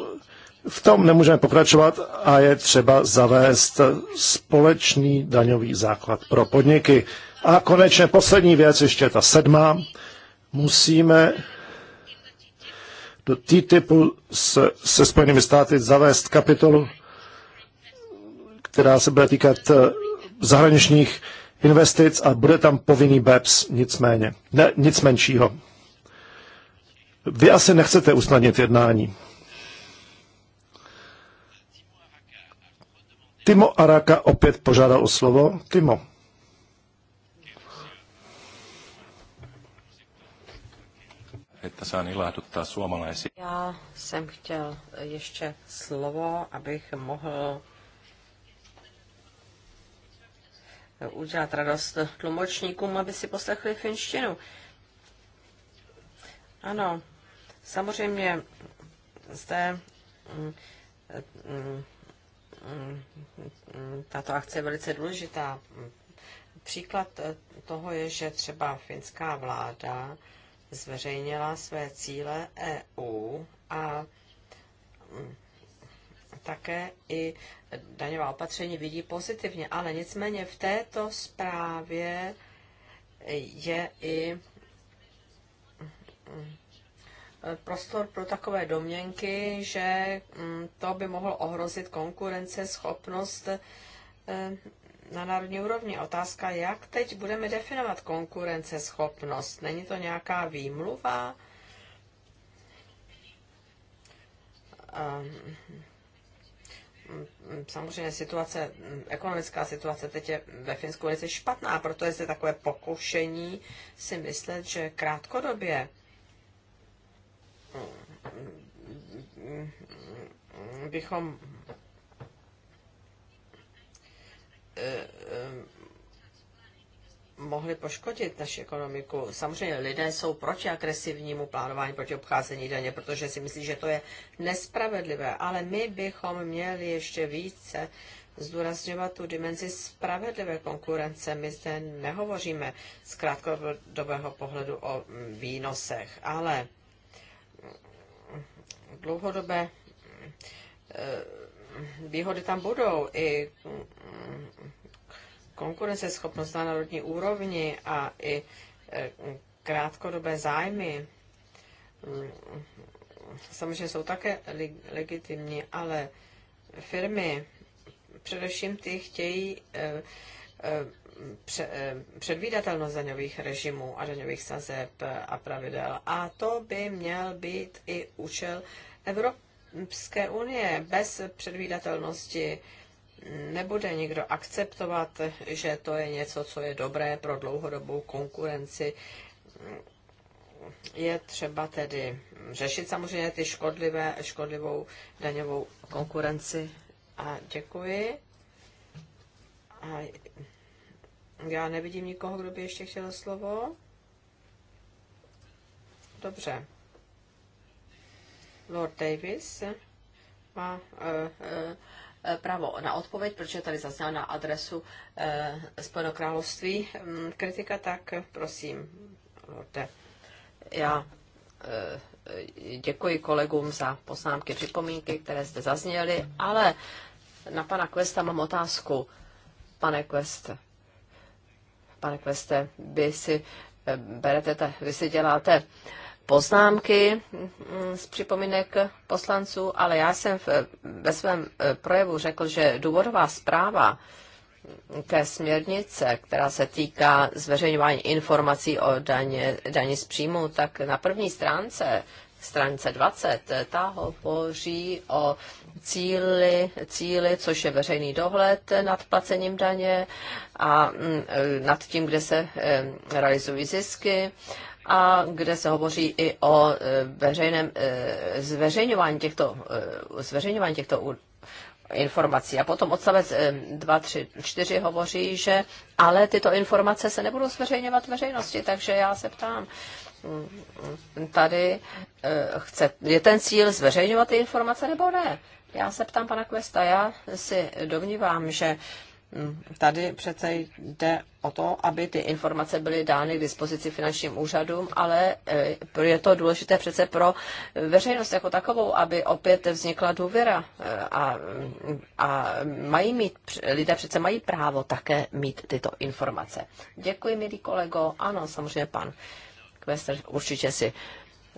v tom nemůžeme pokračovat a je třeba zavést společný daňový základ pro podniky. A konečně poslední věc, ještě ta sedmá. Musíme do TTIPu se, se Spojenými státy zavést kapitolu, která se bude týkat eh, zahraničních investic a bude tam povinný BEPS, nic méně, ne, nic menšího. Vy asi nechcete usnadnit jednání. Timo Araka opět požádal o slovo. Timo. että saan ilahduttaa suomalaisia. Já jsem chtěl ještě slovo, abych mohl udělat radost tlumočníkům, aby si poslechli finštinu. Ano, samozřejmě zde mm, mm, tato akce je velice důležitá. Příklad toho je, že třeba finská vláda zveřejnila své cíle EU a mm, také i daňová opatření vidí pozitivně, ale nicméně v této zprávě je i mm, Eh, prostor pro takové domněnky, že mm, to by mohlo ohrozit konkurence schopnost eh, na národní úrovni. Otázka, jak teď budeme definovat konkurenceschopnost? Není to nějaká výmluva? Ehm, mm, samozřejmě situace, mm, ekonomická situace teď je ve Finsku velice špatná, proto je zde takové pokušení si myslet, že krátkodobě bychom eh, eh, mohli poškodit naši ekonomiku. Samozřejmě lidé jsou proti agresivnímu plánování, proti obcházení daně, protože si myslí, že to je nespravedlivé, ale my bychom měli ještě více zdůrazňovat tu dimenzi spravedlivé konkurence. My zde nehovoříme z krátkodobého pohledu o mm, výnosech, ale dlouhodobé eh, výhody tam budou. I mm, konkurenceschopnost na národní úrovni a i eh, krátkodobé zájmy mm, samozřejmě jsou také legitimní, ale firmy, především ty chtějí eh, Eh, předvídatelnost daňových režimů a daňových sazeb a pravidel. A to by měl být i účel Evropské unie. Bez předvídatelnosti nebude nikdo akceptovat, že to je něco, co je dobré pro dlouhodobou konkurenci. Je třeba tedy řešit samozřejmě ty škodlivé, škodlivou daňovou konkurenci. A děkuji. Já nevidím nikoho, kdo by ještě chtěl slovo. Dobře. Lord Davis má uh, uh, právo na odpověď, protože tady zazněla na adresu uh, Spojeného království um, kritika, tak prosím, Lorde. Já děkuji kolegům za poznámky, připomínky, které zde zazněly, ale na pana Questa mám otázku. Pane Quest, pane Kveste, vy si eh, berete, vy si děláte poznámky mm, z připomínek poslanců, ale já jsem v, ve svém eh, projevu řekl, že důvodová zpráva té směrnice, která se týká zveřejňování informací o daně, daně z příjmu, tak na první stránce stránce 20, ta hovoří o cíli, cíli, což je veřejný dohled nad placením daně a mm, e, nad tím, kde se e, realizují zisky a kde se hovoří i o e, veřejném zveřejňování těchto, zveřejňování těchto informací. A potom odstavec 2, 3, 4 hovoří, že ale tyto informace se nebudou zveřejňovat veřejnosti, takže já se ptám, tady eh, chce, je ten cíl zveřejňovat ty informace nebo ne? Já se ptám pana Kvesta, já si domnívám, že hm, Tady přece jde o to, aby ty informace byly dány k dispozici finančním úřadům, ale eh, je to důležité přece pro veřejnost jako takovou, aby opět vznikla důvěra eh, a, a mají mít, lidé přece mají právo také mít tyto informace. Děkuji, milý kolego. Ano, samozřejmě pan Kvester určitě si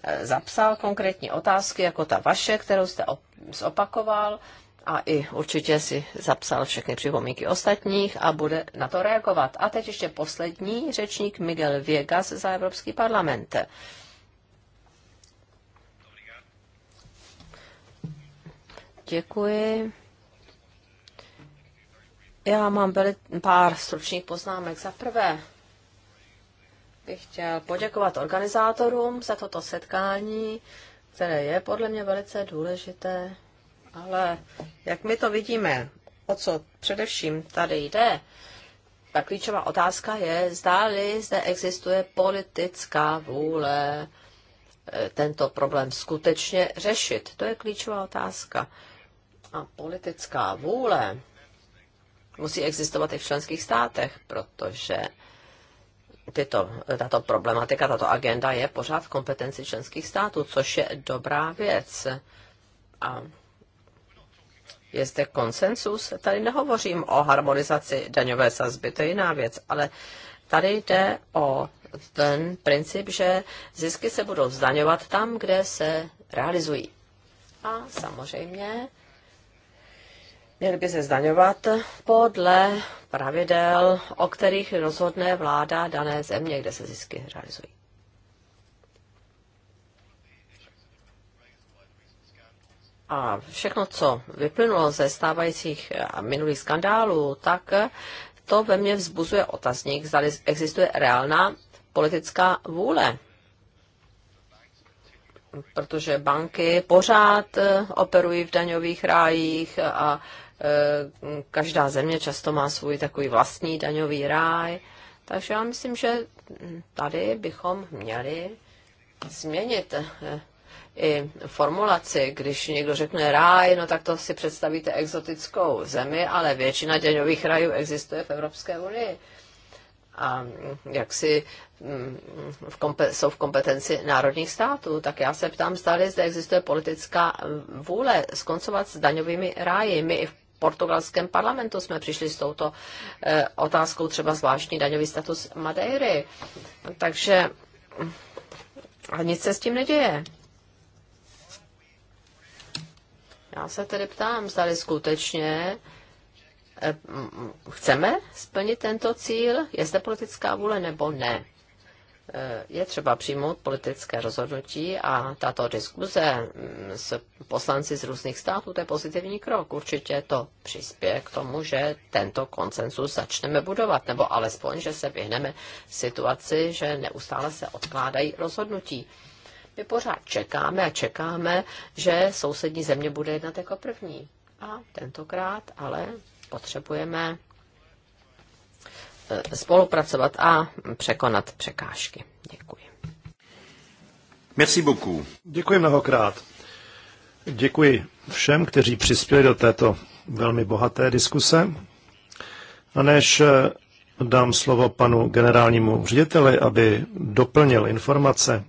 eh, zapsal konkrétní otázky, jako ta vaše, kterou jste zopakoval, a i určitě si zapsal všechny připomínky ostatních a bude na to reagovat. A teď ještě poslední řečník Miguel Viegas za Evropský parlament. Děkuji. Já mám veli- pár stručných poznámek. Za prvé, bych chtěl poděkovat organizátorům za toto setkání, které je podle mě velice důležité. Ale jak my to vidíme, o co především tady jde, ta klíčová otázka je, zdáli zde existuje politická vůle eh, tento problém skutečně řešit. To je klíčová otázka. A politická vůle musí existovat i v členských státech, protože tyto, tato problematika, tato agenda je pořád v kompetenci členských států, což je dobrá věc. A je zde konsensus. Tady nehovořím o harmonizaci daňové sazby, to je jiná věc, ale tady jde o ten princip, že zisky se budou zdaňovat tam, kde se realizují. A samozřejmě Měly by se zdaňovat podle pravidel, o kterých rozhodne vláda dané země, kde se zisky realizují. A všechno, co vyplynulo ze stávajících a minulých skandálů, tak to ve mně vzbuzuje otazník, zda existuje reálná politická vůle protože banky pořád eh, operují v daňových rájích a každá země často má svůj takový vlastní daňový ráj, takže já myslím, že tady bychom měli změnit eh, i formulaci, když někdo řekne ráj, no tak to si představíte exotickou zemi, ale většina daňových rajů existuje v Evropské unii a jak si mm, v kompe- jsou v kompetenci národních států, tak já se ptám, zda zde existuje politická vůle skoncovat s daňovými ráji. My i v portugalském parlamentu jsme přišli s touto eh, otázkou, třeba zvláštní daňový status Madeiry. Takže a nic se s tím neděje. Já se tedy ptám, zdali skutečně eh, chceme splnit tento cíl, je politická vůle nebo ne. Eh, je třeba přijmout politické rozhodnutí a tato diskuze mm, s poslanci z různých států, to je pozitivní krok. Určitě to přispěje k tomu, že tento koncensus začneme budovat, nebo alespoň, že se vyhneme situaci, že neustále se odkládají rozhodnutí. My pořád čekáme a čekáme, že sousední země bude jednat jako první. A tentokrát ale potřebujeme Eh, spolupracovat a překonat překážky. Děkuji. Merci beaucoup. Děkuji mnohokrát. Děkuji všem, kteří přispěli do této velmi bohaté diskuse. A než eh, dám slovo panu generálnímu řediteli, aby doplnil informace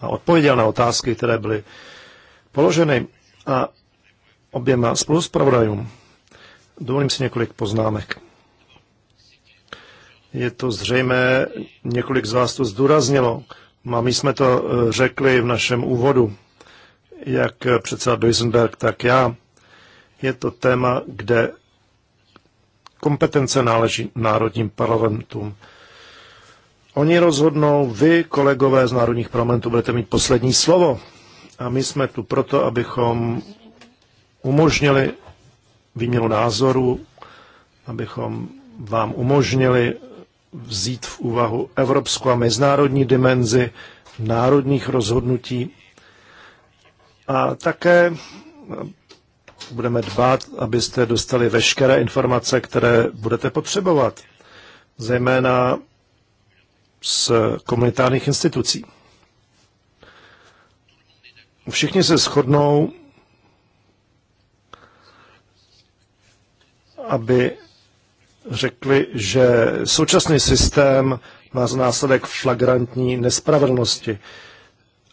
a odpověděl na otázky, které byly položeny a oběma spoluspravodajům, dovolím si několik poznámek je to zřejmé, několik z vás to zdůraznilo. A my jsme to e, řekli v našem úvodu, jak předseda Duisenberg, tak já. Je to téma, kde kompetence náleží národním parlamentům. Oni rozhodnou, vy, kolegové z národních parlamentů, budete mít poslední slovo. A my jsme tu proto, abychom umožnili výměnu názorů, abychom vám umožnili vzít v úvahu evropskou a mezinárodní dimenzi národních rozhodnutí a také budeme dbát, abyste dostali veškeré informace, které budete potřebovat, zejména z komunitárních institucí. Všichni se shodnou, aby řekli, že současný systém má za následek flagrantní nespravedlnosti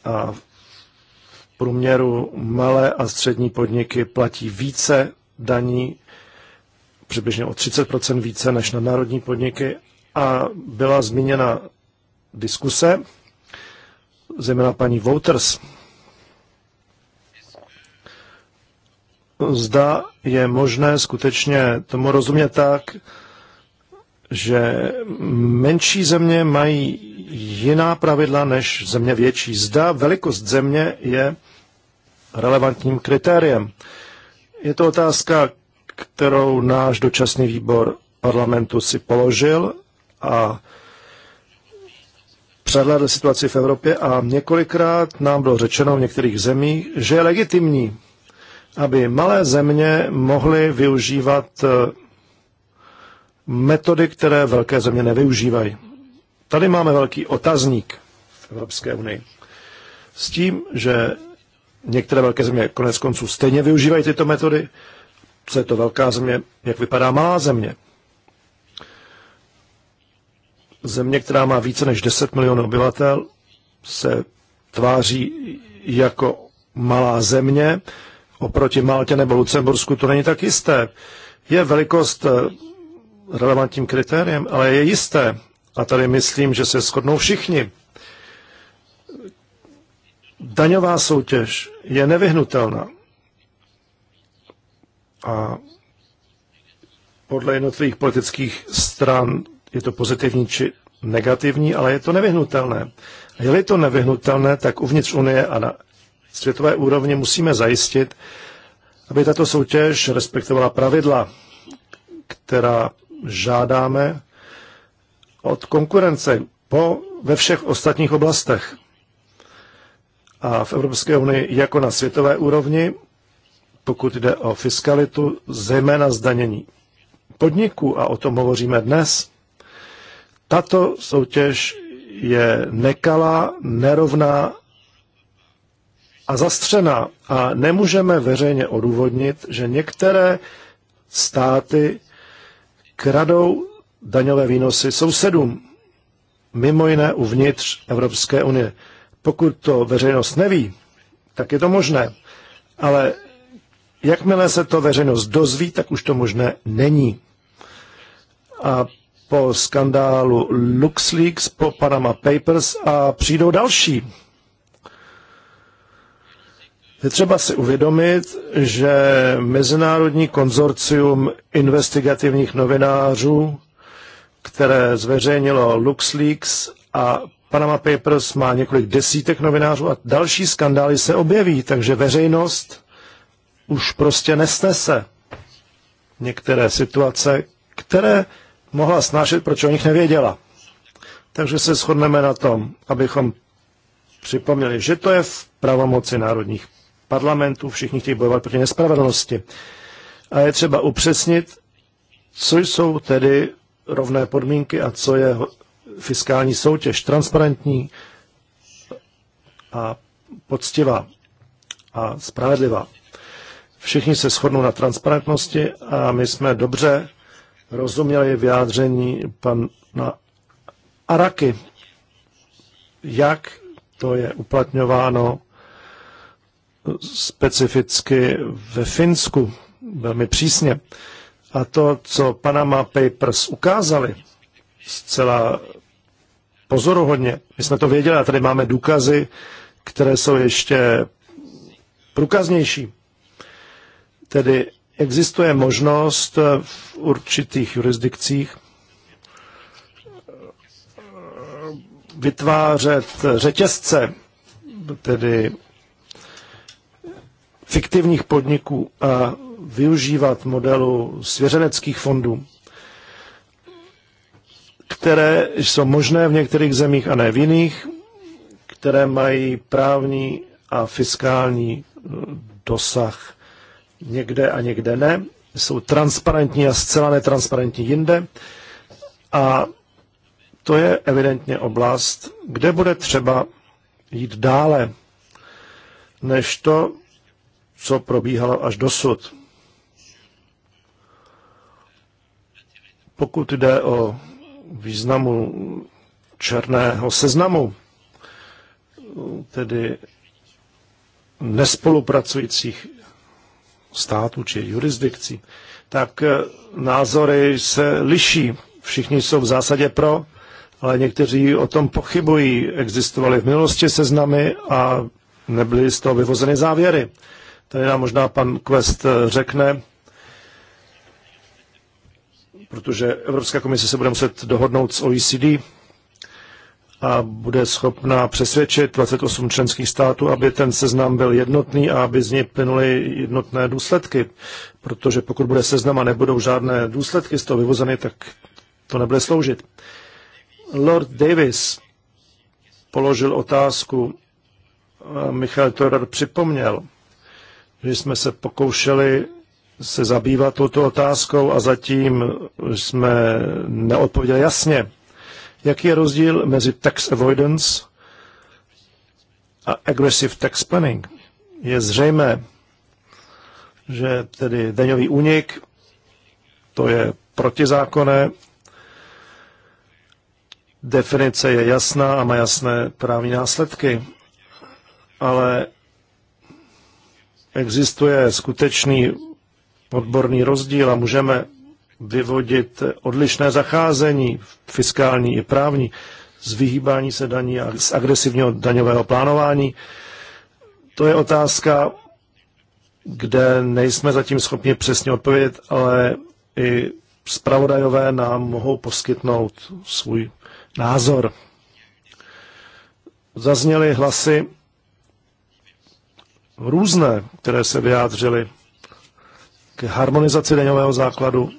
a v průměru malé a střední podniky platí více daní, přibližně o 30% více než na národní podniky a byla zmíněna diskuse, zejména paní Wouters, zda je možné skutečně tomu rozumět tak, že menší země mají jiná pravidla než země větší. Zda velikost země je relevantním kritériem. Je to otázka, kterou náš dočasný výbor parlamentu si položil a přehlédl situaci v Evropě a několikrát nám bylo řečeno v některých zemích, že je legitimní, aby malé země mohly využívat eh, metody, které velké země nevyužívají. Tady máme velký otazník v Evropské unii. S tím, že některé velké země konec konců stejně využívají tyto metody, co je to velká země, jak vypadá malá země. Země, která má více než 10 milionů obyvatel, se tváří jako malá země. Oproti Maltě nebo Lucembursku to není tak jisté. Je velikost relevantním kritériem, ale je jisté, a tady myslím, že se shodnou všichni, daňová soutěž je nevyhnutelná. A podle jednotlivých politických stran je to pozitivní či negativní, ale je to nevyhnutelné. Je-li to nevyhnutelné, tak uvnitř Unie a na světové úrovni musíme zajistit, aby tato soutěž respektovala pravidla, která žádáme od konkurence po, ve všech ostatních oblastech. A v Evropské unii jako na světové úrovni, pokud jde o fiskalitu, zejména zdanění podniků, a o tom hovoříme dnes, tato soutěž je nekalá, nerovná a zastřená. A nemůžeme veřejně odůvodnit, že některé státy kradou daňové výnosy sousedům, mimo jiné uvnitř Evropské unie. Pokud to veřejnost neví, tak je to možné. Ale jakmile se to veřejnost dozví, tak už to možné není. A po skandálu LuxLeaks, po Panama Papers a přijdou další je třeba si uvědomit, že Mezinárodní konzorcium investigativních novinářů, které zveřejnilo LuxLeaks a Panama Papers má několik desítek novinářů a další skandály se objeví, takže veřejnost už prostě nesnese některé situace, které mohla snášet, proč o nich nevěděla. Takže se shodneme na tom, abychom připomněli, že to je v pravomoci národních parlamentu, všichni chtějí bojovat proti nespravedlnosti. A je třeba upřesnit, co jsou tedy rovné podmínky a co je fiskální soutěž transparentní a poctivá a spravedlivá. Všichni se shodnou na transparentnosti a my jsme dobře rozuměli vyjádření pana Araky, jak to je uplatňováno specificky ve Finsku velmi přísně. A to, co Panama Papers ukázali zcela pozoruhodně, my jsme to věděli a tady máme důkazy, které jsou ještě průkaznější. Tedy existuje možnost v určitých jurisdikcích vytvářet řetězce, tedy fiktivních podniků a využívat modelu svěřeneckých fondů, které jsou možné v některých zemích a ne v jiných, které mají právní a fiskální eh, dosah někde a někde ne, jsou transparentní a zcela netransparentní jinde. A to je evidentně oblast, kde bude třeba jít dále, než to, co probíhalo až dosud. Pokud jde o významu černého seznamu, tedy nespolupracujících států či jurisdikcí, tak e, názory se liší. Všichni jsou v zásadě pro, ale někteří o tom pochybují. Existovaly v minulosti seznamy a nebyly z toho vyvozeny závěry. Tady nám možná pan Quest eh, řekne, protože Evropská komise se bude muset dohodnout s OECD a bude schopná přesvědčit 28 členských států, aby ten seznam byl jednotný a aby z něj plynuly jednotné důsledky. Protože pokud bude seznam a nebudou žádné důsledky z toho vyvozeny, tak to nebude sloužit. Lord Davis položil otázku, Michal Torar připomněl, že jsme se pokoušeli se zabývat touto otázkou a zatím jsme neodpověděli jasně. Jaký je rozdíl mezi tax avoidance a aggressive tax planning? Je zřejmé, že tedy daňový únik, to je protizákonné, definice je jasná a má jasné právní následky, ale existuje skutečný odborný rozdíl a můžeme vyvodit odlišné zacházení fiskální i právní z vyhýbání se daní a z agresivního daňového plánování. To je otázka, kde nejsme zatím schopni přesně odpovědět, ale i zpravodajové nám mohou poskytnout svůj názor. Zazněly hlasy různé, které se vyjádřily k harmonizaci daňového základu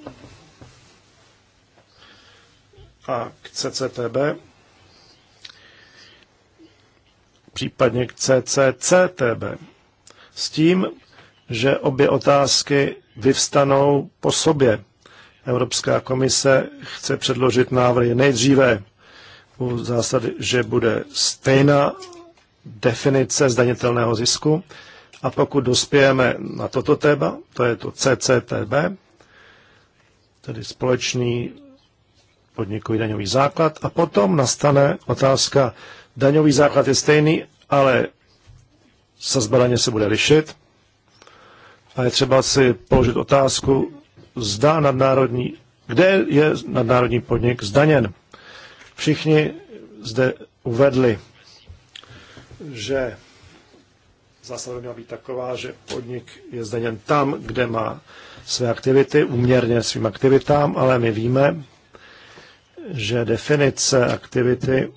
a k CCTB, případně k CCCTB, s tím, že obě otázky vyvstanou po sobě. Evropská komise chce předložit návrhy nejdříve u zásady, že bude stejná definice zdanitelného zisku. A pokud dospějeme na toto téma, to je to CCTB, tedy společný podnikový daňový základ, a potom nastane otázka, daňový základ je stejný, ale sazba daně se bude lišit. A je třeba si položit otázku, zda nadnárodní, kde je nadnárodní podnik zdaněn. Všichni zde uvedli že zásada by měla být taková, že podnik je zdaněn tam, kde má své aktivity, uměrně svým aktivitám, ale my víme, že definice aktivity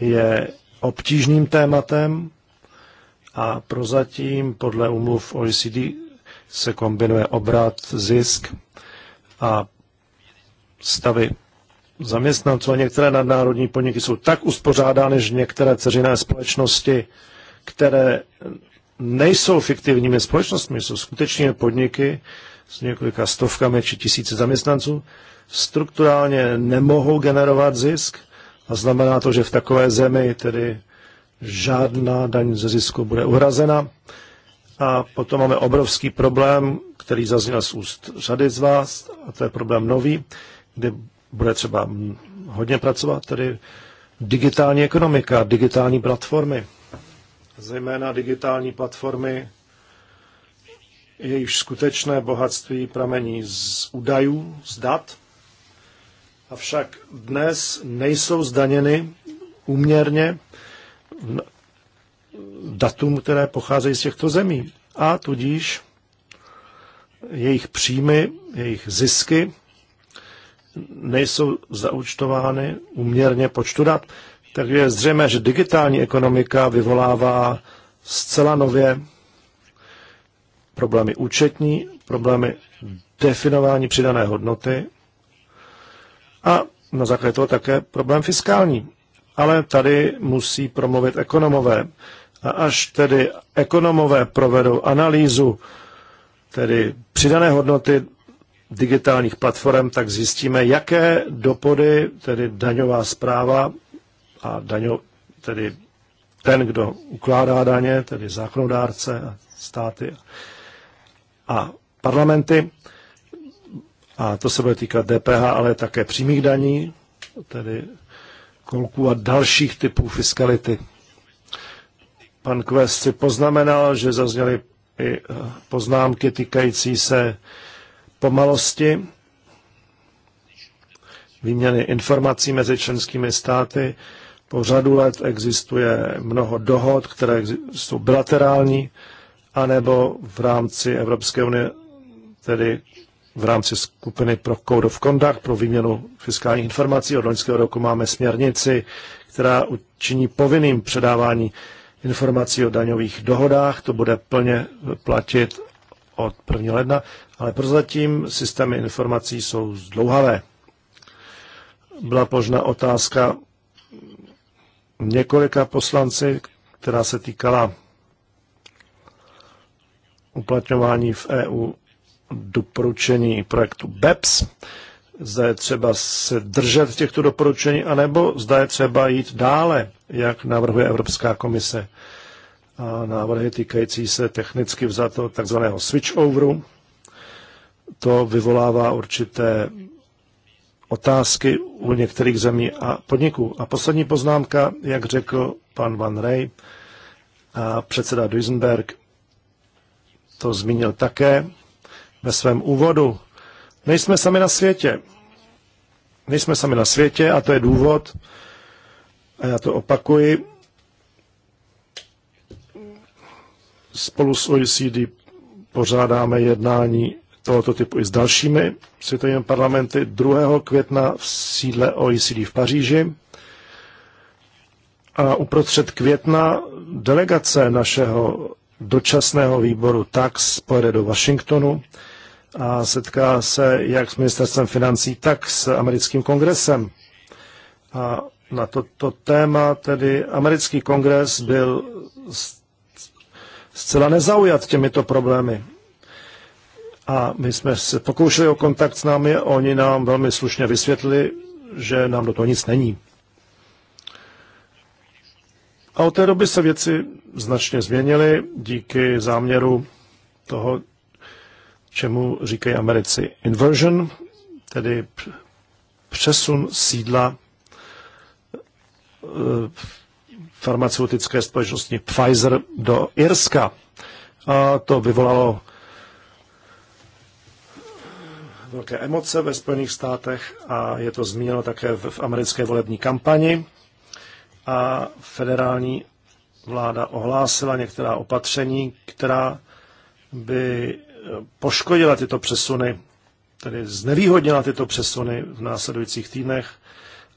je obtížným tématem a prozatím podle umluv OECD se kombinuje obrat, zisk a stavy zaměstnanců a některé nadnárodní podniky jsou tak uspořádány, že některé ceřiné společnosti, které nejsou fiktivními společnostmi, jsou skutečně podniky s několika stovkami či tisíci zaměstnanců, strukturálně nemohou generovat zisk a znamená to, že v takové zemi tedy žádná daň ze zisku bude uhrazena. A potom máme obrovský problém, který zazněl z úst řady z vás, a to je problém nový, kdy bude třeba hodně pracovat, tedy digitální ekonomika, digitální platformy, zejména digitální platformy, jejichž skutečné bohatství pramení z údajů, z dat, avšak dnes nejsou zdaněny úměrně datům, které pocházejí z těchto zemí. A tudíž jejich příjmy, jejich zisky nejsou zaučtovány uměrně počtu dat. Takže je zřejmé, že digitální ekonomika vyvolává zcela nově problémy účetní, problémy definování přidané hodnoty a na základě toho také problém fiskální. Ale tady musí promluvit ekonomové. A až tedy ekonomové provedou analýzu tedy přidané hodnoty digitálních platform, tak zjistíme, jaké dopady, tedy daňová zpráva a daňo, tedy ten, kdo ukládá daně, tedy zákonodárce a státy a parlamenty, a to se bude týkat DPH, ale také přímých daní, tedy kolků a dalších typů fiskality. Pan Kvest si poznamenal, že zazněly i eh, poznámky týkající se pomalosti výměny informací mezi členskými státy. Po řadu let existuje mnoho dohod, které jsou bilaterální, anebo v rámci Evropské unie, tedy v rámci skupiny pro Code of Conduct, pro výměnu fiskálních informací. Od loňského roku máme směrnici, která učiní povinným předávání informací o daňových dohodách. To bude plně platit od 1. ledna ale prozatím systémy informací jsou zdlouhavé. Byla požná otázka několika poslanci, která se týkala uplatňování v EU doporučení projektu BEPS. Zda je třeba se držet těchto doporučení, anebo zda je třeba jít dále, jak navrhuje Evropská komise. A návrhy týkající se technicky vzato takzvaného switchoveru, to vyvolává určité otázky u některých zemí a podniků. A poslední poznámka, jak řekl pan Van Rey a předseda Duisenberg, to zmínil také ve svém úvodu. Nejsme sami na světě. Nejsme sami na světě a to je důvod, a já to opakuji, spolu s OECD pořádáme jednání tohoto typu i s dalšími světovými parlamenty 2. května v sídle OECD v Paříži. A uprostřed května delegace našeho dočasného výboru TAX pojede do Washingtonu a setká se jak s ministerstvem financí, tak s americkým kongresem. A na toto téma tedy americký kongres byl zcela nezaujat těmito problémy. A my jsme se pokoušeli o kontakt s námi, oni nám velmi slušně vysvětlili, že nám do toho nic není. A od té doby se věci značně změnily díky záměru toho, čemu říkají Americi inversion, tedy přesun sídla eh, farmaceutické společnosti Pfizer do Irska. A to vyvolalo velké emoce ve Spojených státech a je to zmíněno také v americké volební kampani. A federální vláda ohlásila některá opatření, která by poškodila tyto přesuny, tedy znevýhodnila tyto přesuny v následujících týdnech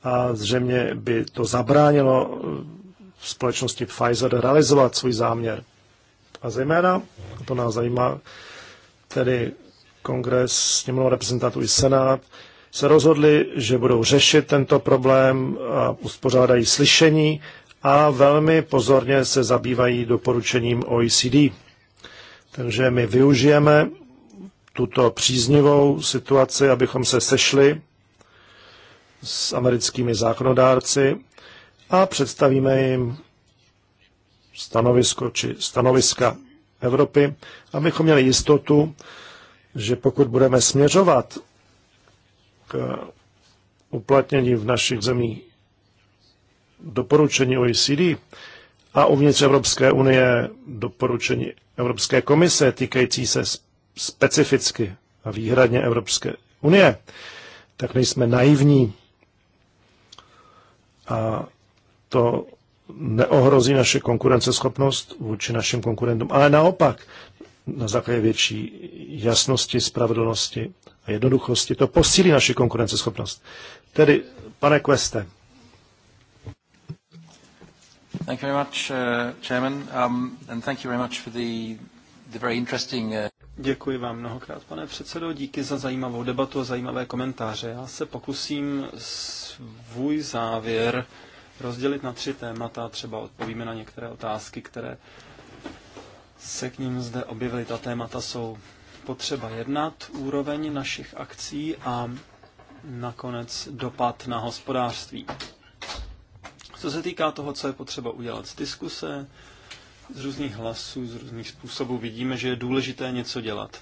a zřejmě by to zabránilo v eh, společnosti Pfizer realizovat svůj záměr. A zejména, to nás zajímá, tedy kongres, sněmovna reprezentantů i senát, se rozhodli, že budou řešit tento problém a uspořádají slyšení a velmi pozorně se zabývají doporučením OECD. Takže my využijeme tuto příznivou situaci, abychom se sešli s americkými zákonodárci a představíme jim stanovisko či stanoviska Evropy, abychom měli jistotu, že pokud budeme směřovat k uplatnění v našich zemích doporučení OECD a uvnitř Evropské unie doporučení Evropské komise týkající se specificky a výhradně Evropské unie, tak nejsme naivní a to neohrozí naše konkurenceschopnost vůči našim konkurentům. Ale naopak, na základě větší jasnosti, spravedlnosti a jednoduchosti. To posílí naši konkurenceschopnost. Tedy, pane Queste. Uh, um, uh, Děkuji vám mnohokrát, pane předsedo, díky za zajímavou debatu a zajímavé komentáře. Já se pokusím svůj závěr rozdělit na tři témata, třeba odpovíme na některé otázky, které se k ním zde objevily. Ta témata jsou potřeba jednat, úroveň našich akcí a nakonec dopad na hospodářství. Co se týká toho, co je potřeba udělat z diskuse, z různých hlasů, z různých způsobů vidíme, že je důležité něco dělat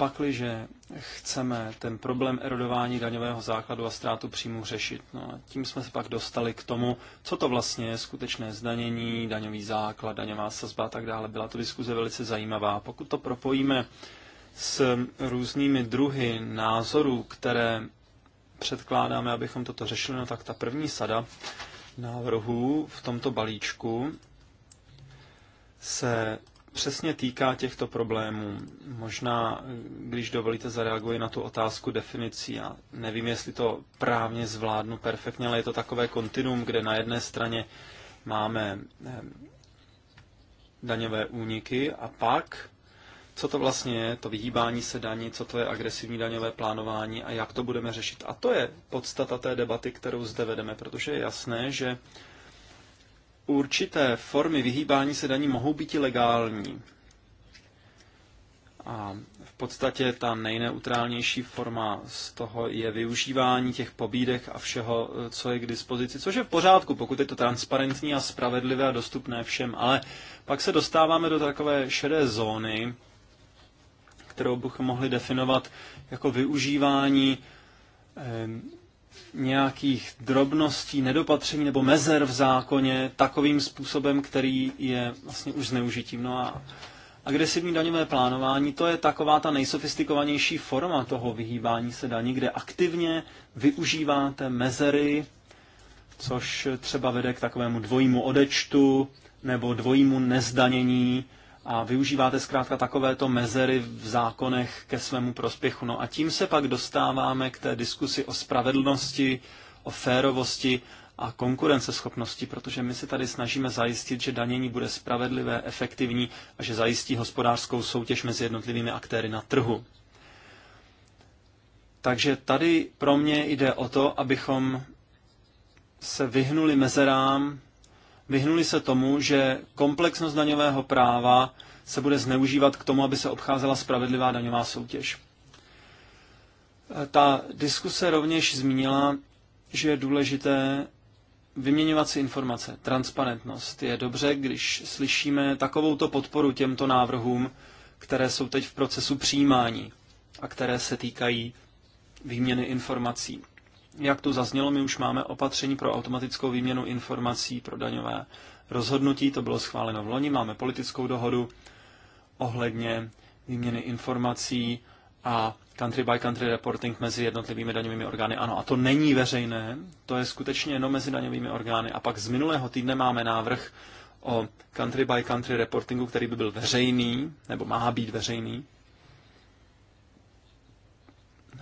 pakliže chceme ten problém erodování daňového základu a ztrátu příjmu řešit. No a tím jsme se pak dostali k tomu, co to vlastně je skutečné zdanění, daňový základ, daňová sazba a tak dále. Byla to diskuze velice zajímavá. Pokud to propojíme s různými druhy názorů, které předkládáme, abychom toto řešili, no tak ta první sada návrhů v tomto balíčku se přesně týká těchto problémů. Možná, když dovolíte, zareaguji na tu otázku definicí. Já nevím, jestli to právně zvládnu perfektně, ale je to takové kontinuum, kde na jedné straně máme eh, daňové úniky a pak, co to vlastně je, to vyhýbání se daní, co to je agresivní daňové plánování a jak to budeme řešit. A to je podstata té debaty, kterou zde vedeme, protože je jasné, že určité formy vyhýbání se daní mohou být i legální. A v podstatě ta nejneutrálnější forma z toho je využívání těch pobídek a všeho, co je k dispozici, což je v pořádku, pokud je to transparentní a spravedlivé a dostupné všem, ale pak se dostáváme do takové šedé zóny, kterou bychom mohli definovat jako využívání eh, nějakých drobností, nedopatření nebo mezer v zákoně takovým způsobem, který je vlastně už zneužitím. No a agresivní daňové plánování, to je taková ta nejsofistikovanější forma toho vyhýbání se daní, kde aktivně využíváte mezery, což třeba vede k takovému dvojímu odečtu nebo dvojímu nezdanění a využíváte zkrátka takovéto mezery v zákonech ke svému prospěchu. No a tím se pak dostáváme k té diskusi o spravedlnosti, o férovosti a konkurenceschopnosti, protože my se tady snažíme zajistit, že danění bude spravedlivé, efektivní a že zajistí hospodářskou soutěž mezi jednotlivými aktéry na trhu. Takže tady pro mě jde o to, abychom se vyhnuli mezerám vyhnuli se tomu, že komplexnost daňového práva se bude zneužívat k tomu, aby se obcházela spravedlivá daňová soutěž. Ta diskuse rovněž zmínila, že je důležité vyměňovat si informace, transparentnost. Je dobře, když slyšíme takovouto podporu těmto návrhům, které jsou teď v procesu přijímání a které se týkají výměny informací. Jak tu zaznělo, my už máme opatření pro automatickou výměnu informací pro daňové rozhodnutí, to bylo schváleno v loni, máme politickou dohodu ohledně výměny informací a country by country reporting mezi jednotlivými daňovými orgány. Ano, a to není veřejné, to je skutečně jenom mezi daňovými orgány. A pak z minulého týdne máme návrh o country by country reportingu, který by byl veřejný, nebo má být veřejný.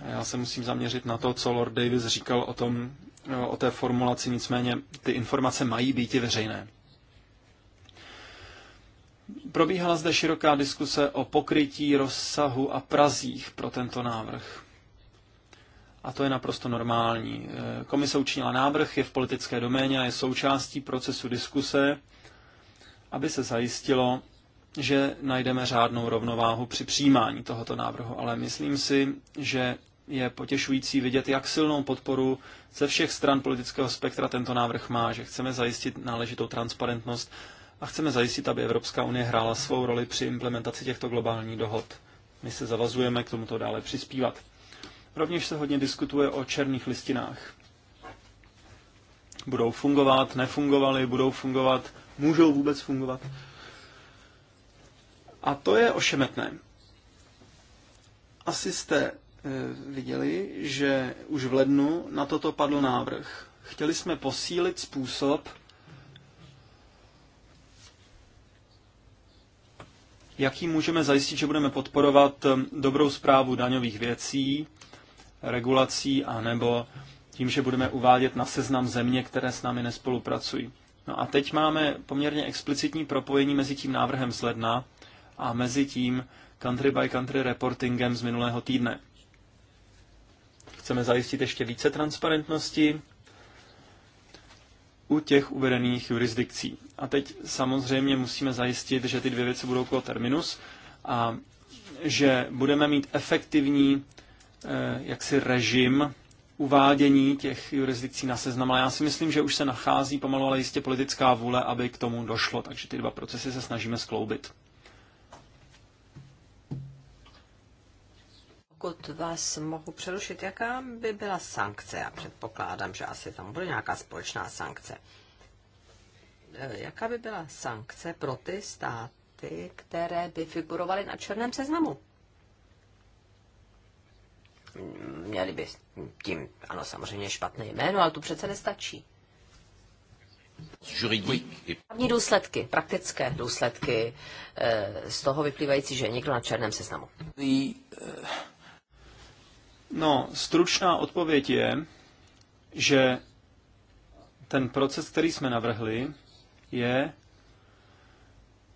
Já se musím zaměřit na to, co Lord Davis říkal o, tom, eh, o té formulaci, nicméně ty informace mají být veřejné. Probíhala zde široká diskuse o pokrytí, rozsahu a prazích pro tento návrh. A to je naprosto normální. Eh, Komise učinila návrh, je v politické doméně a je součástí procesu diskuse, aby se zajistilo, že najdeme řádnou rovnováhu při přijímání tohoto návrhu. Ale myslím si, že je potěšující vidět, jak silnou podporu ze všech stran politického spektra tento návrh má, že chceme zajistit náležitou transparentnost a chceme zajistit, aby Evropská unie hrála svou roli při implementaci těchto globálních dohod. My se zavazujeme k tomuto dále přispívat. Rovněž se hodně diskutuje o černých listinách. Budou fungovat, nefungovaly, budou fungovat, můžou vůbec fungovat. A to je ošemetné. Asi jste Eh, viděli, že už v lednu na toto padl návrh. Chtěli jsme posílit způsob, jaký můžeme zajistit, že budeme podporovat ehm, dobrou zprávu daňových věcí, regulací, a nebo tím, že budeme uvádět na seznam země, které s námi nespolupracují. No a teď máme poměrně explicitní propojení mezi tím návrhem z ledna a mezi tím country by country reportingem z minulého týdne. Chceme zajistit ještě více transparentnosti u těch uvedených jurisdikcí. A teď samozřejmě musíme zajistit, že ty dvě věci budou kolo terminus a že budeme mít efektivní eh, jaksi režim uvádění těch jurisdikcí na seznam, ale já si myslím, že už se nachází pomalu, ale jistě politická vůle, aby k tomu došlo, takže ty dva procesy se snažíme skloubit. pokud vás mohu přerušit, jaká by byla sankce? Já předpokládám, že asi tam bude nějaká společná sankce. E, jaká by byla sankce pro ty státy, které by figurovaly na černém seznamu? Měli by tím, ano, samozřejmě špatné jméno, ale to přece nestačí. Hlavní důsledky, praktické důsledky e, z toho vyplývající, že je někdo na černém seznamu. E, No, stručná odpověď je, že ten proces, který jsme navrhli, je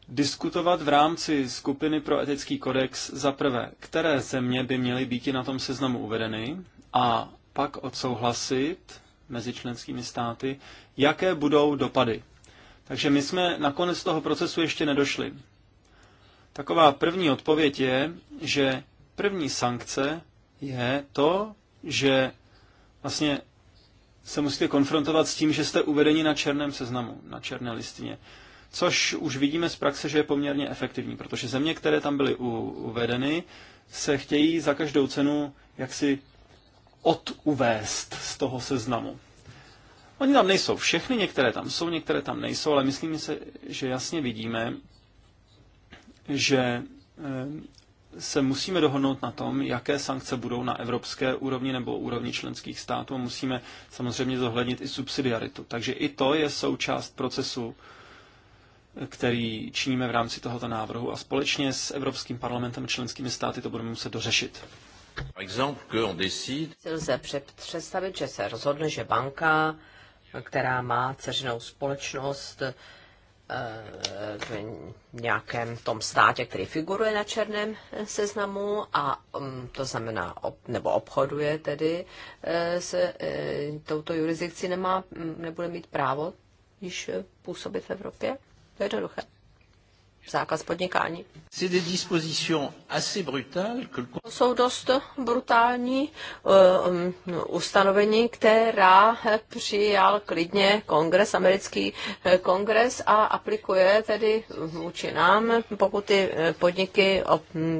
diskutovat v rámci skupiny pro etický kodex za prvé, které země by měly být na tom seznamu uvedeny a pak odsouhlasit mezi členskými státy, jaké budou dopady. Takže my jsme na konec toho procesu ještě nedošli. Taková první odpověď je, že první sankce je to, že vlastně se musíte konfrontovat s tím, že jste uvedeni na černém seznamu, na černé listině. Což už vidíme z praxe, že je poměrně efektivní, protože země, které tam byly uvedeny, se chtějí za každou cenu jaksi oduvést z toho seznamu. Oni tam nejsou všechny, některé tam jsou, některé tam nejsou, ale myslím si, že jasně vidíme, že se musíme dohodnout na tom, jaké sankce budou na evropské úrovni nebo úrovni členských států. Musíme samozřejmě zohlednit i subsidiaritu. Takže i to je součást procesu, který činíme v rámci tohoto návrhu a společně s Evropským parlamentem a členskými státy to budeme muset dořešit. Lze představit, že se rozhodne, že banka, která má ceřinou společnost, Eh, v nějakém tom státě, který figuruje na černém eh, seznamu a mm, to znamená, ob, nebo obchoduje tedy eh, se touto jurisdikcí, nemá, mm, nebude mít právo již působit v Evropě? To je jednoduché zákaz podnikání. To jsou dost brutální eh, ustanovení, která přijal klidně kongres, americký eh, kongres a aplikuje tedy vůči nám, pokud ty eh, podniky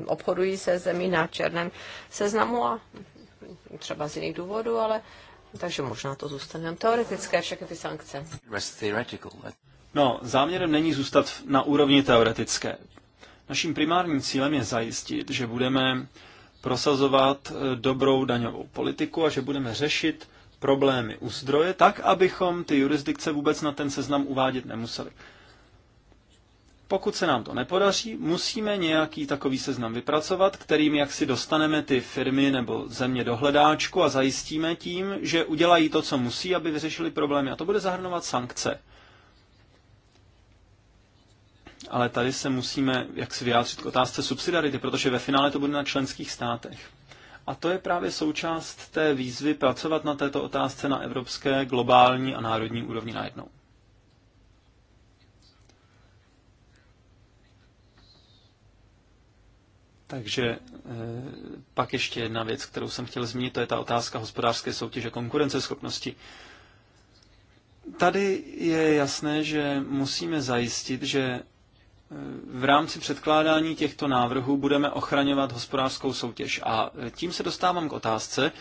obchodují se zemí na černém seznamu a třeba z jiných důvodů, ale takže možná to zůstane teoretické, všechny ty sankce. No, záměrem není zůstat na úrovni teoretické. Naším primárním cílem je zajistit, že budeme prosazovat eh, dobrou daňovou politiku a že budeme řešit problémy u zdroje, tak, abychom ty jurisdikce vůbec na ten seznam uvádět nemuseli. Pokud se nám to nepodaří, musíme nějaký takový seznam vypracovat, kterým jak si dostaneme ty firmy nebo země do hledáčku a zajistíme tím, že udělají to, co musí, aby vyřešili problémy. A to bude zahrnovat sankce ale tady se musíme jak si vyjádřit k otázce subsidiarity, protože ve finále to bude na členských státech. A to je právě součást té výzvy pracovat na této otázce na evropské, globální a národní úrovni najednou. Takže eh, pak ještě jedna věc, kterou jsem chtěl zmínit, to je ta otázka hospodářské soutěže konkurenceschopnosti. Tady je jasné, že musíme zajistit, že v rámci předkládání těchto návrhů budeme ochraňovat hospodářskou soutěž. A tím se dostávám k otázce,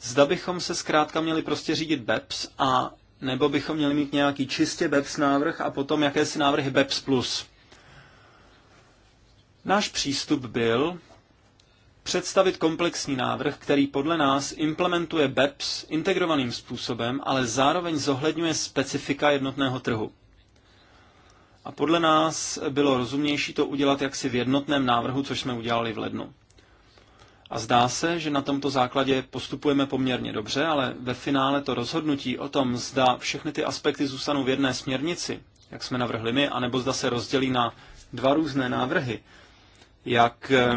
zda bychom se zkrátka měli prostě řídit BEPS a nebo bychom měli mít nějaký čistě BEPS návrh a potom jakési návrhy BEPS+. Plus. Náš přístup byl představit komplexní návrh, který podle nás implementuje BEPS integrovaným způsobem, ale zároveň zohledňuje specifika jednotného trhu. A podle nás bylo rozumnější to udělat jaksi v jednotném návrhu, což jsme udělali v lednu. A zdá se, že na tomto základě postupujeme poměrně dobře, ale ve finále to rozhodnutí o tom, zda všechny ty aspekty zůstanou v jedné směrnici, jak jsme navrhli my, anebo zda se rozdělí na dva různé návrhy, jak eh,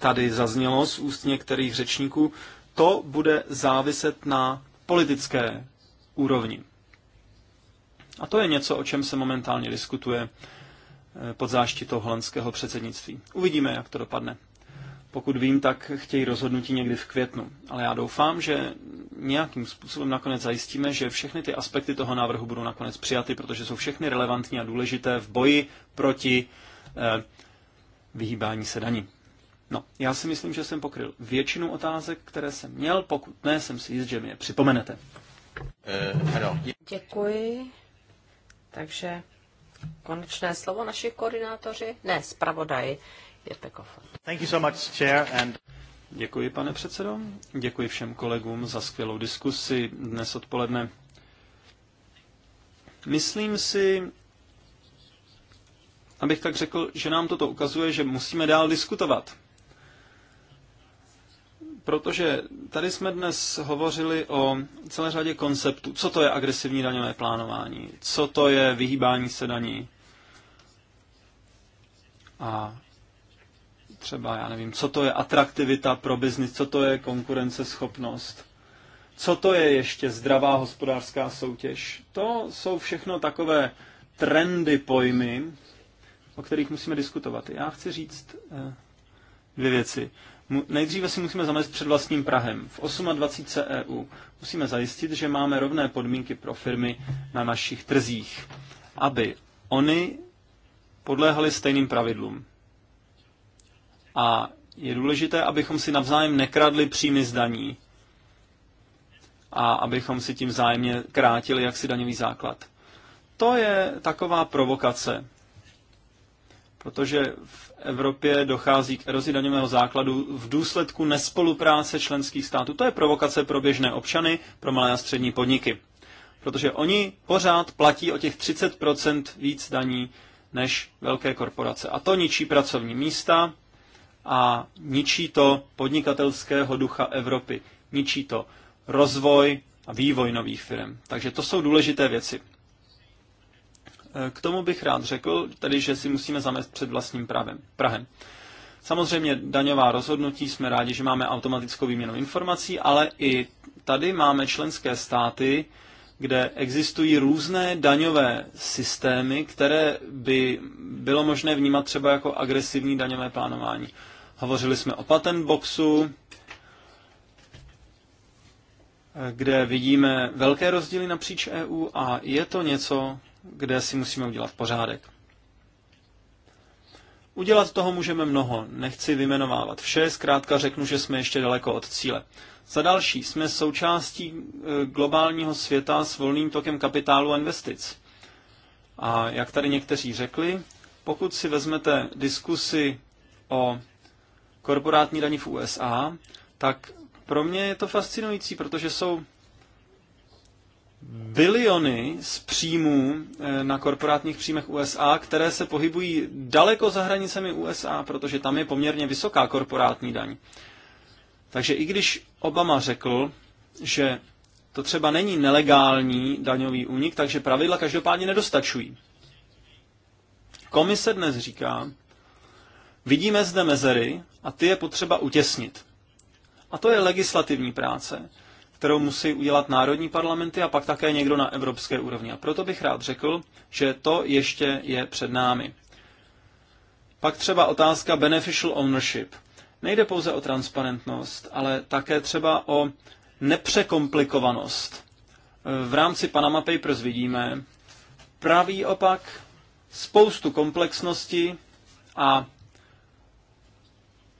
tady zaznělo z úst některých řečníků, to bude záviset na politické úrovni. A to je něco, o čem se momentálně diskutuje eh, pod záštitou holandského předsednictví. Uvidíme, jak to dopadne. Pokud vím, tak chtějí rozhodnutí někdy v květnu. Ale já doufám, že nějakým způsobem nakonec zajistíme, že všechny ty aspekty toho návrhu budou nakonec přijaty, protože jsou všechny relevantní a důležité v boji proti eh, vyhýbání se daní. No, já si myslím, že jsem pokryl většinu otázek, které jsem měl. Pokud ne, jsem si jist, že mi je připomenete. Eh, Děkuji. Takže konečné slovo naši koordinátoři, ne, zpravodaj je Pekofon. Thank you so much, chair, and... Děkuji, pane předsedo. Děkuji všem kolegům za skvělou diskusi dnes odpoledne. Myslím si, abych tak řekl, že nám toto ukazuje, že musíme dál diskutovat protože tady jsme dnes hovořili o celé řadě konceptů. Co to je agresivní daňové plánování? Co to je vyhýbání se daní? A třeba, já nevím, co to je atraktivita pro biznis, co to je konkurenceschopnost, co to je ještě zdravá hospodářská soutěž. To jsou všechno takové trendy, pojmy, o kterých musíme diskutovat. Já chci říct eh, dvě věci. Nejdříve si musíme zamést před vlastním Prahem. V 28 EU musíme zajistit, že máme rovné podmínky pro firmy na našich trzích, aby oni podléhali stejným pravidlům. A je důležité, abychom si navzájem nekradli příjmy z daní a abychom si tím vzájemně krátili jaksi daňový základ. To je taková provokace protože v Evropě dochází k erozi daňového základu v důsledku nespolupráce členských států. To je provokace pro běžné občany, pro malé a střední podniky. Protože oni pořád platí o těch 30% víc daní než velké korporace. A to ničí pracovní místa a ničí to podnikatelského ducha Evropy. Ničí to rozvoj a vývoj nových firm. Takže to jsou důležité věci. K tomu bych rád řekl, tedy, že si musíme zamést před vlastním pravem, Prahem. Samozřejmě daňová rozhodnutí, jsme rádi, že máme automatickou výměnu informací, ale i tady máme členské státy, kde existují různé daňové systémy, které by bylo možné vnímat třeba jako agresivní daňové plánování. Hovořili jsme o patent boxu, kde vidíme velké rozdíly napříč EU a je to něco, kde si musíme udělat pořádek. Udělat toho můžeme mnoho, nechci vymenovávat vše, zkrátka řeknu, že jsme ještě daleko od cíle. Za další, jsme součástí e, globálního světa s volným tokem kapitálu a investic. A jak tady někteří řekli, pokud si vezmete diskusy o korporátní daní v USA, tak pro mě je to fascinující, protože jsou biliony z příjmů eh, na korporátních příjmech USA, které se pohybují daleko za hranicemi USA, protože tam je poměrně vysoká korporátní daň. Takže i když Obama řekl, že to třeba není nelegální daňový únik, takže pravidla každopádně nedostačují. Komise dnes říká, vidíme zde mezery a ty je potřeba utěsnit. A to je legislativní práce kterou musí udělat národní parlamenty a pak také někdo na evropské úrovni. A proto bych rád řekl, že to ještě je před námi. Pak třeba otázka beneficial ownership. Nejde pouze o transparentnost, ale také třeba o nepřekomplikovanost. V rámci Panama Papers vidíme pravý opak, spoustu komplexnosti a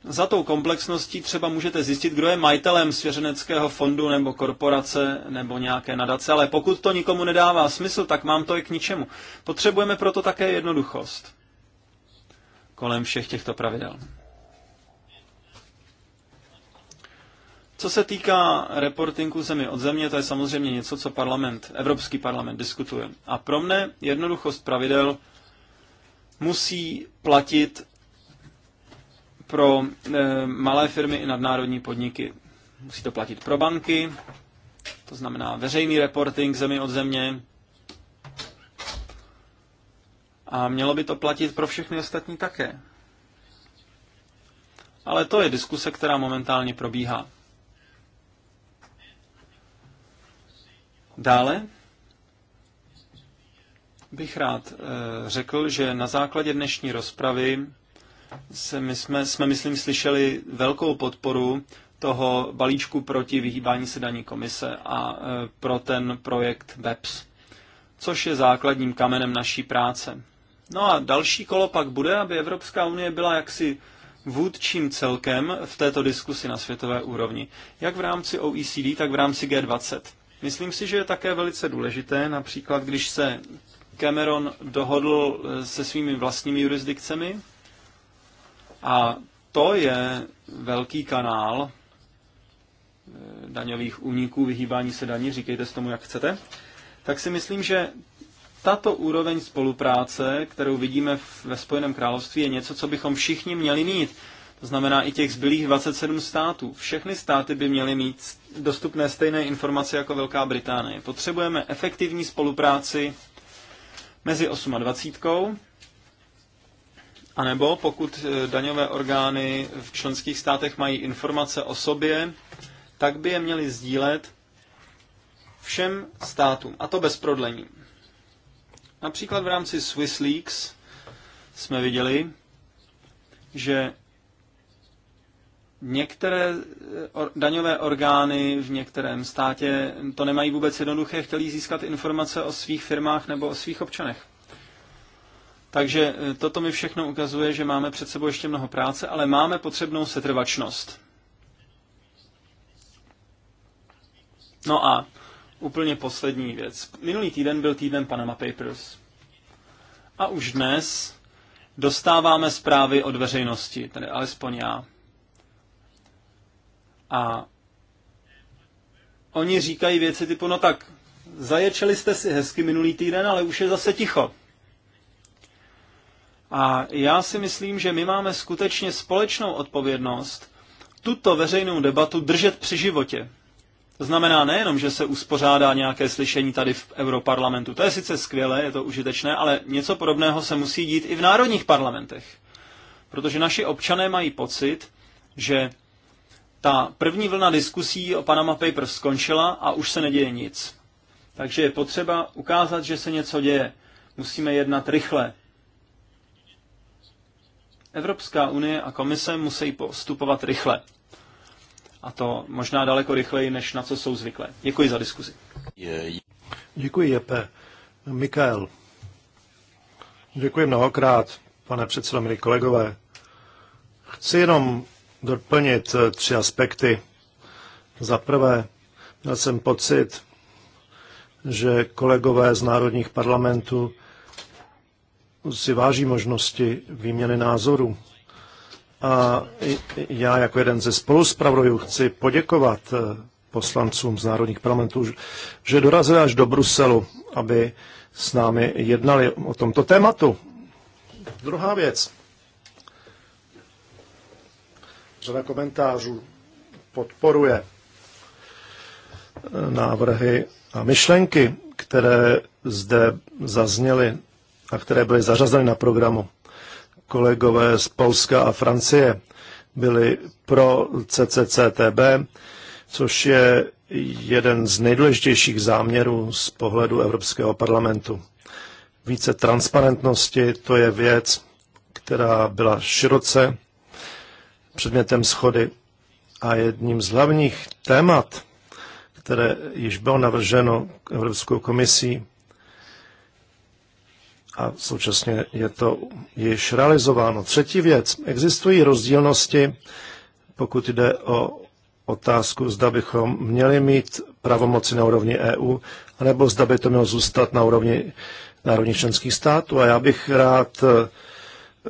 za tou komplexností třeba můžete zjistit, kdo je majitelem svěřeneckého fondu nebo korporace nebo nějaké nadace, ale pokud to nikomu nedává smysl, tak mám to i k ničemu. Potřebujeme proto také jednoduchost kolem všech těchto pravidel. Co se týká reportingu zemi od země, to je samozřejmě něco, co parlament, Evropský parlament diskutuje. A pro mne jednoduchost pravidel musí platit pro eh, malé firmy i nadnárodní podniky. Musí to platit pro banky, to znamená veřejný reporting zemi od země. A mělo by to platit pro všechny ostatní také. Ale to je diskuse, která momentálně probíhá. Dále bych rád eh, řekl, že na základě dnešní rozpravy se my jsme, jsme, myslím, slyšeli velkou podporu toho balíčku proti vyhýbání se daní komise a e, pro ten projekt BEPS, což je základním kamenem naší práce. No a další kolo pak bude, aby Evropská unie byla jaksi vůdčím celkem v této diskusi na světové úrovni, jak v rámci OECD, tak v rámci G20. Myslím si, že je také velice důležité, například když se Cameron dohodl e, se svými vlastními jurisdikcemi, a to je velký kanál eh, daňových úniků, vyhýbání se daní, říkejte s tomu, jak chcete, tak si myslím, že tato úroveň spolupráce, kterou vidíme ve Spojeném království, je něco, co bychom všichni měli mít. To znamená i těch zbylých 27 států. Všechny státy by měly mít dostupné stejné informace jako Velká Británie. Potřebujeme efektivní spolupráci mezi 28 anebo pokud e, daňové orgány v členských státech mají informace o sobě, tak by je měly sdílet všem státům, a to bez prodlení. Například v rámci SwissLeaks jsme viděli, že některé e, daňové orgány v některém státě to nemají vůbec jednoduché, chtěli získat informace o svých firmách nebo o svých občanech. Takže e, toto mi všechno ukazuje, že máme před sebou ještě mnoho práce, ale máme potřebnou setrvačnost. No a úplně poslední věc. Minulý týden byl týden Panama Papers. A už dnes dostáváme zprávy od veřejnosti, tedy alespoň já. A oni říkají věci typu, no tak, zaječeli jste si hezky minulý týden, ale už je zase ticho. A já si myslím, že my máme skutečně společnou odpovědnost tuto veřejnou debatu držet při životě. To znamená nejenom, že se uspořádá nějaké slyšení tady v Europarlamentu, to je sice skvělé, je to užitečné, ale něco podobného se musí dít i v národních parlamentech. Protože naši občané mají pocit, že ta první vlna diskusí o Panama Papers skončila a už se neděje nic. Takže je potřeba ukázat, že se něco děje. Musíme jednat rychle, Evropská unie a komise musí postupovat rychle. A to možná daleko rychleji, než na co jsou zvyklé. Děkuji za diskuzi. Děkuji, Jepe. Mikael. Děkuji mnohokrát, pane předsedo, milí kolegové. Chci jenom doplnit eh, tři aspekty. Za prvé, měl jsem pocit, že kolegové z národních parlamentů si váží možnosti výměny názorů. A já jako jeden ze spoluspravodajů chci poděkovat eh, poslancům z národních parlamentů, že dorazili až do Bruselu, aby s námi jednali o tomto tématu. Druhá věc. Řada komentářů podporuje eh, návrhy a myšlenky, které zde zazněly a které byly zařazeny na programu. Kolegové z Polska a Francie byli pro CCCTB, což je jeden z nejdůležitějších záměrů z pohledu Evropského parlamentu. Více transparentnosti, to je věc, která byla široce předmětem schody a jedním z hlavních témat, které již bylo navrženo Evropskou komisí, a současně je to již realizováno. Třetí věc. Existují rozdílnosti, pokud jde o otázku, zda bychom měli mít pravomoci na úrovni EU, anebo zda by to mělo zůstat na úrovni národních členských států. A já bych rád eh,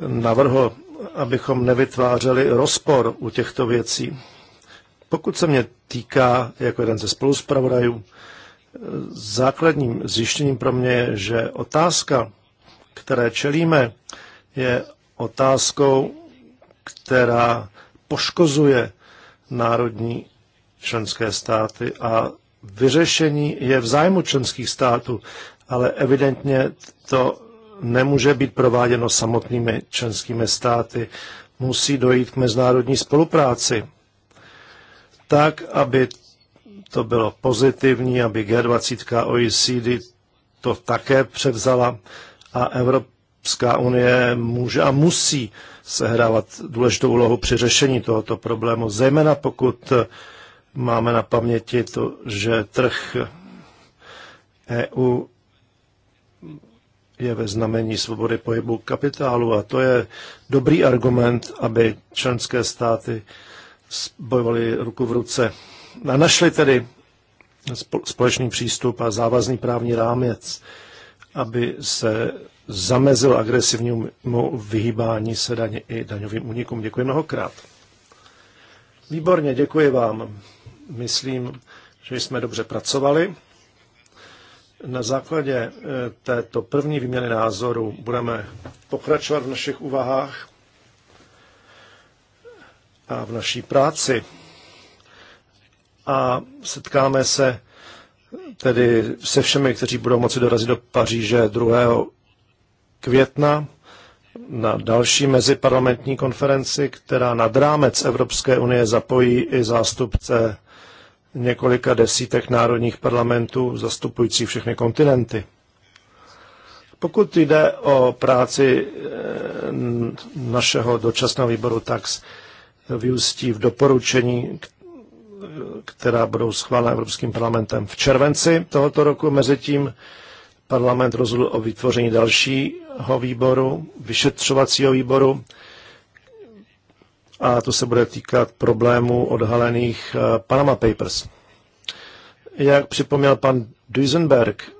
navrhl, abychom nevytvářeli rozpor u těchto věcí. Pokud se mě týká, jako jeden ze spoluzpravodajů, eh, základním zjištěním pro mě je, že otázka které čelíme, je otázkou, která poškozuje národní členské státy a vyřešení je v zájmu členských států, ale evidentně to nemůže být prováděno samotnými členskými státy. Musí dojít k mezinárodní spolupráci tak, aby to bylo pozitivní, aby G20 OECD to také převzala a Evropská unie může a musí sehrávat důležitou úlohu při řešení tohoto problému, zejména pokud máme na paměti to, že trh EU je ve znamení svobody pohybu kapitálu a to je dobrý argument, aby členské státy bojovaly ruku v ruce. A našli tedy společný přístup a závazný právní rámec, aby se zamezil agresivnímu vyhýbání se daně i daňovým únikům. Děkuji mnohokrát. Výborně, děkuji vám. Myslím, že jsme dobře pracovali. Na základě eh, této první výměny názoru budeme pokračovat v našich úvahách a v naší práci. A setkáme se tedy se všemi, kteří budou moci dorazit do Paříže 2. května na další meziparlamentní konferenci, která nad rámec Evropské unie zapojí i zástupce několika desítek národních parlamentů zastupující všechny kontinenty. Pokud jde o práci eh, našeho dočasného výboru TAX, vyústí v doporučení, která budou schválena Evropským parlamentem v červenci tohoto roku. Mezitím parlament rozhodl o vytvoření dalšího výboru, vyšetřovacího výboru, a to se bude týkat problémů odhalených eh, Panama Papers. Jak připomněl pan Duisenberg,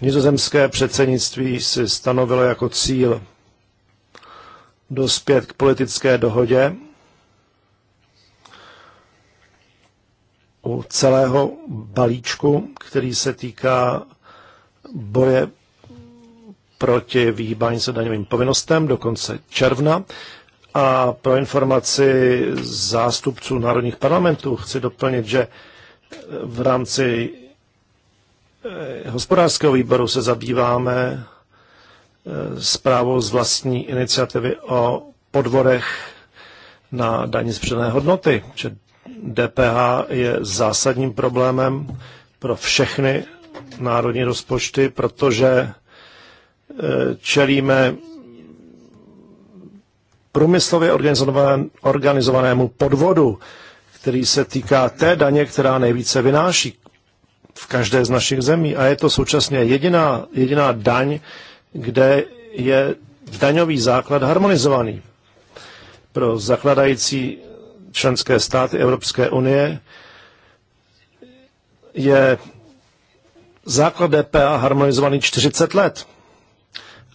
nizozemské předsednictví si stanovilo jako cíl dospět k politické dohodě u celého balíčku, který se týká boje proti vyhýbání se daňovým povinnostem do konce června. A pro informaci zástupců národních parlamentů chci doplnit, že v rámci eh, hospodářského výboru se zabýváme eh, zprávou z vlastní iniciativy o podvodech na daní z přidané hodnoty, že DPH je zásadním problémem pro všechny národní rozpočty, protože e, čelíme průmyslově organizovanému podvodu, který se týká té daně, která nejvíce vynáší v každé z našich zemí. A je to současně jediná, jediná daň, kde je daňový základ harmonizovaný. Pro zakladající členské státy Evropské unie je základ DPA harmonizovaný 40 let.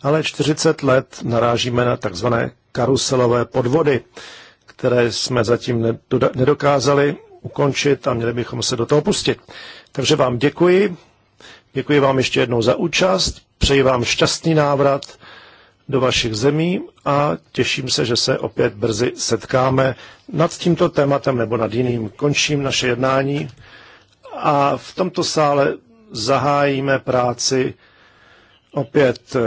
Ale 40 let narážíme na takzvané karuselové podvody, které jsme zatím nedokázali ukončit a měli bychom se do toho pustit. Takže vám děkuji. Děkuji vám ještě jednou za účast. Přeji vám šťastný návrat do vašich zemí a těším se, že se opět brzy setkáme nad tímto tématem nebo nad jiným. Končím naše jednání a v tomto sále zahájíme práci opět eh,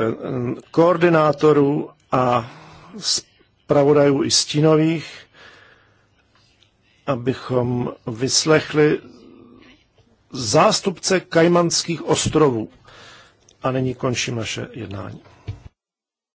koordinátorů a zpravodajů i stínových, abychom vyslechli zástupce Kajmanských ostrovů. A nyní končím naše jednání.